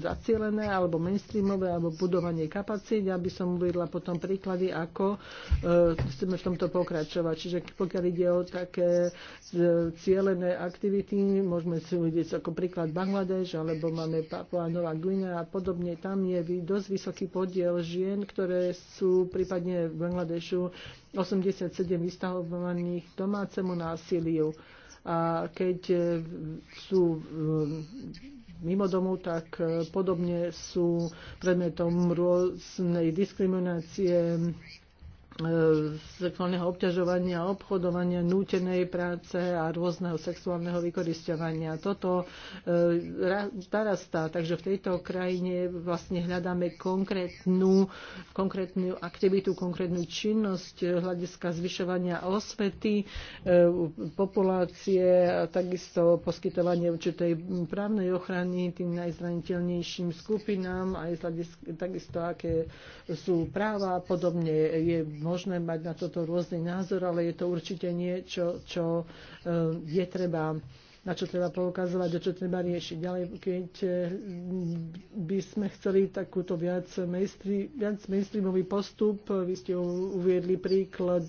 zacielené, alebo mainstreamové, alebo budovanie kapacít. aby som uvedla potom príklady, ako uh, chceme v tomto pokračovať. Čiže pokiaľ ide o také uh, cielené aktivity, môžeme si uvedieť ako príklad Bangladeš, alebo máme Papua Nová Guinea a podobne. Tam je dosť vysoký podiel žien, ktoré sú prípadne v Bangladešu 87 vystavovaných domácemu násiliu a keď e, sú e, mimo domu, tak e, podobne sú predmetom rôznej diskriminácie, sexuálneho obťažovania, obchodovania, nútenej práce a rôzneho sexuálneho vykoristovania. Toto e, narastá, takže v tejto krajine vlastne hľadáme konkrétnu, konkrétnu aktivitu, konkrétnu činnosť hľadiska zvyšovania osvety e, populácie a takisto poskytovanie určitej právnej ochrany tým najzraniteľnejším skupinám, aj hľadiska, takisto aké sú práva a podobne je možné mať na toto rôzny názor, ale je to určite niečo, čo eh, je treba na čo treba poukazovať, a čo treba riešiť. Ďalej, keď eh, by sme chceli takúto viac, mainstream, viac mainstreamový postup, eh, vy ste uviedli príklad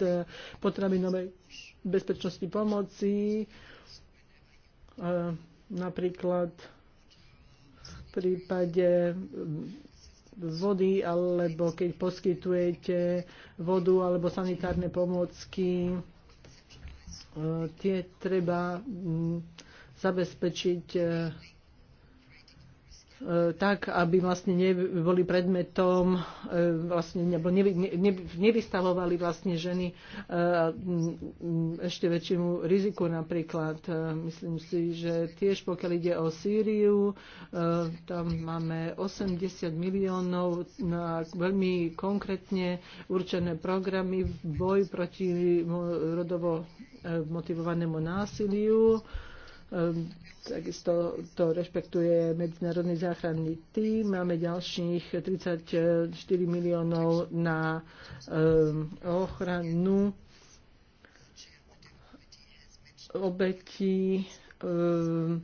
potravinovej bezpečnosti pomoci, napríklad v prípade vody, alebo keď poskytujete vodu alebo sanitárne pomôcky, eh, tie treba mm, zabezpečiť eh, E, tak, aby vlastne neboli predmetom, e, vlastne nebo ne, nevystavovali vlastne ženy e, ešte väčšiemu riziku napríklad. Myslím si, že tiež pokiaľ ide o Sýriu, tam máme 80 miliónov na veľmi konkrétne určené programy v boj proti rodovo motivovanému násiliu Ehm, takisto to rešpektuje medzinárodný záchranný tým. Máme ďalších 34 miliónov na ehm, ochranu obetí ehm,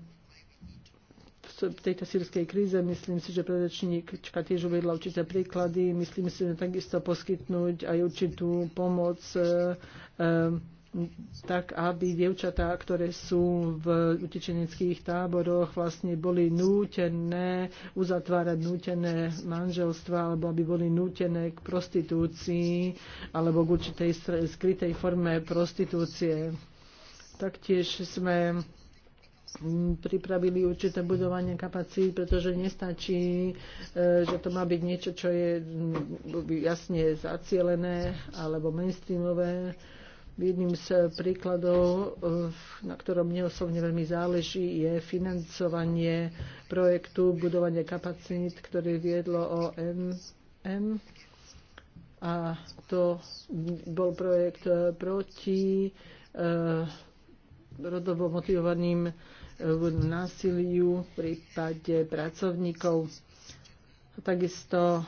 v tejto sírskej kríze. Myslím si, že predrečníčka tiež uvedla určité príklady. Myslím si, že takisto poskytnúť aj určitú pomoc tak aby dievčatá, ktoré sú v utečeneckých táboroch, vlastne boli nútené uzatvárať nútené manželstva, alebo aby boli nútené k prostitúcii, alebo k určitej skrytej forme prostitúcie. Taktiež sme pripravili určité budovanie kapacít, pretože nestačí, e, že to má byť niečo, čo je jasne zacielené alebo mainstreamové Jedným z eh, príkladov, eh, na ktorom mne osobne veľmi záleží, je financovanie projektu budovanie kapacít, ktorý viedlo OMM. A to bol projekt eh, proti rodovo motivovaným násiliu v prípade pracovníkov. Takisto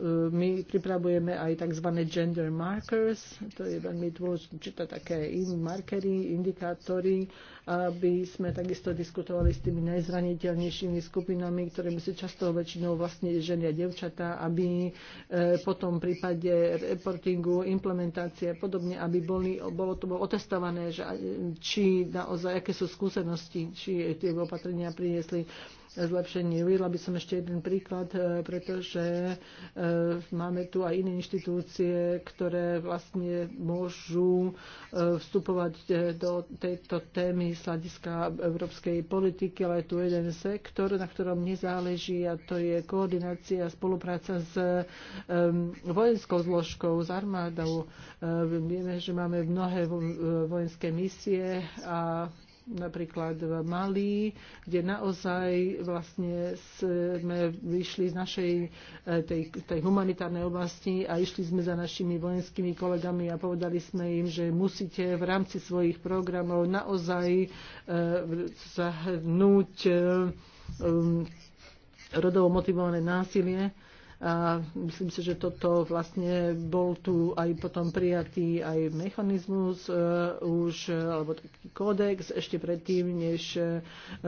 E, my pripravujeme aj tzv. gender markers, to je veľmi dôležité, také in markery, indikátory, aby sme takisto diskutovali s tými najzraniteľnejšími skupinami, ktorými si často väčšinou vlastne ženia devčatá, aby e, potom v prípade reportingu, implementácie a podobne, aby boli, bolo to bolo otestované, že, či naozaj, aké sú skúsenosti, či tie opatrenia priniesli zlepšení. Uvedla by som ešte jeden príklad, e, pretože e, máme tu aj iné inštitúcie, ktoré vlastne môžu e, vstupovať do tejto témy z hľadiska európskej politiky, ale je tu jeden sektor, na ktorom nezáleží a to je koordinácia, spolupráca s vojenskou zložkou, s armádou. Vieme, že máme mnohé vojenské misie a napríklad v Mali, kde naozaj vlastne sme vyšli z našej eh, tej, tej humanitárnej oblasti a išli sme za našimi vojenskými kolegami a povedali sme im, že musíte v rámci svojich programov naozaj eh, zahrnúť eh, um, rodovo motivované násilie a myslím si, že toto vlastne bol tu aj potom prijatý aj mechanizmus e, už, e, alebo taký kódex ešte predtým, než e,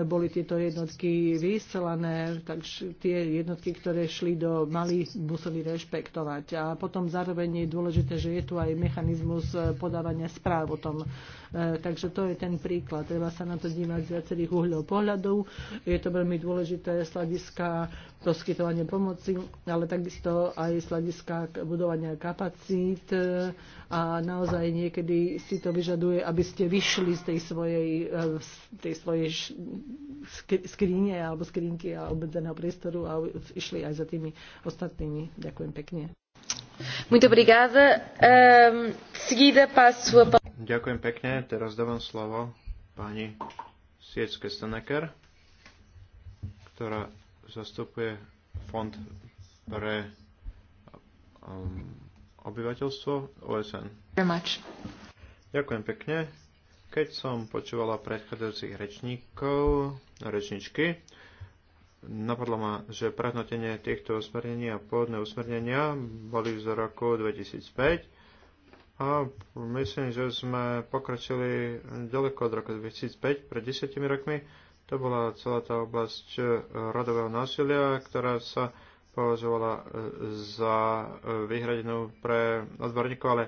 boli tieto jednotky vyselané, takže tie jednotky, ktoré šli do Mali, museli rešpektovať. A potom zároveň je dôležité, že je tu aj mechanizmus podávania správ o tom, E, takže to je ten príklad. Treba sa na to dívať z viacerých uhľov pohľadov. Je to veľmi dôležité z hľadiska poskytovania pomoci, ale takisto aj z hľadiska budovania kapacít e, a naozaj niekedy si to vyžaduje, aby ste vyšli z tej svojej, e, tej svojej skrine alebo skrinky a obmedzeného priestoru a išli aj za tými ostatnými. Ďakujem pekne. Ehm, Ďakujem pekne. Teraz dávam slovo pani Siecke Staneker, ktorá zastupuje Fond pre um, obyvateľstvo OSN. Ďakujem pekne. Keď som počúvala predchádzajúcich rečníkov, rečničky, Napadlo ma, že prehnotenie týchto usmernení a pôvodné usmernenia boli z roku 2005 a myslím, že sme pokračili ďaleko od roku 2005, pred desiatimi rokmi. To bola celá tá oblasť eh, rodového násilia, ktorá sa považovala eh, za eh, vyhradenú pre odborníkov, ale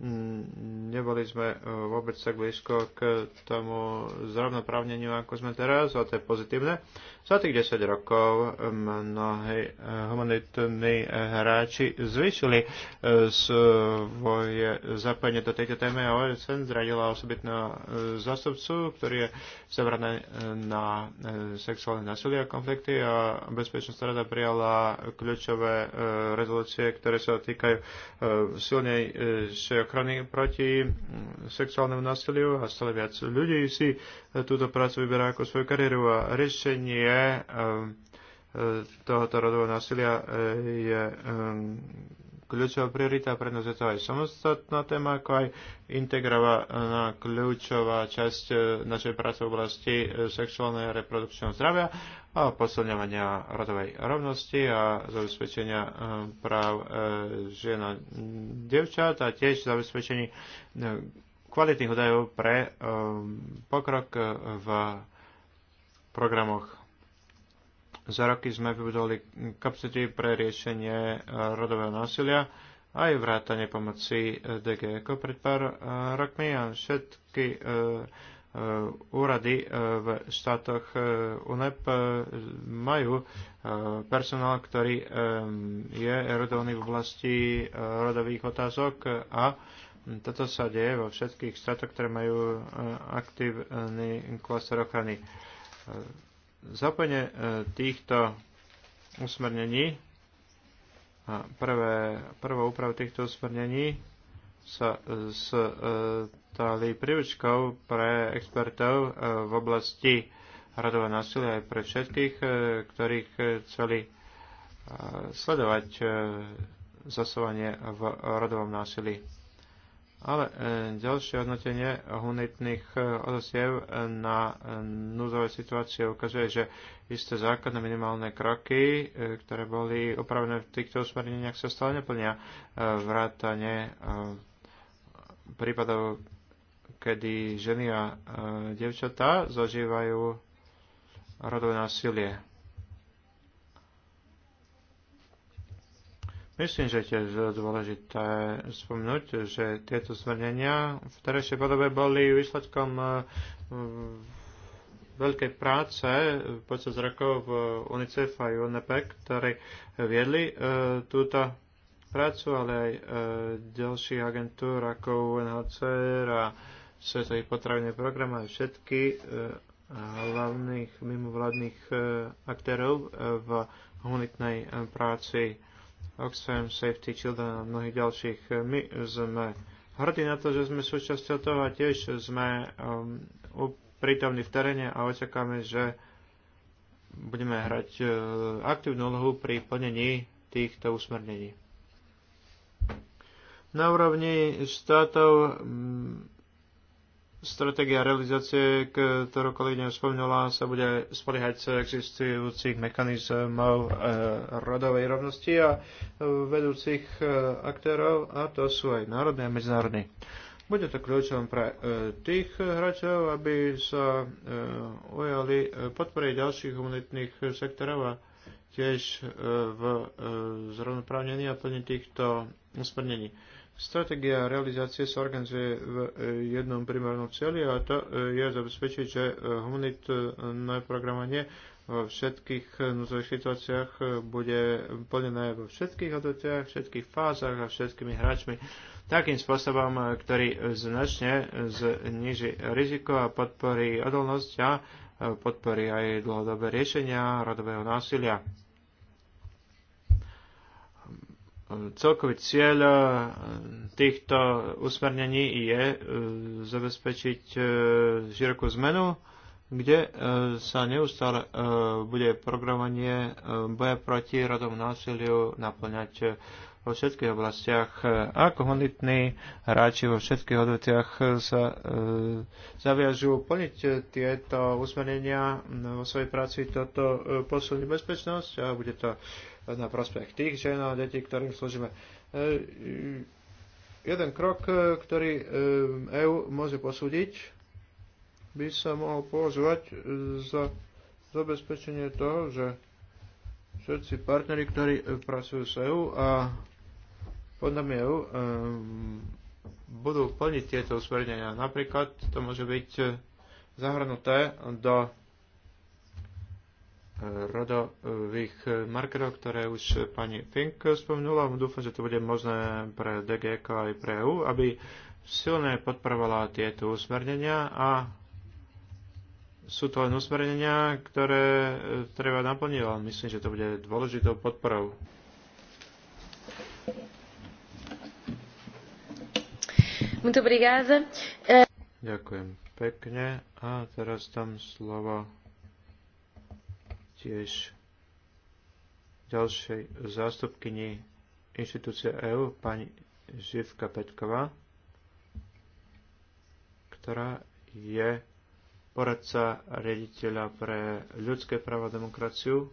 Mm, neboli sme eh, vôbec tak blízko k tomu zrovnoprávneniu, ako sme teraz, a to je pozitívne. Za tých 10 rokov mnohí eh, humanitní eh, hráči zvyšili svoje zapojenie do tejto témy a OSN zradila osobitného zástupcu, ktorý je zabraný na sexuálne násilie a konflikty a bezpečnosť rada prijala kľúčové rezolúcie, ktoré sa týkajú silnej ochrany proti mm, sexuálnemu násiliu a stále viac ľudí si e, túto prácu vyberá ako svoju kariéru a riešenie e, e, tohoto rodového násilia je kľúčová priorita, pre je to aj samostatná téma, ako aj integrovaná kľúčová časť e, našej práce v oblasti e, sexuálnej a reprodukčného zdravia a posilňovania rodovej rovnosti a zabezpečenia e, práv žien a devčat a tiež zabezpečení kvalitných údajov pre pokrok v programoch za roky sme vybudovali kapacity pre riešenie e, rodového násilia aj vrátanie pomoci e, DG ECO pred pár e, rokmi a všetky úrady v štátoch UNEP majú personál, ktorý je erodovaný v oblasti rodových otázok a toto sa deje vo všetkých štátoch, ktoré majú aktívny klaster ochrany. Zapojenie e, týchto usmernení a prvé, prvá úprava týchto usmernení sa e, stali príručkou pre expertov e, v oblasti radového násilia aj pre všetkých, ktorých chceli sledovať zasovanie v radovom násilí. Ale e, ďalšie hodnotenie humanitných e, odosiev e, na núzové situácie ukazuje, že isté základné minimálne kroky, ktoré boli upravené v týchto usmerneniach, sa stále neplnia vrátane prípadov, kedy ženy a devčatá zažívajú rodové násilie Myslím, že tiež dôležité spomnúť, že tieto smernenia v terajšej podobe boli výsledkom e, veľkej práce počas rokov v UNICEF a UNEP, ktorí viedli e, túto prácu, ale aj e, ďalších agentúr ako UNHCR a Svetový potravný program a všetky hlavných mimovládnych aktérov v humanitnej práci Oxfam, Safety Children a mnohých ďalších. My sme hrdí na to, že sme súčasťou toho a tiež sme um, prítomní v teréne a očakáme, že budeme hrať uh, aktívnu úlohu pri plnení týchto usmernení. Na úrovni štátov um, Stratégia realizácie, ktorú kolegyňa spomínala, sa bude spoliehať z existujúcich mechanizmov e, rodovej rovnosti a vedúcich e, aktérov, a to sú aj národní a medzinárodní. Bude to kľúčom pre e, tých hráčov, aby sa ujali podporiť ďalších humanitných sektorov a tiež v zrovnoprávnení a plne týchto usmernení. Stratégia realizácie sa organizuje v e, jednom primárnom cieli a to e, je zabezpečiť, že e, humanitné programovanie vo všetkých núzových situáciách bude plnené vo všetkých odvetviach, všetkých fázach a všetkými hráčmi takým spôsobom, ktorý značne zniží riziko a podporí odolnosť a podporí aj dlhodobé riešenia rodového násilia celkový cieľ e, týchto usmernení je e, zabezpečiť e, širokú zmenu, kde sa neustále bude programovanie boja proti rodom násiliu naplňať vo všetkých oblastiach a komunitní hráči vo všetkých odvetiach sa e, zaviažú plniť tieto usmernenia vo svojej práci, toto e, posilní bezpečnosť a bude to na prospech tých žien a detí, ktorým slúžime. E, jeden krok, e, ktorý EU e môže posúdiť, by sa mohol považovať za zabezpečenie toho, že všetci partneri, ktorí pracujú s EU a podľa EU budú plniť tieto usmernenia. Napríklad to môže byť zahrnuté do rodových markerov, ktoré už pani Fink spomenula. Dúfam, že to bude možné pre DG aj pre EU, aby silne podporovala tieto usmernenia a sú to len usmernenia, ktoré e, treba naplniť, ale myslím, že to bude dôležitou podporou. Ďakujem pekne. A teraz tam slovo tiež ďalšej zástupkyni inštitúcie EÚ, pani Živka Petková, ktorá je poradca riaditeľa pre ľudské práva a demokraciu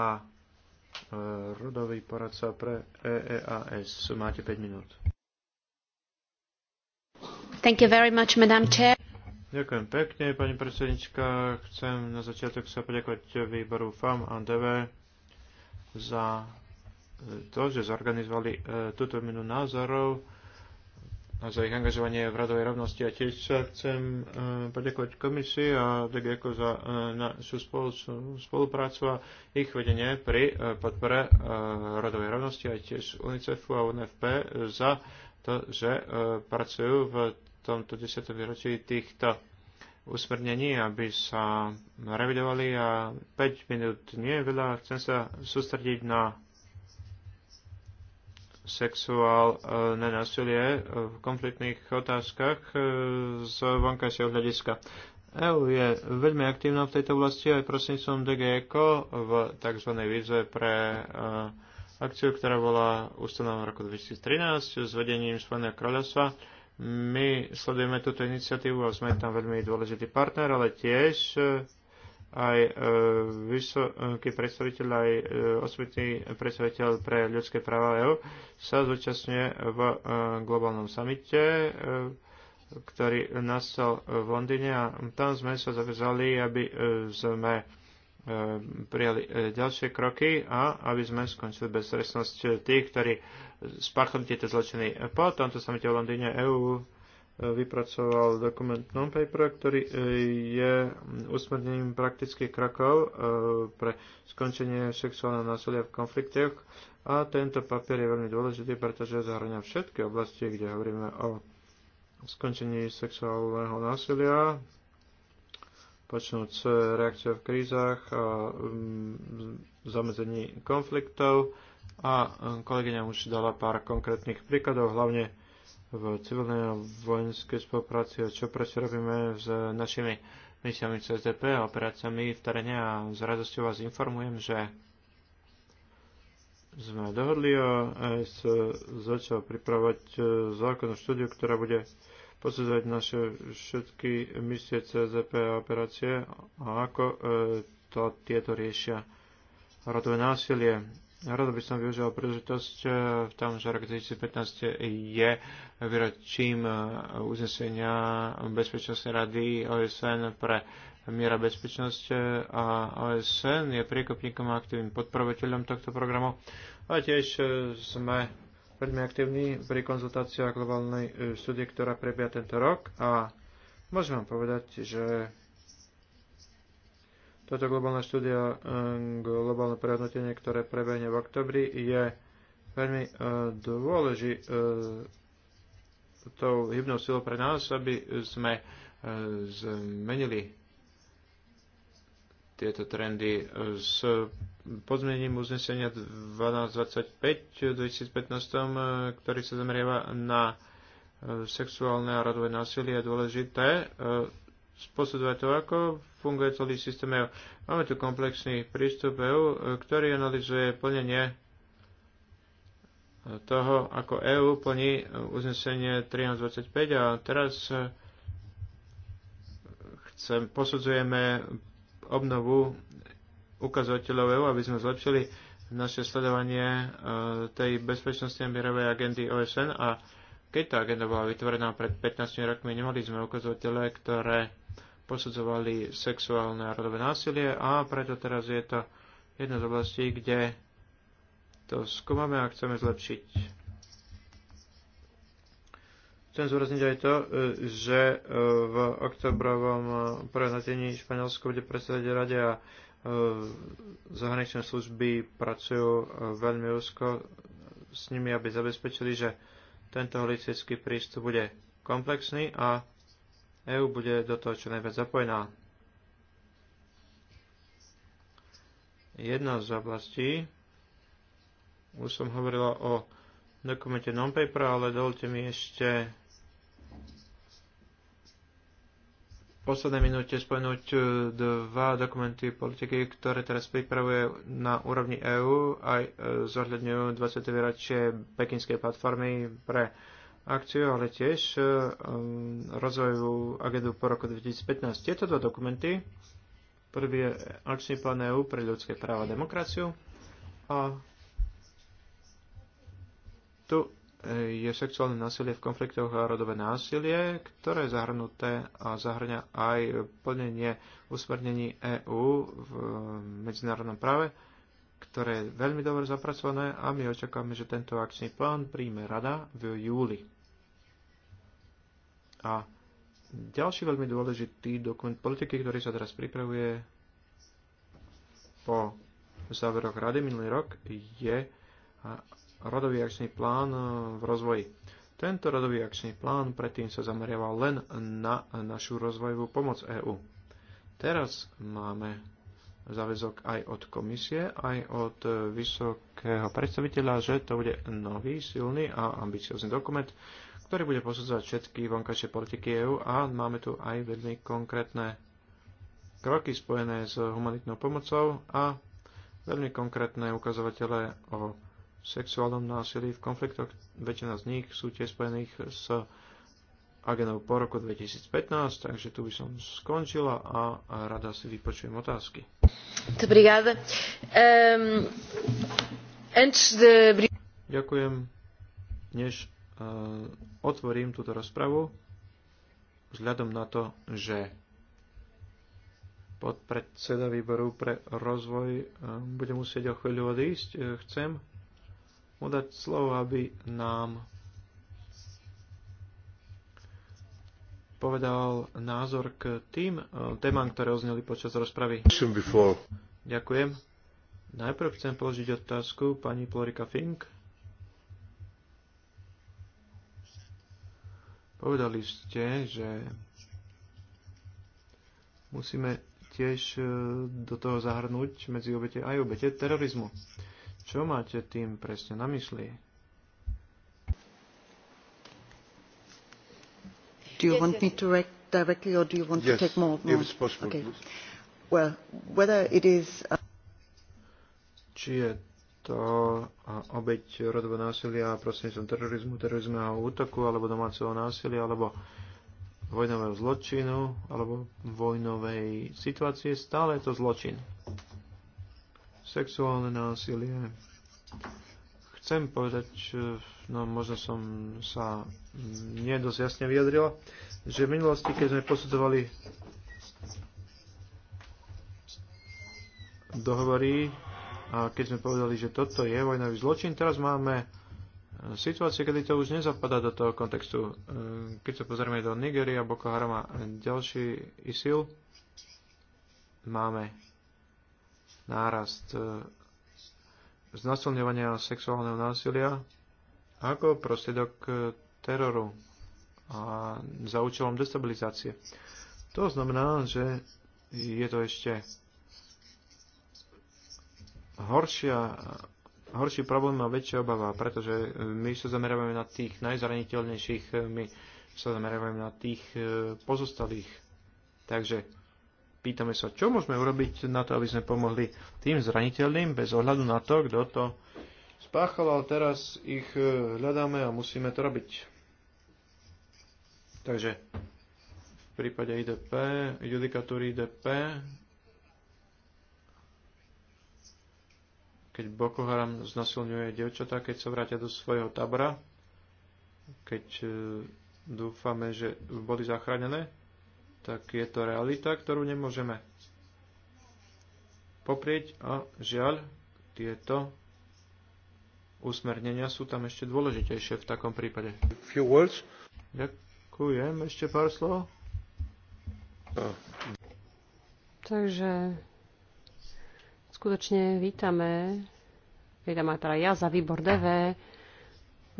a e, rodový poradca pre EEAS. Máte 5 minút. Thank you very much, Madam Chair. Ďakujem pekne, pani predsednička. Chcem na začiatok sa poďakovať výboru FAM a DV za e, to, že zorganizovali e, túto minú názorov a za ich angažovanie v radovej rovnosti. A tiež sa chcem e, poďakovať komisii a DGECO za našu spoluprácu a ich vedenie pri podpore radovej rovnosti a tiež UNICEFu a UNFP za to, že pracujú v tomto 10. výročí týchto usmernení, aby sa revidovali a 5 minút nie je veľa. Chcem sa sústrediť na sexuálne násilie v konfliktných otázkach e, z vonkajšieho hľadiska. EU je veľmi aktívna v tejto oblasti aj prosím DG DGECO v tzv. výzve pre e, akciu, ktorá bola ustanovená v roku 2013 s vedením Spojeného kráľovstva my sledujeme túto iniciatívu a sme tam veľmi dôležitý partner, ale tiež eh, aj eh, vysoký predstaviteľ, aj eh, osvetný predstaviteľ pre ľudské práva EU sa zúčastňuje v globálnom samite, ktorý nastal v Londýne a tam sme sa zavezali, aby sme E, prijali e, ďalšie kroky a aby sme skončili bezstresnosť tých, ktorí spáchali tieto zločiny. Po tomto samite v Londýne EU e, vypracoval dokument non-paper, ktorý je usmernením praktických krokov pre skončenie sexuálneho násilia v konfliktoch. A tento papier je veľmi dôležitý, pretože zahrania všetky oblasti, kde hovoríme o skončení sexuálneho násilia, počnúť s reakciou v krízach, a mm, zamedzení konfliktov a mm, kolegyňa už dala pár konkrétnych príkladov, hlavne v civilnej a vojenskej spolupráci a čo presne robíme s našimi misiami CSDP a operáciami v teréne a s radosťou vás informujem, že sme dohodli a aj sa začal pripravať e, zákonnú štúdiu, ktorá bude posudzovať naše všetky misie CZP a operácie a ako e, to, tieto riešia rodové násilie. Rado by som využil príležitosť e, v tom, že rok 2015 je výročím e, uznesenia Bezpečnostnej rady OSN pre miera bezpečnosť a OSN je priekopníkom a aktívnym podporovateľom tohto programu. A tiež sme veľmi aktívni pri konzultáciách globálnej e, štúdie, ktorá prebieha tento rok a môžem vám povedať, že toto globálna štúdia, e, globálne prehodnotenie, ktoré prebehne v oktobri, je veľmi e, dôležitou hybnou silou pre nás, aby sme zmenili tieto trendy z pozmením uznesenia 1225 v 2015, ktorý sa zameriava na eh, sexuálne a rodové násilie, je dôležité eh, spôsobovať to, ako funguje celý systém EU. Máme tu komplexný prístup EU, eh, ktorý analizuje plnenie toho, ako EU plní uznesenie 1325 a teraz chcem, posudzujeme obnovu ukazovateľov EU, aby sme zlepšili naše sledovanie e, tej bezpečnostnej mierovej agendy OSN a keď tá agenda bola vytvorená pred 15 rokmi, nemali sme ukazovatele, ktoré posudzovali sexuálne a rodové násilie a preto teraz je to jedna z oblastí, kde to skúmame a chceme zlepšiť. Chcem zúrazniť aj to, e, že e, v oktobrovom prehnatení Španielsko bude predsedať rade a Eh, zahraničné služby pracujú eh, veľmi úzko s nimi, aby zabezpečili, že tento holistický prístup bude komplexný a EÚ bude do toho čo najviac zapojená. Jedna z oblastí, už som hovorila o dokumente non-paper, ale dovolte mi ešte poslednej minúte spomenúť e, dva dokumenty politiky, ktoré teraz pripravuje na úrovni EÚ aj e, zohľadňujú 20. výročie pekinskej platformy pre akciu, ale tiež e, rozvojovú agendu po roku 2015. Tieto dva dokumenty, prvý je akčný plán EÚ pre ľudské práva a demokraciu a tu je sexuálne násilie v konfliktoch a rodové násilie, ktoré je zahrnuté a zahrňa aj plnenie usmernení EÚ v e, medzinárodnom práve, ktoré je veľmi dobre zapracované a my očakávame, že tento akčný plán príjme rada v júli. A ďalší veľmi dôležitý dokument politiky, ktorý sa teraz pripravuje po záveroch rady minulý rok, je rodový akčný plán e, v rozvoji. Tento rodový akčný plán predtým sa zameriaval len na našu rozvojovú pomoc EÚ. Teraz máme záväzok aj od komisie, aj od vysokého predstaviteľa, že to bude nový, silný a ambiciózny dokument, ktorý bude posudzovať všetky vonkajšie politiky EÚ a máme tu aj veľmi konkrétne kroky spojené s humanitnou pomocou a veľmi konkrétne ukazovatele o sexuálnom násilí v konfliktoch. Väčšina z nich sú tie spojených s agendou po roku 2015, takže tu by som skončila a rada si vypočujem otázky. Ehm, Ďakujem. Než eh, otvorím túto rozpravu, vzhľadom na to, že podpredseda výboru pre rozvoj eh, bude musieť o chvíľu odísť, eh, chcem mu dať slovo, aby nám povedal názor k tým eh, témam, ktoré ozneli počas rozpravy. Ďakujem. Najprv chcem položiť otázku pani Florika Fink. Povedali ste, že musíme tiež eh, do toho zahrnúť medzi obete aj obete terorizmu. Čo máte tým presne na mysli? Do you yes, want yes, me to write directly or do you want yes, to take more? Yes, If it's possible, okay. Well, whether it is... A... Či je to obeď rodového násilia som terorizmu, terorizmného útoku, alebo domáceho násilia, alebo vojnového zločinu, alebo vojnovej situácie, stále je to zločin sexuálne násilie. Chcem povedať, no možno som sa nedosť jasne vyjadrila, že v minulosti, keď sme posudzovali dohovory a keď sme povedali, že toto je vojnový zločin, teraz máme situácie, kedy to už nezapadá do toho kontextu. Keď sa pozrieme do Nigeria, Boko Harama a ďalší ISIL, máme nárast e, znasilňovania sexuálneho násilia ako prostriedok e, teroru a za účelom destabilizácie. To znamená, že je to ešte horšia, horší problém a väčšia obava, pretože my sa zameriavame na tých najzraniteľnejších, e, my sa zameriavame na tých pozostalých. Takže pýtame sa, čo môžeme urobiť na to, aby sme pomohli tým zraniteľným, bez ohľadu na to, kto to spáchal, ale teraz ich e, hľadáme a musíme to robiť. Takže v prípade IDP, judikatúry IDP, keď Boko Haram znasilňuje dievčatá, keď sa vrátia do svojho tabora, keď e, dúfame, že boli zachránené, tak je to realita, ktorú nemôžeme poprieť a žiaľ, tieto usmernenia sú tam ešte dôležitejšie v takom prípade. Few words. Ďakujem. Ešte pár slov? Ah. Takže skutočne vítame, vítame aj teda ja za výbor DV,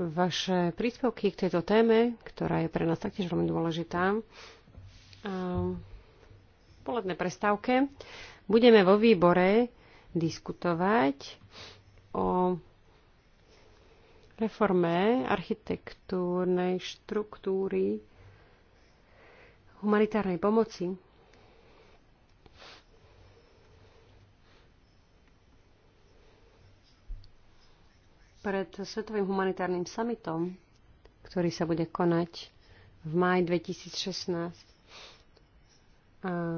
vaše príspevky k tejto téme, ktorá je pre nás taktiež veľmi dôležitá. Ehm, polednej prestávke budeme vo výbore diskutovať o reforme architektúrnej štruktúry humanitárnej pomoci. Pred Svetovým humanitárnym summitom, ktorý sa bude konať v máji 2016,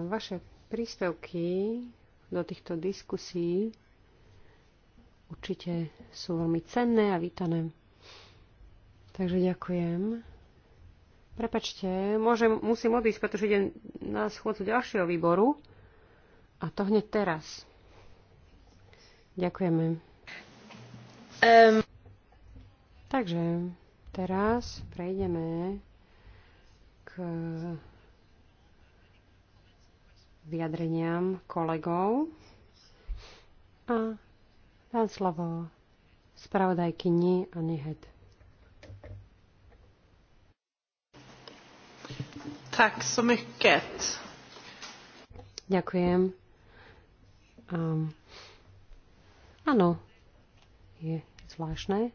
Vaše príspevky do týchto diskusí určite sú veľmi cenné a vítané. Takže ďakujem. Prepačte, môžem, musím odísť, pretože idem na schôdzu ďalšieho výboru. A to hneď teraz. Ďakujeme. Um. Takže teraz prejdeme k vyjadreniam kolegov a dám slovo spravodajkyni Anny Tak so mycket. Ďakujem. Um, áno, je zvláštne,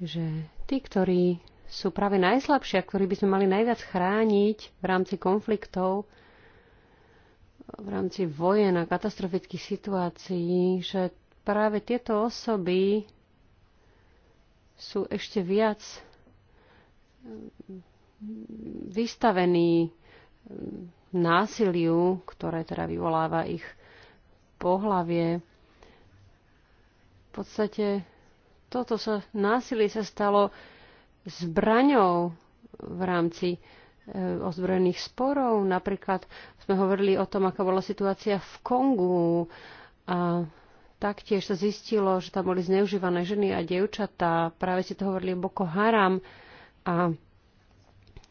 že tí, ktorí sú práve najslabšie, ktorí by sme mali najviac chrániť v rámci konfliktov, v rámci vojen a katastrofických situácií, že práve tieto osoby sú ešte viac mm, vystavení mm, násiliu, ktoré teda vyvoláva ich pohlavie. V podstate toto sa, násilie sa stalo zbraňou v rámci Eh, ozbrojených sporov. Napríklad sme hovorili o tom, aká bola situácia v Kongu a taktiež sa zistilo, že tam boli zneužívané ženy a dievčatá. Práve ste to hovorili o Boko Haram a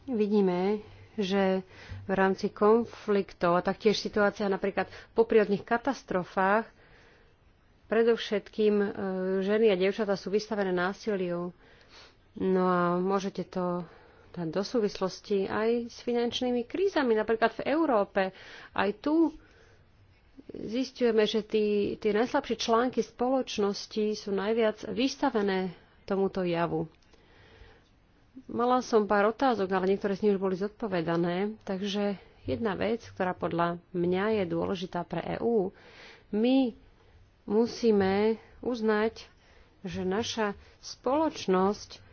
vidíme, že v rámci konfliktov a taktiež situácia napríklad po prírodných katastrofách predovšetkým eh, ženy a dievčatá sú vystavené násiliu. No a môžete to do súvislosti aj s finančnými krízami, napríklad v Európe. Aj tu zistujeme, že tí, tie najslabšie články spoločnosti sú najviac vystavené tomuto javu. Mala som pár otázok, ale niektoré z nich už boli zodpovedané, takže jedna vec, ktorá podľa mňa je dôležitá pre EÚ, my musíme uznať, že naša spoločnosť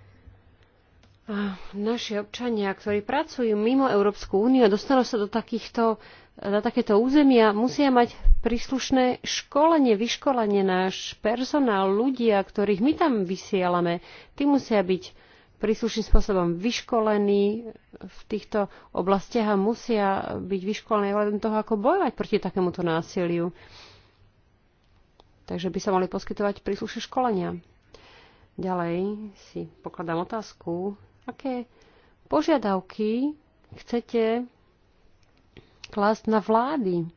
naši občania, ktorí pracujú mimo Európsku úniu a dostanú sa do, takýchto, na takéto územia, musia mať príslušné školenie, vyškolenie náš personál, ľudia, ktorých my tam vysielame, tí musia byť príslušným spôsobom vyškolení v týchto oblastiach a musia byť vyškolení hľadom toho, ako bojovať proti takémuto násiliu. Takže by sa mali poskytovať príslušné školenia. Ďalej si pokladám otázku, aké požiadavky chcete klásť na vlády,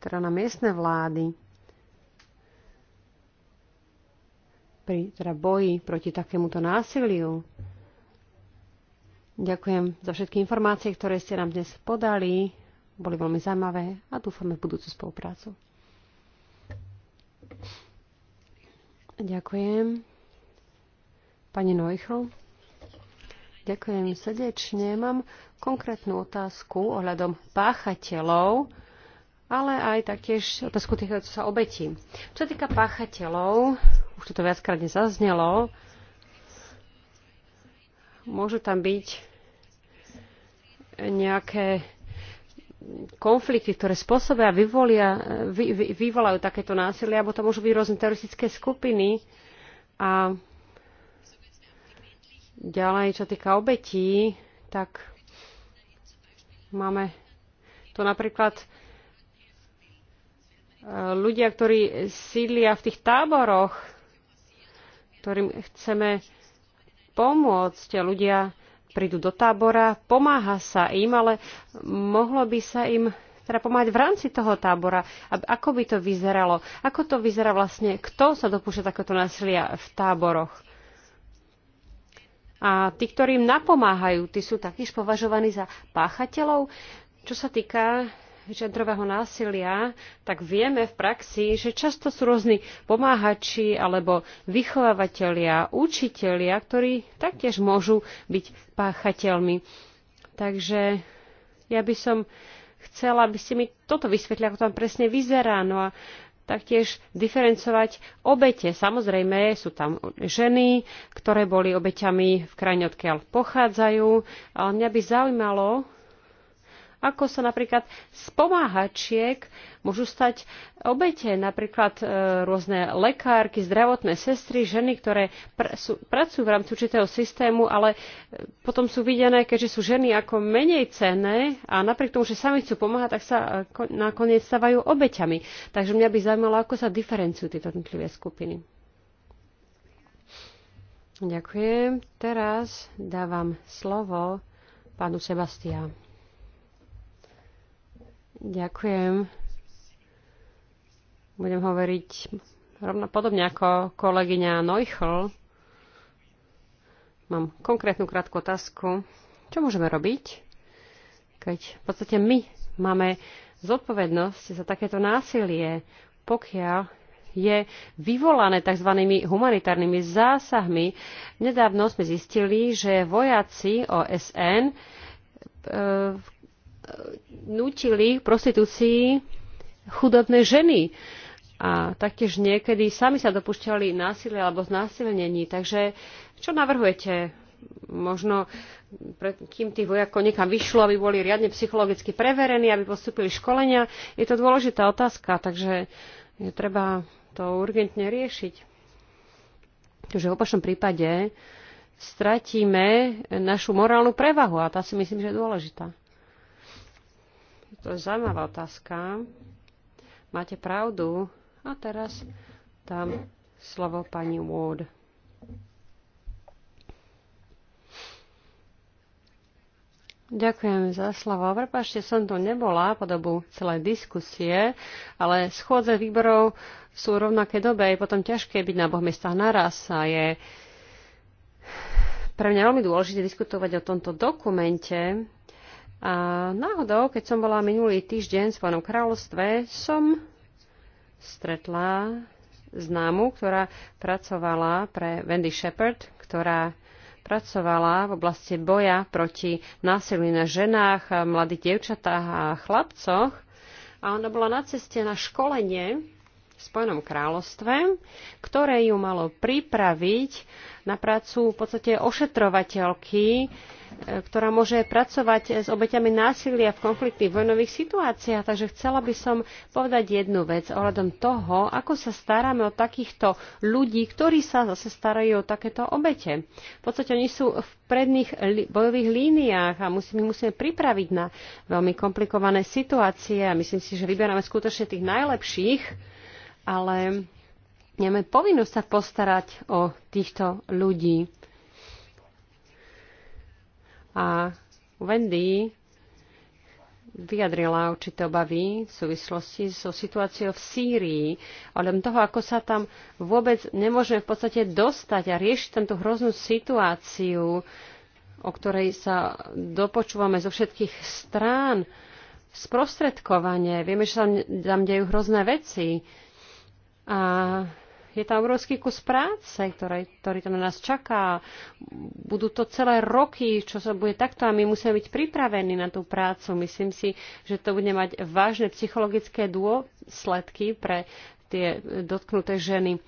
teda na miestne vlády, pri teda boji proti takémuto násiliu. Ďakujem za všetky informácie, ktoré ste nám dnes podali. Boli veľmi zaujímavé a dúfame v budúcu spoluprácu. Ďakujem. Pani Neuchl. Ďakujem srdečne. Mám konkrétnu otázku ohľadom páchateľov, ale aj taktiež otázku čo sa obetí. Čo sa týka páchateľov, už to viackrát nezaznelo, môžu tam byť nejaké konflikty, ktoré spôsobia a vyvolia, vy, vy, vyvolajú takéto násilie, alebo to môžu byť rôzne teroristické skupiny. A Ďalej, čo týka obetí, tak máme tu napríklad e, ľudia, ktorí sídlia v tých táboroch, ktorým chceme pomôcť. Ľudia prídu do tábora, pomáha sa im, ale mohlo by sa im teda pomáhať v rámci toho tábora. A ako by to vyzeralo? Ako to vyzerá vlastne? Kto sa dopúšťa takéto násilia v táboroch? A tí, ktorým napomáhajú, tí sú taktiež považovaní za páchateľov. Čo sa týka žendrového násilia, tak vieme v praxi, že často sú rôzni pomáhači alebo vychovávateľia, učitelia, ktorí taktiež môžu byť páchateľmi. Takže ja by som chcela, aby ste mi toto vysvetli, ako tam presne vyzerá. No a taktiež diferencovať obete. Samozrejme, sú tam ženy, ktoré boli obeťami v krajine, odkiaľ pochádzajú. mňa by zaujímalo, ako sa napríklad z pomáhačiek môžu stať obete, napríklad e, rôzne lekárky, zdravotné sestry, ženy, ktoré pr- sú, pracujú v rámci určitého systému, ale e, potom sú videné, keďže sú ženy ako menej cenné a napriek tomu, že sami chcú pomáhať, tak sa e, nakoniec stávajú obeťami. Takže mňa by zaujímalo, ako sa diferencujú tieto jednotlivé skupiny. Ďakujem. Teraz dávam slovo pánu Sebastiánu. Ďakujem. Budem hovoriť rovno podobne ako kolegyňa Neuchl. Mám konkrétnu krátku otázku. Čo môžeme robiť, keď v podstate my máme zodpovednosť za takéto násilie, pokiaľ je vyvolané tzv. humanitárnymi zásahmi. Nedávno sme zistili, že vojaci OSN e, nutili k prostitúcii chudobné ženy a taktiež niekedy sami sa dopúšťali násilia alebo znásilnení. Takže čo navrhujete? Možno pred, kým tých vojakov niekam vyšlo, aby boli riadne psychologicky preverení, aby postupili školenia. Je to dôležitá otázka, takže je treba to urgentne riešiť. Takže v opačnom prípade stratíme našu morálnu prevahu a tá si myslím, že je dôležitá. To je zaujímavá otázka. Máte pravdu. A teraz dám slovo pani Ward. Ďakujem za slovo. Prepašte, som tu nebola po dobu celej diskusie, ale schôdze výborov sú v rovnaké dobe, je potom ťažké byť na bohmestách miestach naraz a je pre mňa veľmi dôležité diskutovať o tomto dokumente, a náhodou, keď som bola minulý týždeň v Spojenom kráľovstve, som stretla známu, ktorá pracovala pre Wendy Shepard, ktorá pracovala v oblasti boja proti násiliu na ženách, mladých dievčatách a chlapcoch. A ona bola na ceste na školenie v Spojenom kráľovstve, ktoré ju malo pripraviť na prácu v podstate ošetrovateľky, e, ktorá môže pracovať s obeťami násilia v konfliktných vojnových situáciách. Takže chcela by som povedať jednu vec ohľadom toho, ako sa staráme o takýchto ľudí, ktorí sa zase starajú o takéto obete. V podstate oni sú v predných bojových líniách a musíme, musíme pripraviť na veľmi komplikované situácie a myslím si, že vyberáme skutočne tých najlepších, ale máme povinnosť sa postarať o týchto ľudí. A Wendy vyjadrila určité obavy v súvislosti so situáciou v Sýrii, ale toho, ako sa tam vôbec nemôžeme v podstate dostať a riešiť tam tú hroznú situáciu, o ktorej sa dopočúvame zo všetkých strán, sprostredkovanie. Vieme, že sa tam dejú hrozné veci. A je tam obrovský kus práce, ktorý, ktorý tam na nás čaká. Budú to celé roky, čo sa bude takto a my musíme byť pripravení na tú prácu. Myslím si, že to bude mať vážne psychologické dôsledky pre tie dotknuté ženy.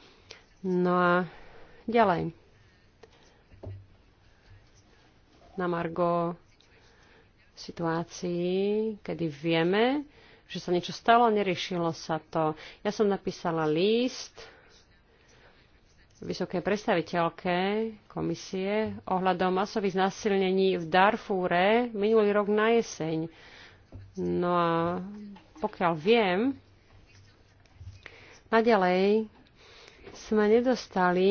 No a ďalej. Na Margo situácii, kedy vieme, že sa niečo stalo, neriešilo sa to. Ja som napísala list vysoké predstaviteľke komisie ohľadom masových znásilnení v Darfúre minulý rok na jeseň. No a pokiaľ viem, naďalej sme nedostali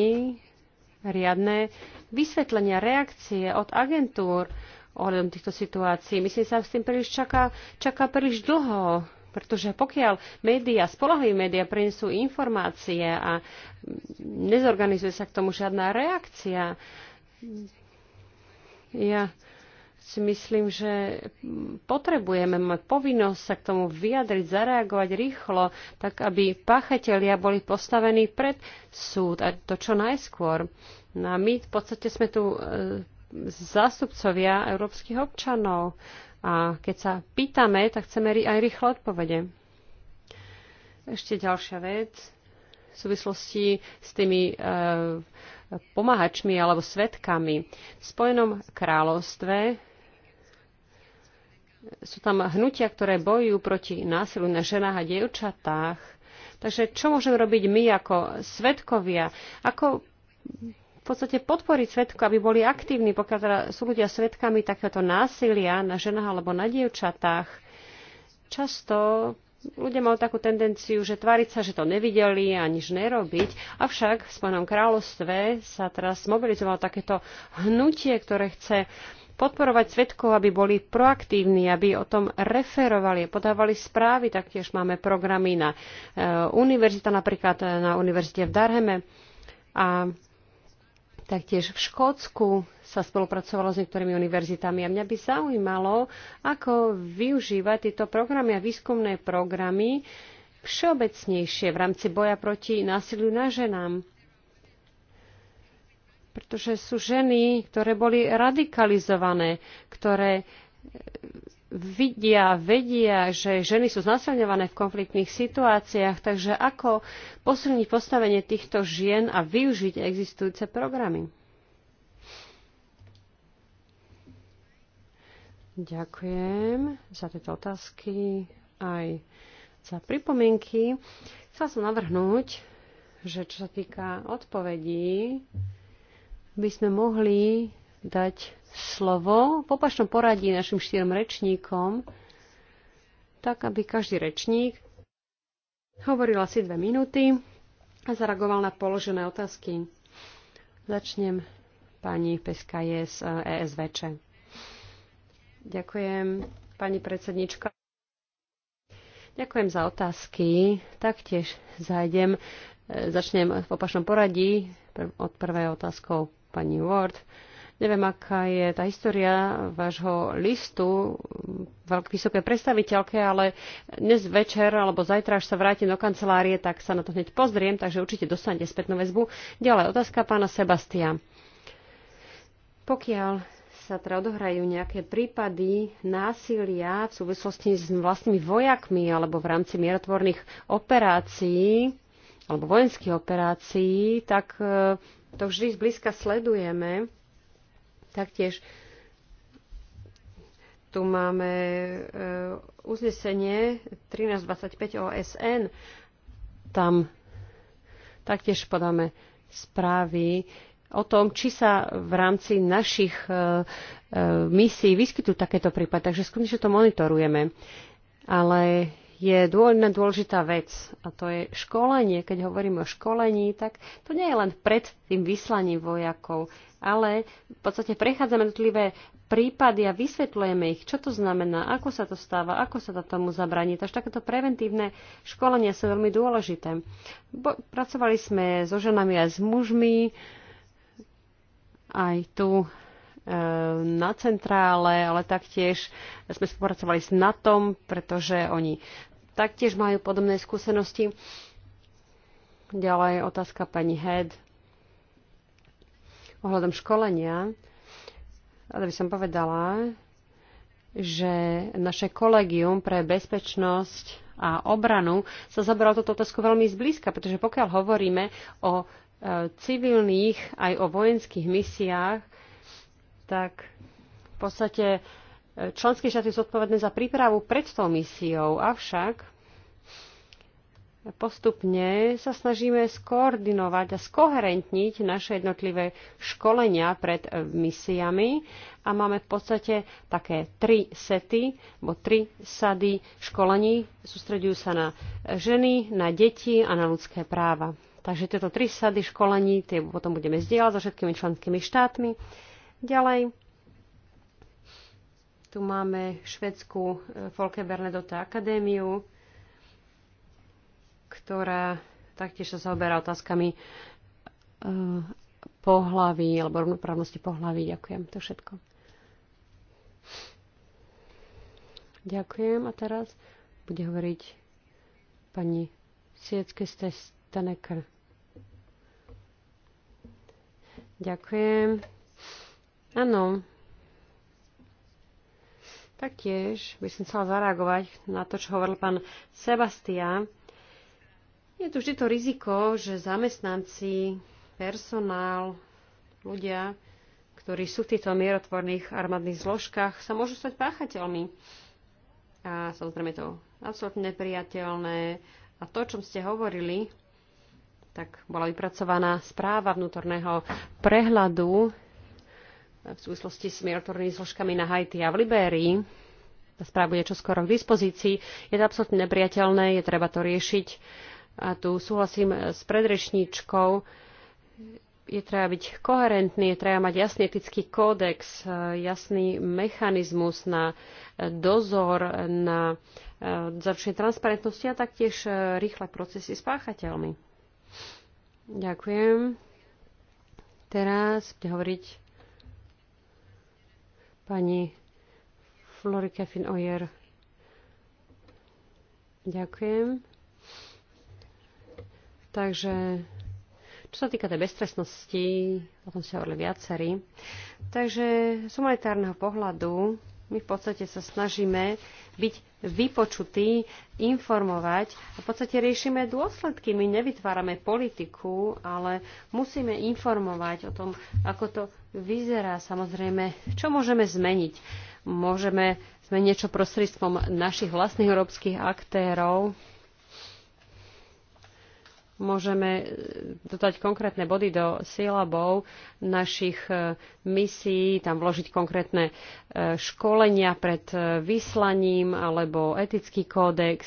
riadne vysvetlenia, reakcie od agentúr ohľadom týchto situácií. Myslím sa, s tým príliš čaká, čaká príliš dlho pretože pokiaľ médiá, spolahlivé médiá prinesú informácie a nezorganizuje sa k tomu žiadna reakcia, ja si myslím, že potrebujeme mať povinnosť sa k tomu vyjadriť, zareagovať rýchlo, tak aby páchatelia boli postavení pred súd a to čo najskôr. No a my v podstate sme tu e, zástupcovia európskych občanov. A keď sa pýtame, tak chceme aj rýchle odpovede. Ešte ďalšia vec v súvislosti s tými e, pomáhačmi alebo svetkami. V Spojenom kráľovstve sú tam hnutia, ktoré bojujú proti násilu na ženách a dievčatách. Takže čo môžeme robiť my ako svetkovia? Ako v podstate podporiť svetku, aby boli aktívni, pokiaľ teda sú ľudia svetkami takéhoto násilia na ženách alebo na dievčatách. Často ľudia majú takú tendenciu, že tváriť sa, že to nevideli a nič nerobiť. Avšak v Spojenom kráľovstve sa teraz mobilizovalo takéto hnutie, ktoré chce podporovať svetkov, aby boli proaktívni, aby o tom referovali, podávali správy. Taktiež máme programy na e, univerzita, napríklad e, na univerzite v Darheme. A Taktiež v Škótsku sa spolupracovalo s niektorými univerzitami a mňa by zaujímalo, ako využívať tieto programy a výskumné programy všeobecnejšie v rámci boja proti násiliu na ženám. Pretože sú ženy, ktoré boli radikalizované, ktoré vidia, vedia, že ženy sú znasilňované v konfliktných situáciách, takže ako posilniť postavenie týchto žien a využiť existujúce programy? Ďakujem za tieto otázky aj za pripomienky. Chcela som navrhnúť, že čo sa týka odpovedí, by sme mohli dať slovo v opačnom poradí našim štyrom rečníkom, tak aby každý rečník hovoril asi dve minúty a zareagoval na položené otázky. Začnem pani Peska je z ESVČ. E Ďakujem, pani predsednička. Ďakujem za otázky. Taktiež zajdem, e, začnem v opačnom poradí od prvej otázkou pani Ward. Neviem, aká je tá história vášho listu vysoké predstaviteľke, ale dnes večer alebo zajtra, až sa vrátim do kancelárie, tak sa na to hneď pozriem, takže určite dostanete spätnú väzbu. Ďalej otázka pána Sebastia. Pokiaľ sa teda odohrajú nejaké prípady násilia v súvislosti s vlastnými vojakmi alebo v rámci mierotvorných operácií alebo vojenských operácií, tak eh, to vždy zblízka sledujeme Taktiež tu máme e, uznesenie 1325 OSN. Tam taktiež podáme správy o tom, či sa v rámci našich e, e, misií vyskytujú takéto prípady. Takže skutočne to monitorujeme. Ale je jedna dôležitá vec a to je školenie. Keď hovoríme o školení, tak to nie je len pred tým vyslaním vojakov, ale v podstate prechádzame jednotlivé prípady a vysvetľujeme ich, čo to znamená, ako sa to stáva, ako sa to tomu zabraní. Takže takéto preventívne školenia sú veľmi dôležité. Bo, pracovali sme so ženami aj s mužmi, aj tu Eh, na centrále, ale taktiež sme spolupracovali s NATO, pretože oni taktiež majú podobné skúsenosti. Ďalej otázka pani Head ohľadom školenia. Rada by som povedala, že naše kolegium pre bezpečnosť a obranu sa zabralo toto otázku veľmi zblízka, pretože pokiaľ hovoríme o eh, civilných aj o vojenských misiách, tak v podstate e, členské štáty sú odpovedné za prípravu pred tou misiou, avšak postupne sa snažíme skoordinovať a skoherentniť naše jednotlivé školenia pred e, misiami a máme v podstate také tri sety, bo tri sady školení. Sústredujú sa na e, ženy, na deti a na ľudské práva. Takže tieto tri sady školení tie potom budeme zdieľať so všetkými členskými štátmi. Ďalej, tu máme švedskú Folke e, Bernadotte akadémiu, ktorá taktiež sa zaoberá otázkami e, pohlaví alebo rovnoprávnosti pohlaví. Ďakujem, to všetko. Ďakujem a teraz bude hovoriť pani Siecké Staneker. Ďakujem. Áno. Taktiež by som chcela zareagovať na to, čo hovoril pán Sebastia. Je tu vždy to riziko, že zamestnanci, personál, ľudia, ktorí sú v týchto mierotvorných armádnych zložkách, sa môžu stať páchateľmi. A samozrejme to absolútne nepriateľné. A to, o čom ste hovorili, tak bola vypracovaná správa vnútorného prehľadu v súvislosti s mierotornými zložkami na Haiti a v Libérii. Tá správa bude čoskoro k dispozícii. Je to absolútne nepriateľné, je treba to riešiť. A tu súhlasím s predrečníčkou. Je treba byť koherentný, je treba mať jasný etický kódex, jasný mechanizmus na dozor, na e, zaručenie transparentnosti a taktiež e, rýchle procesy s páchateľmi. Ďakujem. Teraz bude hovoriť pani Florika Finoyer. Ďakujem. Takže, čo sa týka tej beztrestnosti, o tom sa hovorili viacerí. Takže z humanitárneho pohľadu my v podstate sa snažíme byť vypočutý, informovať. A v podstate riešime dôsledky. My nevytvárame politiku, ale musíme informovať o tom, ako to vyzerá. Samozrejme, čo môžeme zmeniť? Môžeme zmeniť niečo prostredstvom našich vlastných európskych aktérov, môžeme dodať e, konkrétne body do sílabov našich e, misií, tam vložiť konkrétne e, školenia pred vyslaním alebo etický kódex.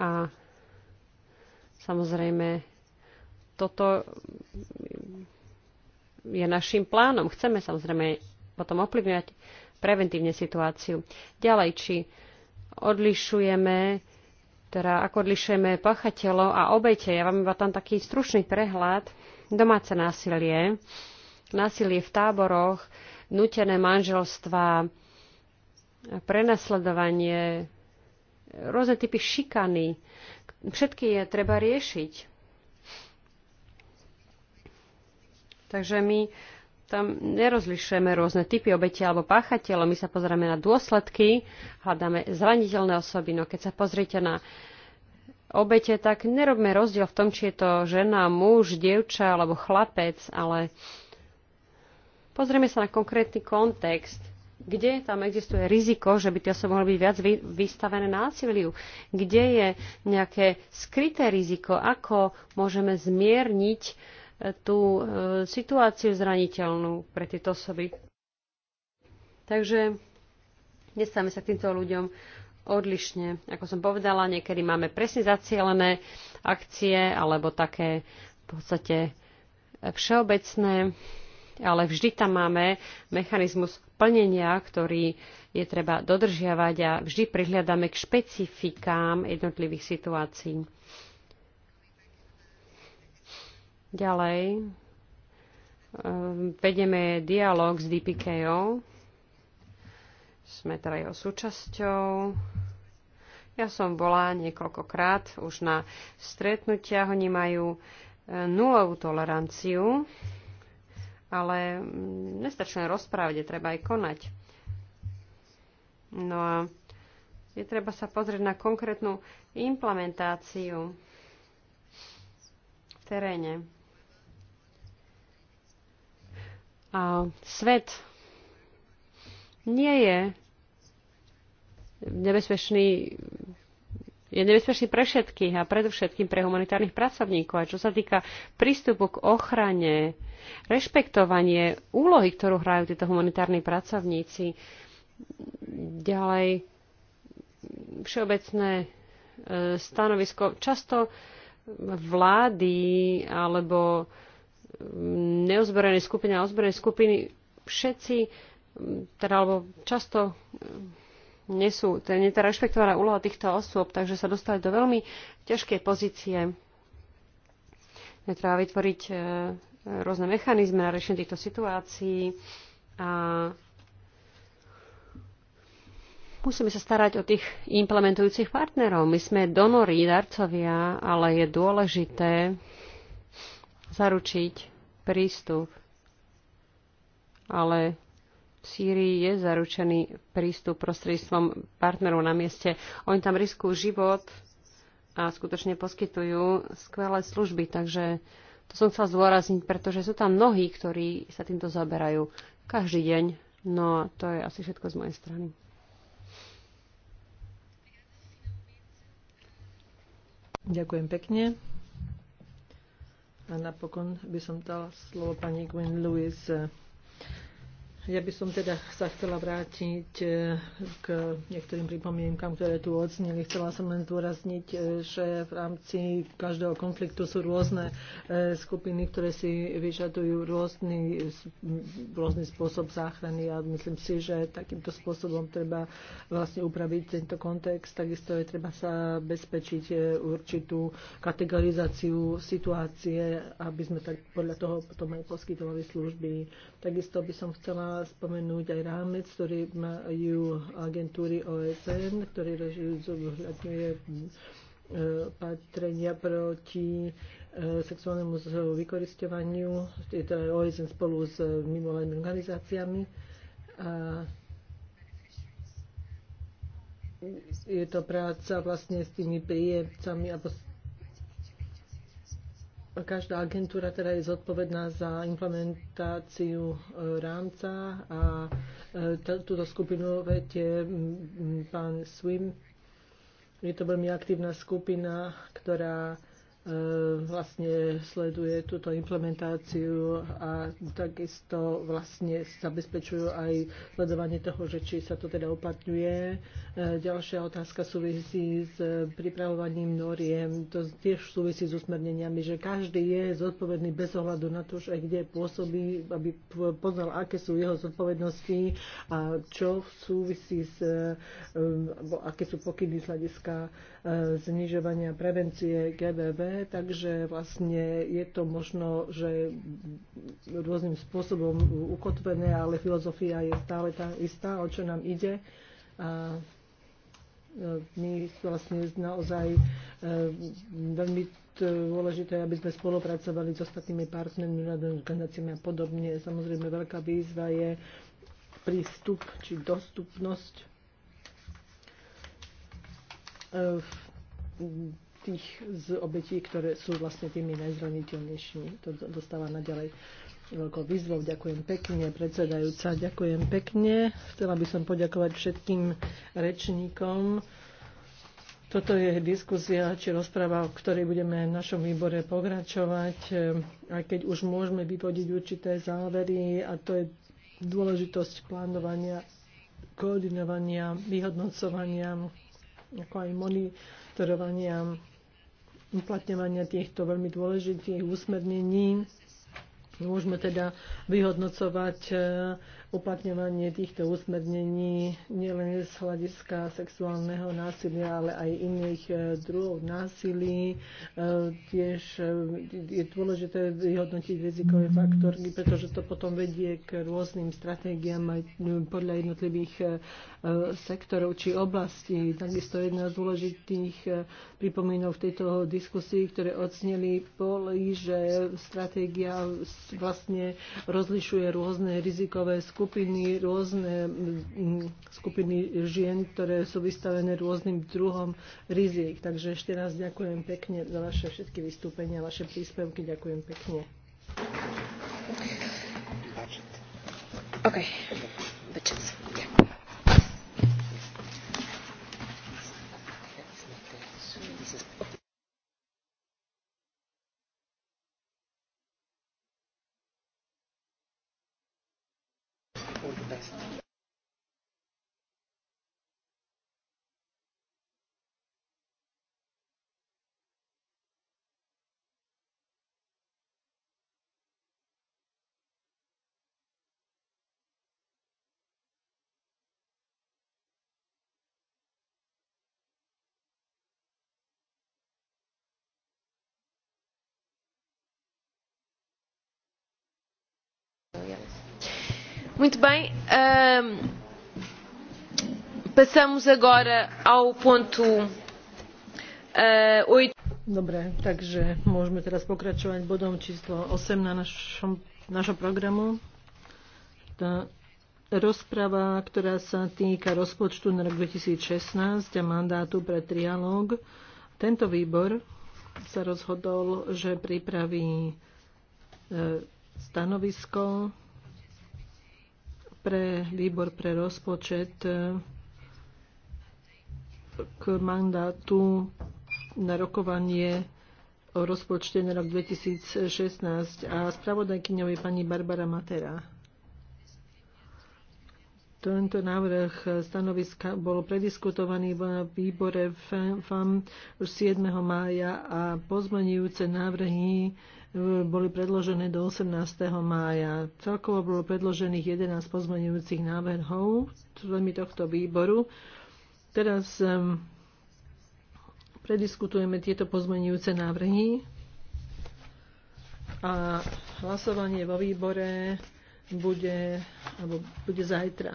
A samozrejme, toto je našim plánom. Chceme samozrejme potom ovplyvňovať preventívne situáciu. Ďalej, či odlišujeme teda ako odlišujeme pachateľov a obete. Ja vám iba tam taký stručný prehľad. Domáce násilie, násilie v táboroch, nutené manželstva, prenasledovanie, rôzne typy šikany. Všetky je treba riešiť. Takže my tam nerozlišujeme rôzne typy obete alebo páchateľov. My sa pozrieme na dôsledky, hľadáme zraniteľné osoby. No keď sa pozriete na obete, tak nerobme rozdiel v tom, či je to žena, muž, dievča alebo chlapec, ale pozrieme sa na konkrétny kontext kde tam existuje riziko, že by tie osoby mohli byť viac vystavené násiliu, kde je nejaké skryté riziko, ako môžeme zmierniť tú e, situáciu zraniteľnú pre tieto osoby. Takže nestávame sa k týmto ľuďom odlišne. Ako som povedala, niekedy máme presne zacielené akcie alebo také v podstate všeobecné, ale vždy tam máme mechanizmus plnenia, ktorý je treba dodržiavať a vždy prihľadáme k špecifikám jednotlivých situácií. Ďalej e, vedeme dialog s DPKO. Sme teda jeho súčasťou. Ja som bola niekoľkokrát už na stretnutia Oni majú e, nulovú toleranciu, ale mm, nestačí len rozprávať, je treba aj konať. No a je treba sa pozrieť na konkrétnu implementáciu v teréne. A svet nie je nebezpečný je nebezpečný pre všetkých a predovšetkým pre humanitárnych pracovníkov. A čo sa týka prístupu k ochrane, rešpektovanie úlohy, ktorú hrajú títo humanitárni pracovníci, ďalej všeobecné e, stanovisko. Často vlády alebo neozbrojené skupiny a ozbrojené skupiny všetci, teda alebo často nesú, to teda je teda rešpektovaná úloha týchto osôb, takže sa dostali do veľmi ťažkej pozície. Je treba vytvoriť e, rôzne mechanizmy na riešenie týchto situácií a musíme sa starať o tých implementujúcich partnerov. My sme donorí, darcovia, ale je dôležité zaručiť prístup. Ale v Sýrii je zaručený prístup prostredstvom partnerov na mieste. Oni tam riskujú život a skutočne poskytujú skvelé služby, takže to som chcela zdôrazniť, pretože sú tam mnohí, ktorí sa týmto zaberajú každý deň. No a to je asi všetko z mojej strany. Ďakujem pekne. A napokon by som dala slovo pani Gwen Lewis. Ja by som teda sa chcela vrátiť e, k niektorým pripomienkam, ktoré tu odzneli. Chcela som len zdôrazniť, e, že v rámci každého konfliktu sú rôzne e, skupiny, ktoré si vyžadujú rôzny, rôzny spôsob záchrany a myslím si, že takýmto spôsobom treba vlastne upraviť tento kontext. Takisto je treba sa bezpečiť určitú kategorizáciu situácie, aby sme tak podľa toho potom aj poskytovali služby. Takisto by som chcela spomenúť aj rámec, ktorý majú agentúry OSN, ktorý zohľadňuje eh, patrenia proti eh, sexuálnemu vykoristovaniu. Je teda to OSN spolu s mimovládnymi organizáciami. A je to práca vlastne s tými príjemcami alebo s Každá agentúra teda je zodpovedná za implementáciu e, rámca a e, túto skupinu vedie pán Swim. Je to veľmi aktívna skupina, ktorá E, vlastne sleduje túto implementáciu a takisto vlastne zabezpečujú aj sledovanie toho, že či sa to teda uplatňuje. E, ďalšia otázka súvisí s pripravovaním noriem. To tiež súvisí s usmerneniami, že každý je zodpovedný bez ohľadu na to, že kde pôsobí, aby poznal, aké sú jeho zodpovednosti a čo súvisí s, e, aké sú pokyny z hľadiska znižovania prevencie GBB takže vlastne je to možno, že rôznym spôsobom ukotvené, ale filozofia je stále tá istá, o čo nám ide. A e, my vlastne naozaj e, veľmi dôležité, aby sme spolupracovali s ostatnými partnermi, organizáciami a podobne. Samozrejme, veľká výzva je prístup či dostupnosť e, tých z obetí, ktoré sú vlastne tými najzraniteľnejšími. To dostáva naďalej veľkou výzvou. Ďakujem pekne, predsedajúca. Ďakujem pekne. Chcela by som poďakovať všetkým rečníkom. Toto je diskusia či rozpráva, o ktorej budeme v našom výbore pokračovať, e, aj keď už môžeme vypodiť určité závery a to je dôležitosť plánovania, koordinovania, vyhodnocovania, ako aj monitorovania uplatňovania týchto veľmi dôležitých úsmernení. Môžeme teda vyhodnocovať uplatňovanie týchto usmernení nielen z hľadiska sexuálneho násilia, ale aj iných e, druhov násilí. E, tiež e, je dôležité vyhodnotiť rizikové faktory, pretože to potom vedie k rôznym stratégiám aj podľa jednotlivých sektorov či oblastí. Takisto jedna z dôležitých pripomínov v tejto diskusii, ktoré odsneli, boli, že stratégia vlastne rozlišuje rôzne rizikové skupiny skupiny, rôzne mm, skupiny žien, ktoré sú vystavené rôznym druhom rizik. Takže ešte raz ďakujem pekne za vaše všetky vystúpenia, vaše príspevky. Ďakujem pekne. Okay. Okay. Muito bem. passamos agora ao ponto uh, Dobre, takže môžeme teraz pokračovať bodom číslo 8 na našom, našom programu. Tá rozprava, ktorá sa týka rozpočtu na rok 2016 a mandátu pre trialóg. Tento výbor sa rozhodol, že pripraví eh, stanovisko pre výbor pre rozpočet e, k mandátu na rokovanie o rozpočte na rok 2016 a spravodajkyňovi je pani Barbara Matera. Tento návrh stanoviska bol prediskutovaný v výbore FAM e už 7. mája a pozmenujúce návrhy boli predložené do 18. mája. Celkovo bolo predložených 11 pozmeňujúcich návrhov členmi tohto výboru. Teraz prediskutujeme tieto pozmeňujúce návrhy a hlasovanie vo výbore bude, alebo bude zajtra.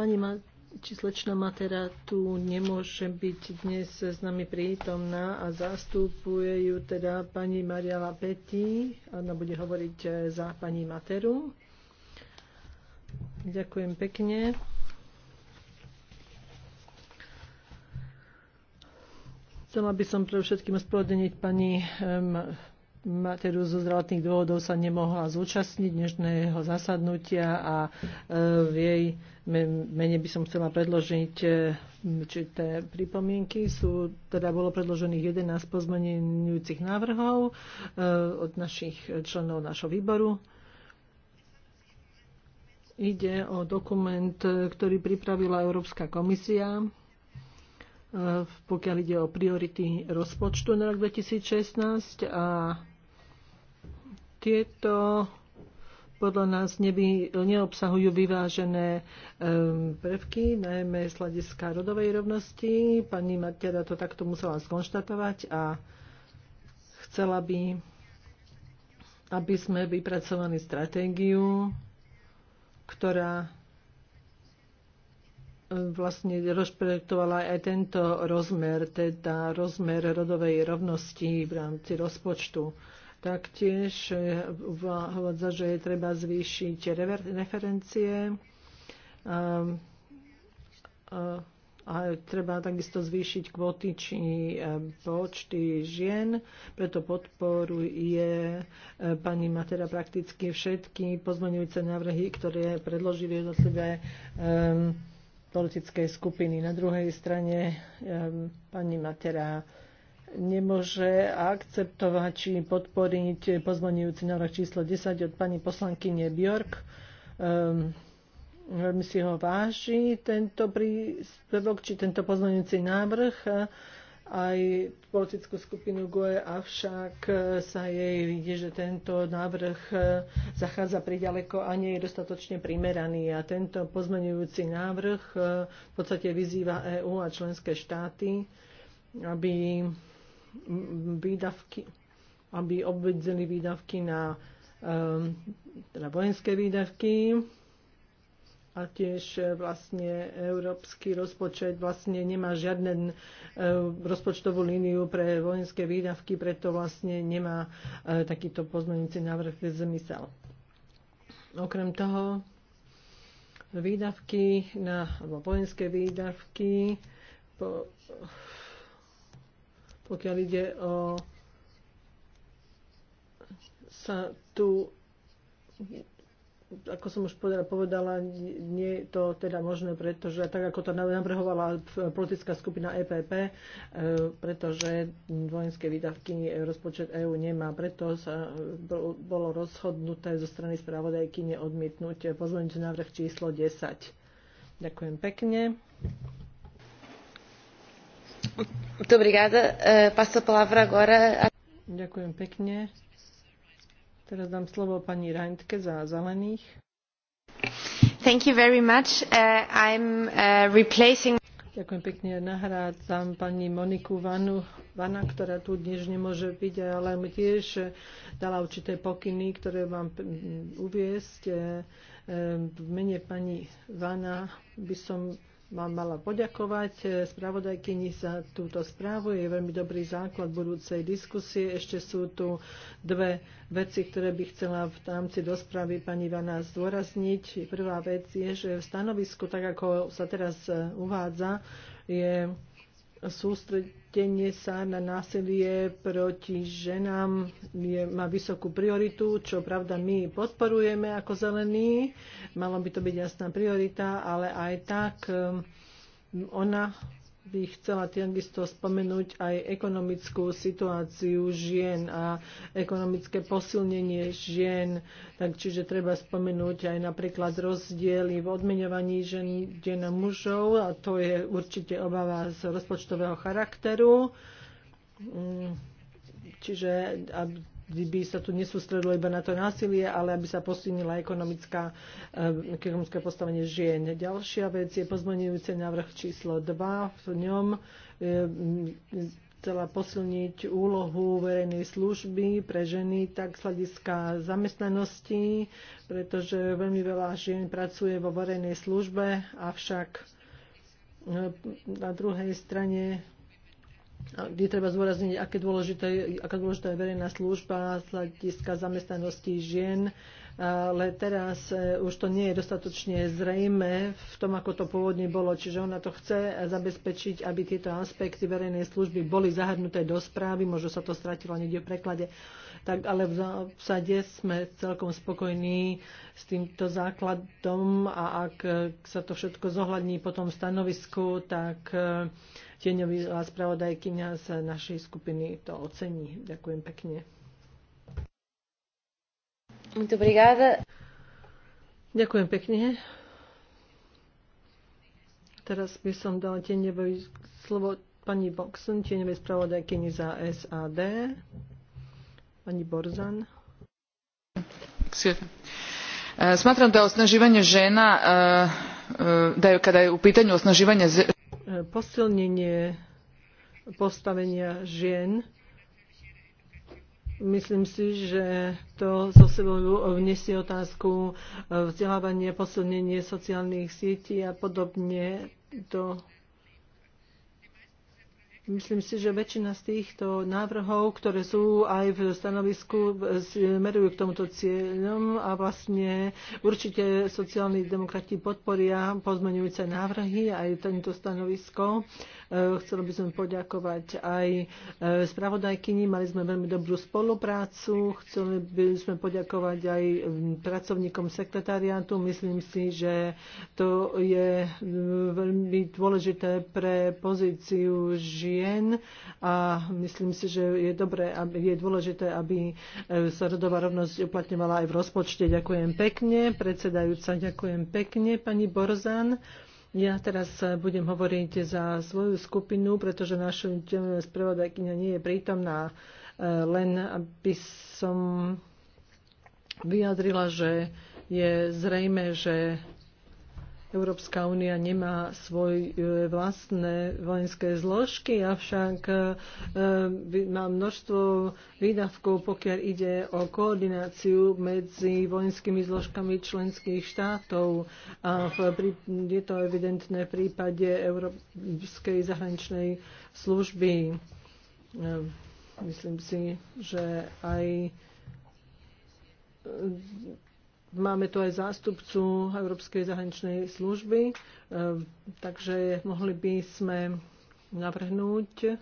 Pani Mat- či slečna Matera tu nemôže byť dnes s nami prítomná a zastupuje ju teda pani Maria Petty. Ona bude hovoriť eh, za pani Materu. Ďakujem pekne. Chcela by som pre všetkým ospravedlniť pani Materu zo zdravotných dôvodov sa nemohla zúčastniť dnešného zasadnutia a e, v jej mene by som chcela predložiť e, určité pripomienky. Sú, teda bolo predložených 11 pozmenujúcich návrhov e, od našich členov našho výboru. Ide o dokument, ktorý pripravila Európska komisia pokiaľ ide o priority rozpočtu na rok 2016 a tieto podľa nás neby, neobsahujú vyvážené um, prvky, najmä z hľadiska rodovej rovnosti. Pani Matiada to takto musela skonštatovať a chcela by, aby sme vypracovali stratégiu, ktorá vlastne rozprojektovala aj tento rozmer, teda rozmer rodovej rovnosti v rámci rozpočtu. Taktiež eh, hovodza, že je treba zvýšiť referencie a, ehm, a, eh, a treba takisto zvýšiť kvóty či eh, počty žien. Preto podporuje pani Matera prakticky všetky pozmeňujúce návrhy, ktoré predložili sebe um, politické skupiny. Na druhej strane um, pani Matera nemôže akceptovať či podporiť pozvaniujúci návrh číslo 10 od pani poslankyne Bjork. Um, veľmi si ho váži tento príspevok či tento pozvaniujúci návrh. Aj politickú skupinu GOE avšak sa jej vidie, že tento návrh zachádza priďaleko a nie je dostatočne primeraný. A tento pozmenujúci návrh v podstate vyzýva EÚ a členské štáty, aby výdavky, aby obvedzili výdavky na ehm, teda vojenské výdavky a tiež e, vlastne európsky rozpočet vlastne nemá žiadnu e, rozpočtovú líniu pre vojenské výdavky, preto vlastne nemá e, takýto pozmeňujúci návrh zmysel. Okrem toho výdavky na, alebo vojenské výdavky po, pokiaľ ide o sa tu ako som už povedala, nie je to teda možné, pretože tak ako to navrhovala politická skupina EPP, e, pretože vojenské výdavky rozpočet EÚ nemá, preto sa bolo rozhodnuté zo strany spravodajky neodmietnúť pozvoniť návrh číslo 10. Ďakujem pekne. E, Ďakujem pekne. Teraz dám slovo pani Reintke za zelených. Thank you very much. Uh, I'm uh, replacing... Ďakujem pekne. Nahrádzam pani Moniku Vanu, Vana, ktorá tu dnes nemôže byť, ale mi tiež dala určité pokyny, ktoré vám uviesť. V mene pani Vana by som vám mala poďakovať eh, spravodajkyni za túto správu. Je veľmi dobrý základ budúcej diskusie. Ešte sú tu dve veci, ktoré by chcela v rámci rozpravy pani Vana zdôrazniť. Prvá vec je, že v stanovisku, tak ako sa teraz eh, uvádza, je sústredené Denie sa na násilie proti ženám je, má vysokú prioritu, čo pravda my podporujeme ako zelení. Malo by to byť jasná priorita, ale aj tak um, ona by chcela takisto spomenúť aj ekonomickú situáciu žien a ekonomické posilnenie žien. Tak, čiže treba spomenúť aj napríklad rozdiely v odmeňovaní žien, a mužov a to je určite obava z rozpočtového charakteru. Mm, čiže by sa tu nesústredilo iba na to násilie, ale aby sa posilnila ekonomická, eh, ekonomické postavenie žien. Ďalšia vec je pozmenujúce návrh číslo 2. V ňom eh, chcela posilniť úlohu verejnej služby pre ženy tak z hľadiska zamestnanosti, pretože veľmi veľa žien pracuje vo verejnej službe, avšak eh, na druhej strane kde treba zdôrazniť, aké dôležité, aká dôležitá je verejná služba z hľadiska zamestnanosti žien, ale teraz e, už to nie je dostatočne zrejme v tom, ako to pôvodne bolo. Čiže ona to chce zabezpečiť, aby tieto aspekty verejnej služby boli zahrnuté do správy, možno sa to stratilo niekde v preklade. Tak, ale v zásade sme celkom spokojní s týmto základom a ak sa to všetko zohľadní potom v stanovisku, tak e, tieňová spravodajkyňa z našej skupiny to ocení. Ďakujem pekne. Muito obrigada. Ďakujem pekne. Teraz by som dala tieňové slovo pani Boxen, tieňovej spravodajkyni za SAD. Pani Borzan. Eh, smatram da osnaživanje žena, eh, eh, da je kada je u pitanju osnaživanje posilnenie postavenia žien. Myslím si, že to zo sebou vniesie otázku eh, vzdelávanie, posilnenie sociálnych sietí a podobne. To Myslím si, že väčšina z týchto návrhov, ktoré sú aj v stanovisku, merujú k tomuto cieľom a vlastne určite sociálni demokrati podporia pozmenujúce návrhy aj tento stanovisko. E, Chcela by som poďakovať aj e, spravodajkyni, mali sme veľmi dobrú spoluprácu, chceli by sme poďakovať aj pracovníkom sekretariátu. Myslím si, že to je veľmi dôležité pre pozíciu že žien a myslím si, že je dobré, aby, je dôležité, aby e, sa rodová rovnosť uplatňovala aj v rozpočte. Ďakujem pekne, predsedajúca, ďakujem pekne, pani Borzan. Ja teraz e, budem hovoriť za svoju skupinu, pretože naša spravodajkyňa nie je prítomná. E, len aby som vyjadrila, že je zrejme, že Európska únia nemá svoje vlastné vojenské zložky, avšak e, má množstvo výdavkov, pokiaľ ide o koordináciu medzi vojenskými zložkami členských štátov. A v, je to evidentné v prípade Európskej zahraničnej služby. E, myslím si, že aj e, Máme tu aj zástupcu Európskej zahraničnej služby, e, takže mohli by sme navrhnúť,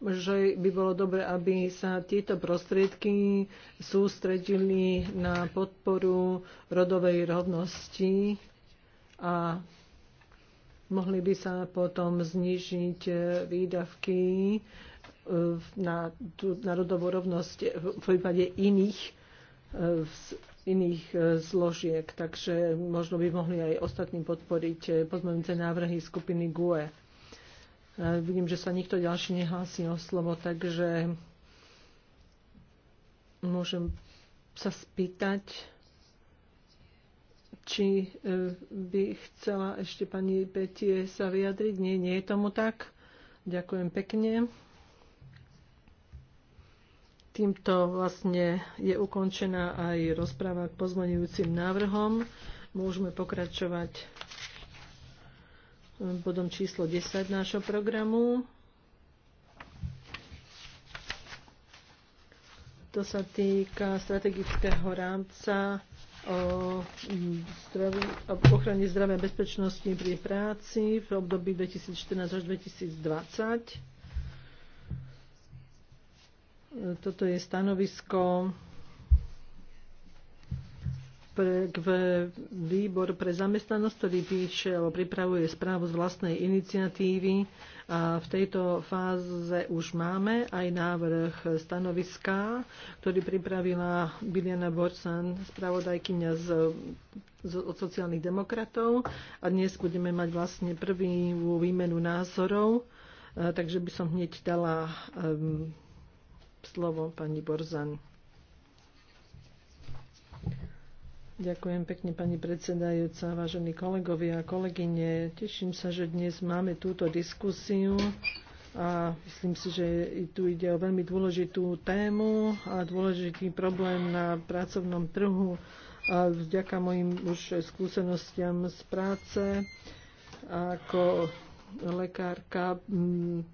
že by bolo dobre, aby sa tieto prostriedky sústredili na podporu rodovej rovnosti a mohli by sa potom znižiť e, výdavky e, na, na rodovú rovnosť v prípade iných v eh, iných eh, zložiek, takže možno by mohli aj ostatní podporiť eh, pozmeňujúce návrhy skupiny GUE. Vidím, že sa nikto ďalší nehlási o slovo, takže môžem sa spýtať, či by chcela ešte pani Petie sa vyjadriť. Nie, nie je tomu tak. Ďakujem pekne. Týmto vlastne je ukončená aj rozpráva k pozmenujúcim návrhom. Môžeme pokračovať bodom číslo 10 nášho programu. To sa týka strategického rámca o, zdraví, o ochrane zdravia a bezpečnosti pri práci v období 2014 až 2020. Toto je stanovisko pre, k výbor pre zamestnanosť, ktorý píše alebo pripravuje správu z vlastnej iniciatívy. A v tejto fáze už máme aj návrh stanoviska, ktorý pripravila Biliana Borsan, spravodajkyňa z, z, od sociálnych demokratov. A dnes budeme mať vlastne prvú výmenu názorov. A, takže by som hneď dala um, slovo pani Borzan. Ďakujem pekne, pani predsedajúca, vážení kolegovia a kolegyne. Teším sa, že dnes máme túto diskusiu a myslím si, že tu ide o veľmi dôležitú tému a dôležitý problém na pracovnom trhu. A vďaka mojim už skúsenostiam z práce ako lekárka mm,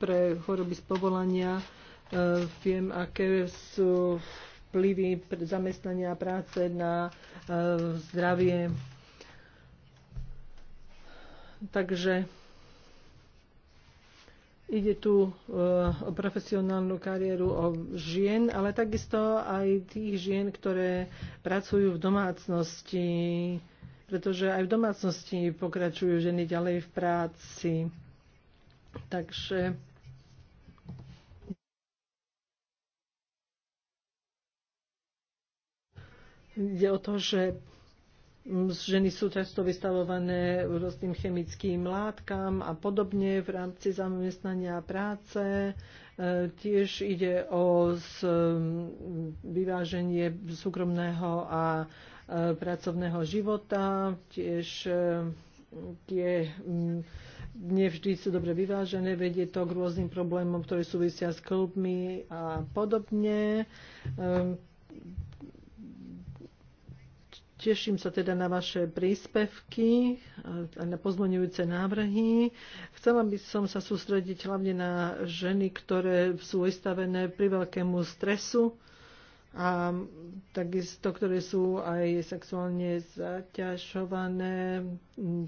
pre choroby z povolania E, viem, aké sú vplyvy zamestnania práce na e, zdravie. Takže ide tu e, o profesionálnu kariéru o žien, ale takisto aj tých žien, ktoré pracujú v domácnosti, pretože aj v domácnosti pokračujú ženy ďalej v práci. Takže Ide o to, že ženy sú často vystavované rôznym chemickým látkam a podobne v rámci zamestnania práce. E, tiež ide o mm, vyváženie súkromného a e, pracovného života. Tiež e, tie mm, nevždy sú dobre vyvážené, vedie to k rôznym problémom, ktoré súvisia s klubmi a podobne Teším sa teda na vaše príspevky a na pozvoňujúce návrhy. Chcela by som sa sústrediť hlavne na ženy, ktoré sú vystavené pri veľkému stresu a takisto, ktoré sú aj sexuálne zaťažované,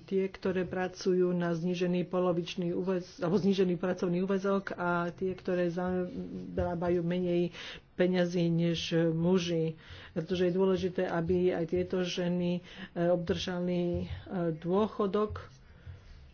tie, ktoré pracujú na znížený polovičný úvez, alebo znížený pracovný úvezok a tie, ktoré zarábajú menej peňazí než muži. Pretože je dôležité, aby aj tieto ženy e, obdržali e, dôchodok.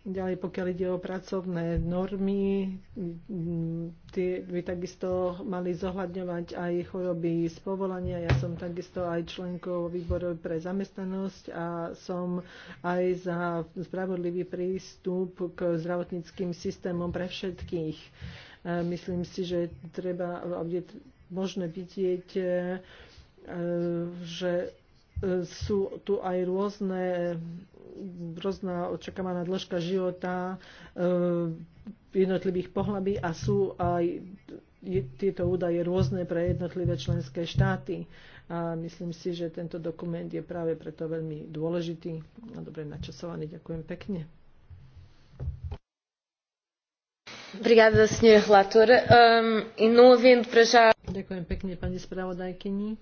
Ďalej, pokiaľ ide o pracovné normy, mm, tie by takisto mali zohľadňovať aj choroby z povolania. Ja som takisto aj členkou výboru pre zamestnanosť a som aj za spravodlivý prístup k zdravotníckým systémom pre všetkých. E, myslím si, že treba možné vidieť, e, že e, sú tu aj rôzne rôzna očakávaná dĺžka života e, jednotlivých pohľabí a sú aj tieto údaje rôzne pre jednotlivé členské štáty. A myslím si, že tento dokument je práve preto veľmi dôležitý a dobre načasovaný. Ďakujem pekne. Obrigada, Sr. Relator. Um, e não havendo para já Ďakujem pekne pani spravodajkyni.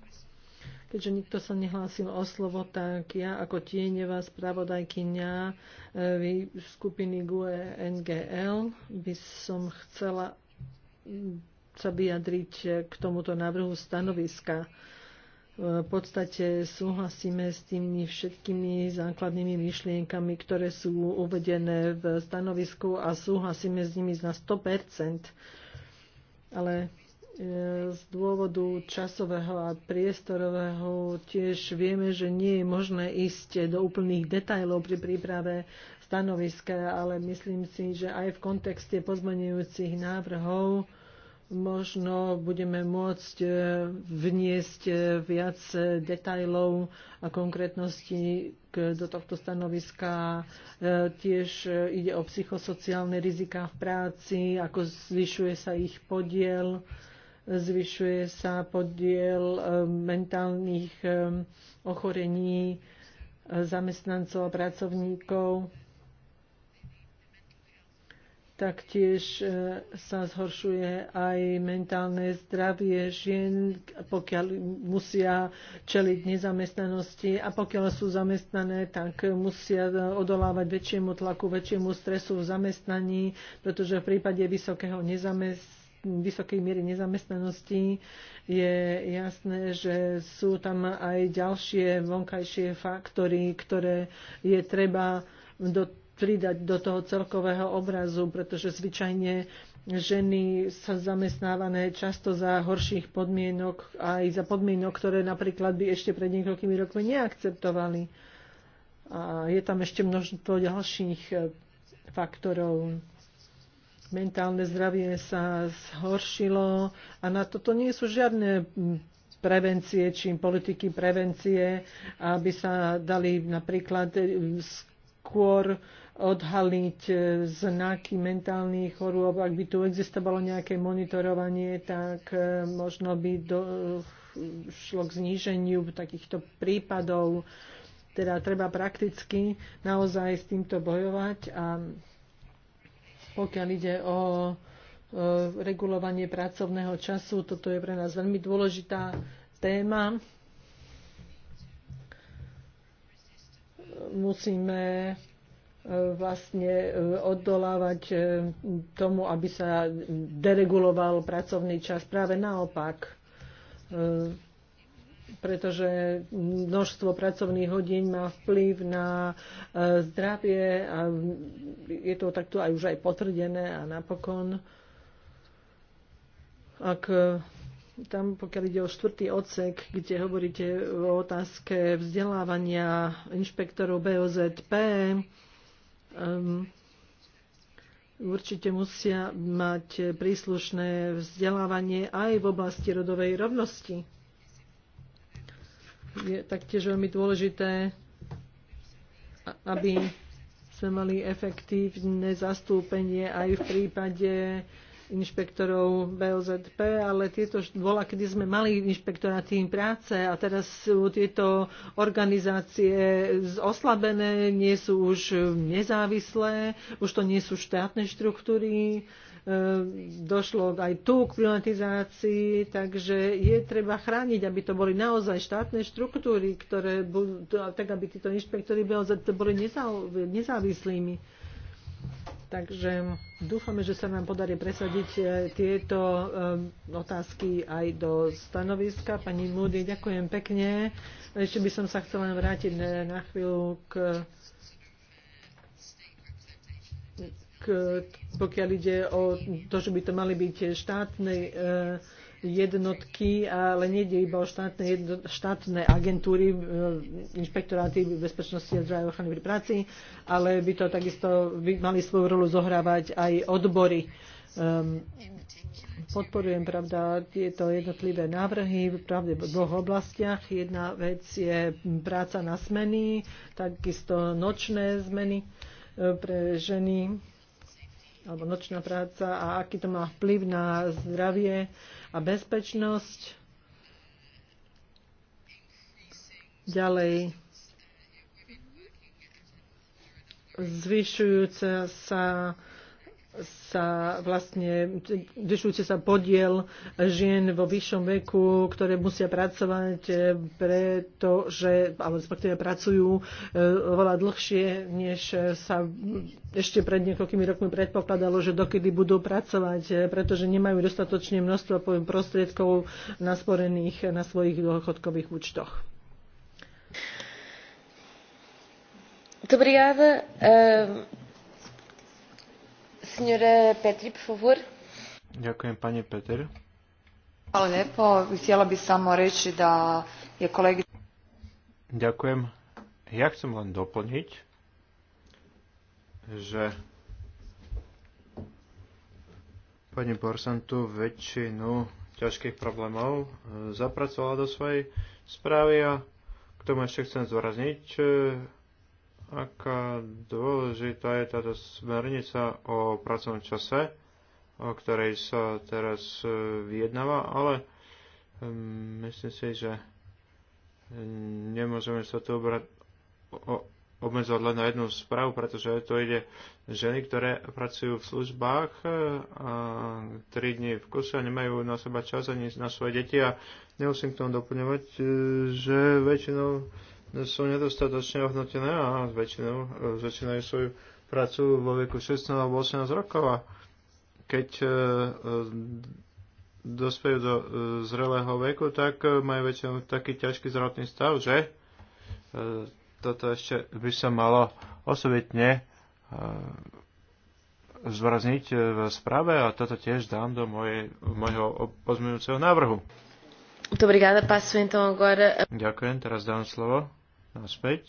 Keďže nikto sa nehlásil o slovo, tak ja ako tieňová spravodajkyňa e, skupiny GUE NGL by som chcela sa vyjadriť k tomuto návrhu stanoviska. E, v podstate súhlasíme s tými všetkými základnými myšlienkami, ktoré sú uvedené v stanovisku a súhlasíme s nimi na 100%. Ale E, z dôvodu časového a priestorového tiež vieme, že nie je možné ísť do úplných detajlov pri príprave stanoviska, ale myslím si, že aj v kontexte pozmenujúcich návrhov možno budeme môcť e, vniesť e, viac detajlov a konkrétnosti do tohto stanoviska. Tiež ide o psychosociálne rizika v práci, ako zvyšuje sa ich podiel zvyšuje sa podiel eh, mentálnych eh, ochorení eh, zamestnancov a pracovníkov. Taktiež sa zhoršuje aj mentálne zdravie žien, pokiaľ musia čeliť nezamestnanosti a pokiaľ sú zamestnané, tak musia odolávať väčšiemu tlaku, väčšiemu stresu v zamestnaní, pretože v prípade vysokého nezamestnania vysokej miery nezamestnanosti, je jasné, že sú tam aj ďalšie vonkajšie faktory, ktoré je treba do, pridať do toho celkového obrazu, pretože zvyčajne ženy sa zamestnávané často za horších podmienok, aj za podmienok, ktoré napríklad by ešte pred niekoľkými rokmi neakceptovali. A je tam ešte množstvo ďalších eh, faktorov mentálne zdravie sa zhoršilo a na toto nie sú žiadne mm, prevencie či politiky prevencie, aby sa dali napríklad e, skôr odhaliť e, znaky mentálnych chorôb. Ak by tu existovalo nejaké monitorovanie, tak e, možno by šlo k zníženiu takýchto prípadov. Teda treba prakticky naozaj s týmto bojovať a pokiaľ ide o e, regulovanie pracovného času. Toto je pre nás veľmi dôležitá téma. Musíme e, vlastne e, oddolávať tomu, aby sa dereguloval pracovný čas. Práve naopak pretože množstvo pracovných hodín má vplyv na e, zdravie a je to takto aj už aj potvrdené a napokon ak e, tam, pokiaľ ide o štvrtý odsek, kde hovoríte o otázke vzdelávania inšpektorov BOZP, um, určite musia mať príslušné vzdelávanie aj v oblasti rodovej rovnosti je taktiež veľmi dôležité, aby sme mali efektívne zastúpenie aj v prípade inšpektorov BOZP, ale tieto bola, kedy sme mali inšpektora tým práce a teraz sú tieto organizácie oslabené, nie sú už nezávislé, už to nie sú štátne štruktúry, e, došlo aj tu k privatizácii, takže je treba chrániť, aby to boli naozaj štátne štruktúry, ktoré budú, tak aby títo inšpektory boli nezávislými. Takže dúfame, že sa nám podarí presadiť e, tieto e, otázky aj do stanoviska. Pani Moody, ďakujem pekne. Ešte by som sa chcela vrátiť na chvíľu k, k pokiaľ ide o to, že by to mali byť štátne e, jednotky, ale nejde iba o štátne, jedno, štátne agentúry, e, inšpektoráty bezpečnosti a zdravia ochrany pri práci, ale by to takisto by mali svoju rolu zohrávať aj odbory. Um, podporujem pravda tieto jednotlivé návrhy v pravde v dvoch oblastiach. Jedna vec je práca na smeny, takisto nočné zmeny e, pre ženy alebo nočná práca a aký to má vplyv na zdravie a bezpečnosť. Ďalej zvyšujúce sa sa vlastne zvyšujúci sa podiel žien vo vyššom veku, ktoré musia pracovať, eh, pretože, alebo respektíve pracujú eh, oveľa dlhšie, než eh, sa ešte pred niekoľkými rokmi predpokladalo, že dokedy budú pracovať, pretože nemajú dostatočne množstvo prostriedkov nasporených na svojich dôchodkových účtoch. Obrigada. Uh... Petri, por favor. Ďakujem, pani Peter. Hvala lepo. Htjela bi samo reći da je kolegi... Ďakujem. Ja chcem len doplniť, že pani Borsan tu väčšinu ťažkých problémov e, zapracovala do svojej správy a k tomu ešte chcem zdôrazniť, e, aká dôležitá je táto smernica o pracovnom čase, o ktorej sa teraz e, vyjednáva, ale hm, myslím si, že nemôžeme sa tu obrať obmedzovať len na jednu správu, pretože to ide ženy, ktoré pracujú v službách e, a tri dní v kuse a nemajú na seba čas ani na svoje deti a nemusím k tomu doplňovať, e, že väčšinou sú nedostatočne ohnotené a väčšinou e, začínajú svoju prácu vo veku 16 alebo 18 rokov a keď e, e, dospejú do e, zrelého veku, tak e, majú väčšinou taký ťažký zdravotný stav, že e, toto ešte by sa malo osobitne e, e v správe a toto tiež dám do mojej, mojho pozmeňujúceho návrhu. Obrigada, agora. Ďakujem, teraz dám slovo naspäť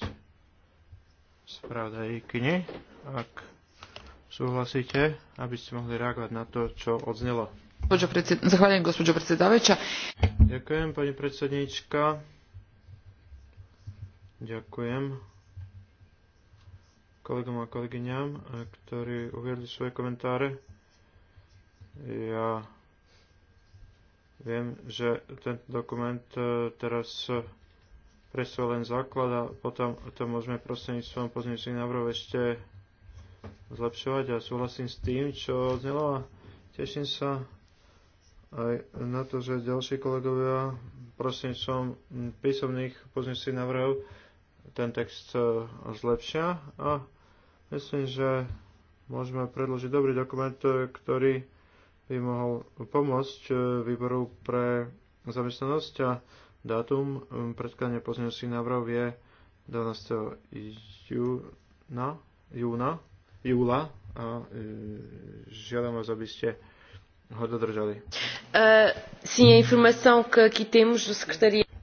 kni ak súhlasíte, aby ste mohli reagovať na to, čo odznelo. Zahvaljujem, gospođo predsjedavajuća. Ďakujem, pani predsednička. Ďakujem kolegom a kolegyňam, ktorí uviedli svoje komentáre. Ja viem, že tento dokument teraz predsa len základ a potom to môžeme prostredníctvom pozmeňujúcich návrhov ešte zlepšovať a súhlasím s tým, čo odznelo a teším sa aj na to, že ďalší kolegovia prostredníctvom písomných pozmeňujúcich návrhov ten text e, zlepšia a myslím, že môžeme predložiť dobrý dokument, e, ktorý by mohol pomôcť e, výboru pre zamestnanosť a Dátum um, predkladania pozmeňujúcich návrhov je 12. júna, júna júla a e, žiadam vás, aby ste ho dodržali. Uh, e, sim, a informação que aqui temos do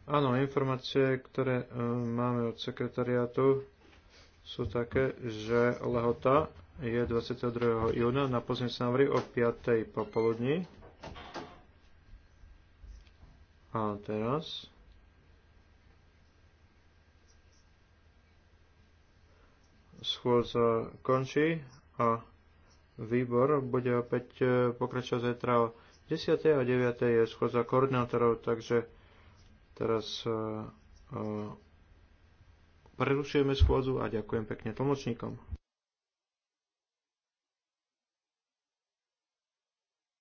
Áno, informácie, ktoré e, máme od sekretariátu sú také, že lehota je 22. júna na pozmeňujúce návrhy o 5. popoludní. A teraz... Schôdza končí a výbor bude opäť e, pokračovať zajtra o 10. a 9. je schôdza koordinátorov, takže teraz e, e, prerušujeme schôdzu a ďakujem pekne tlmočníkom.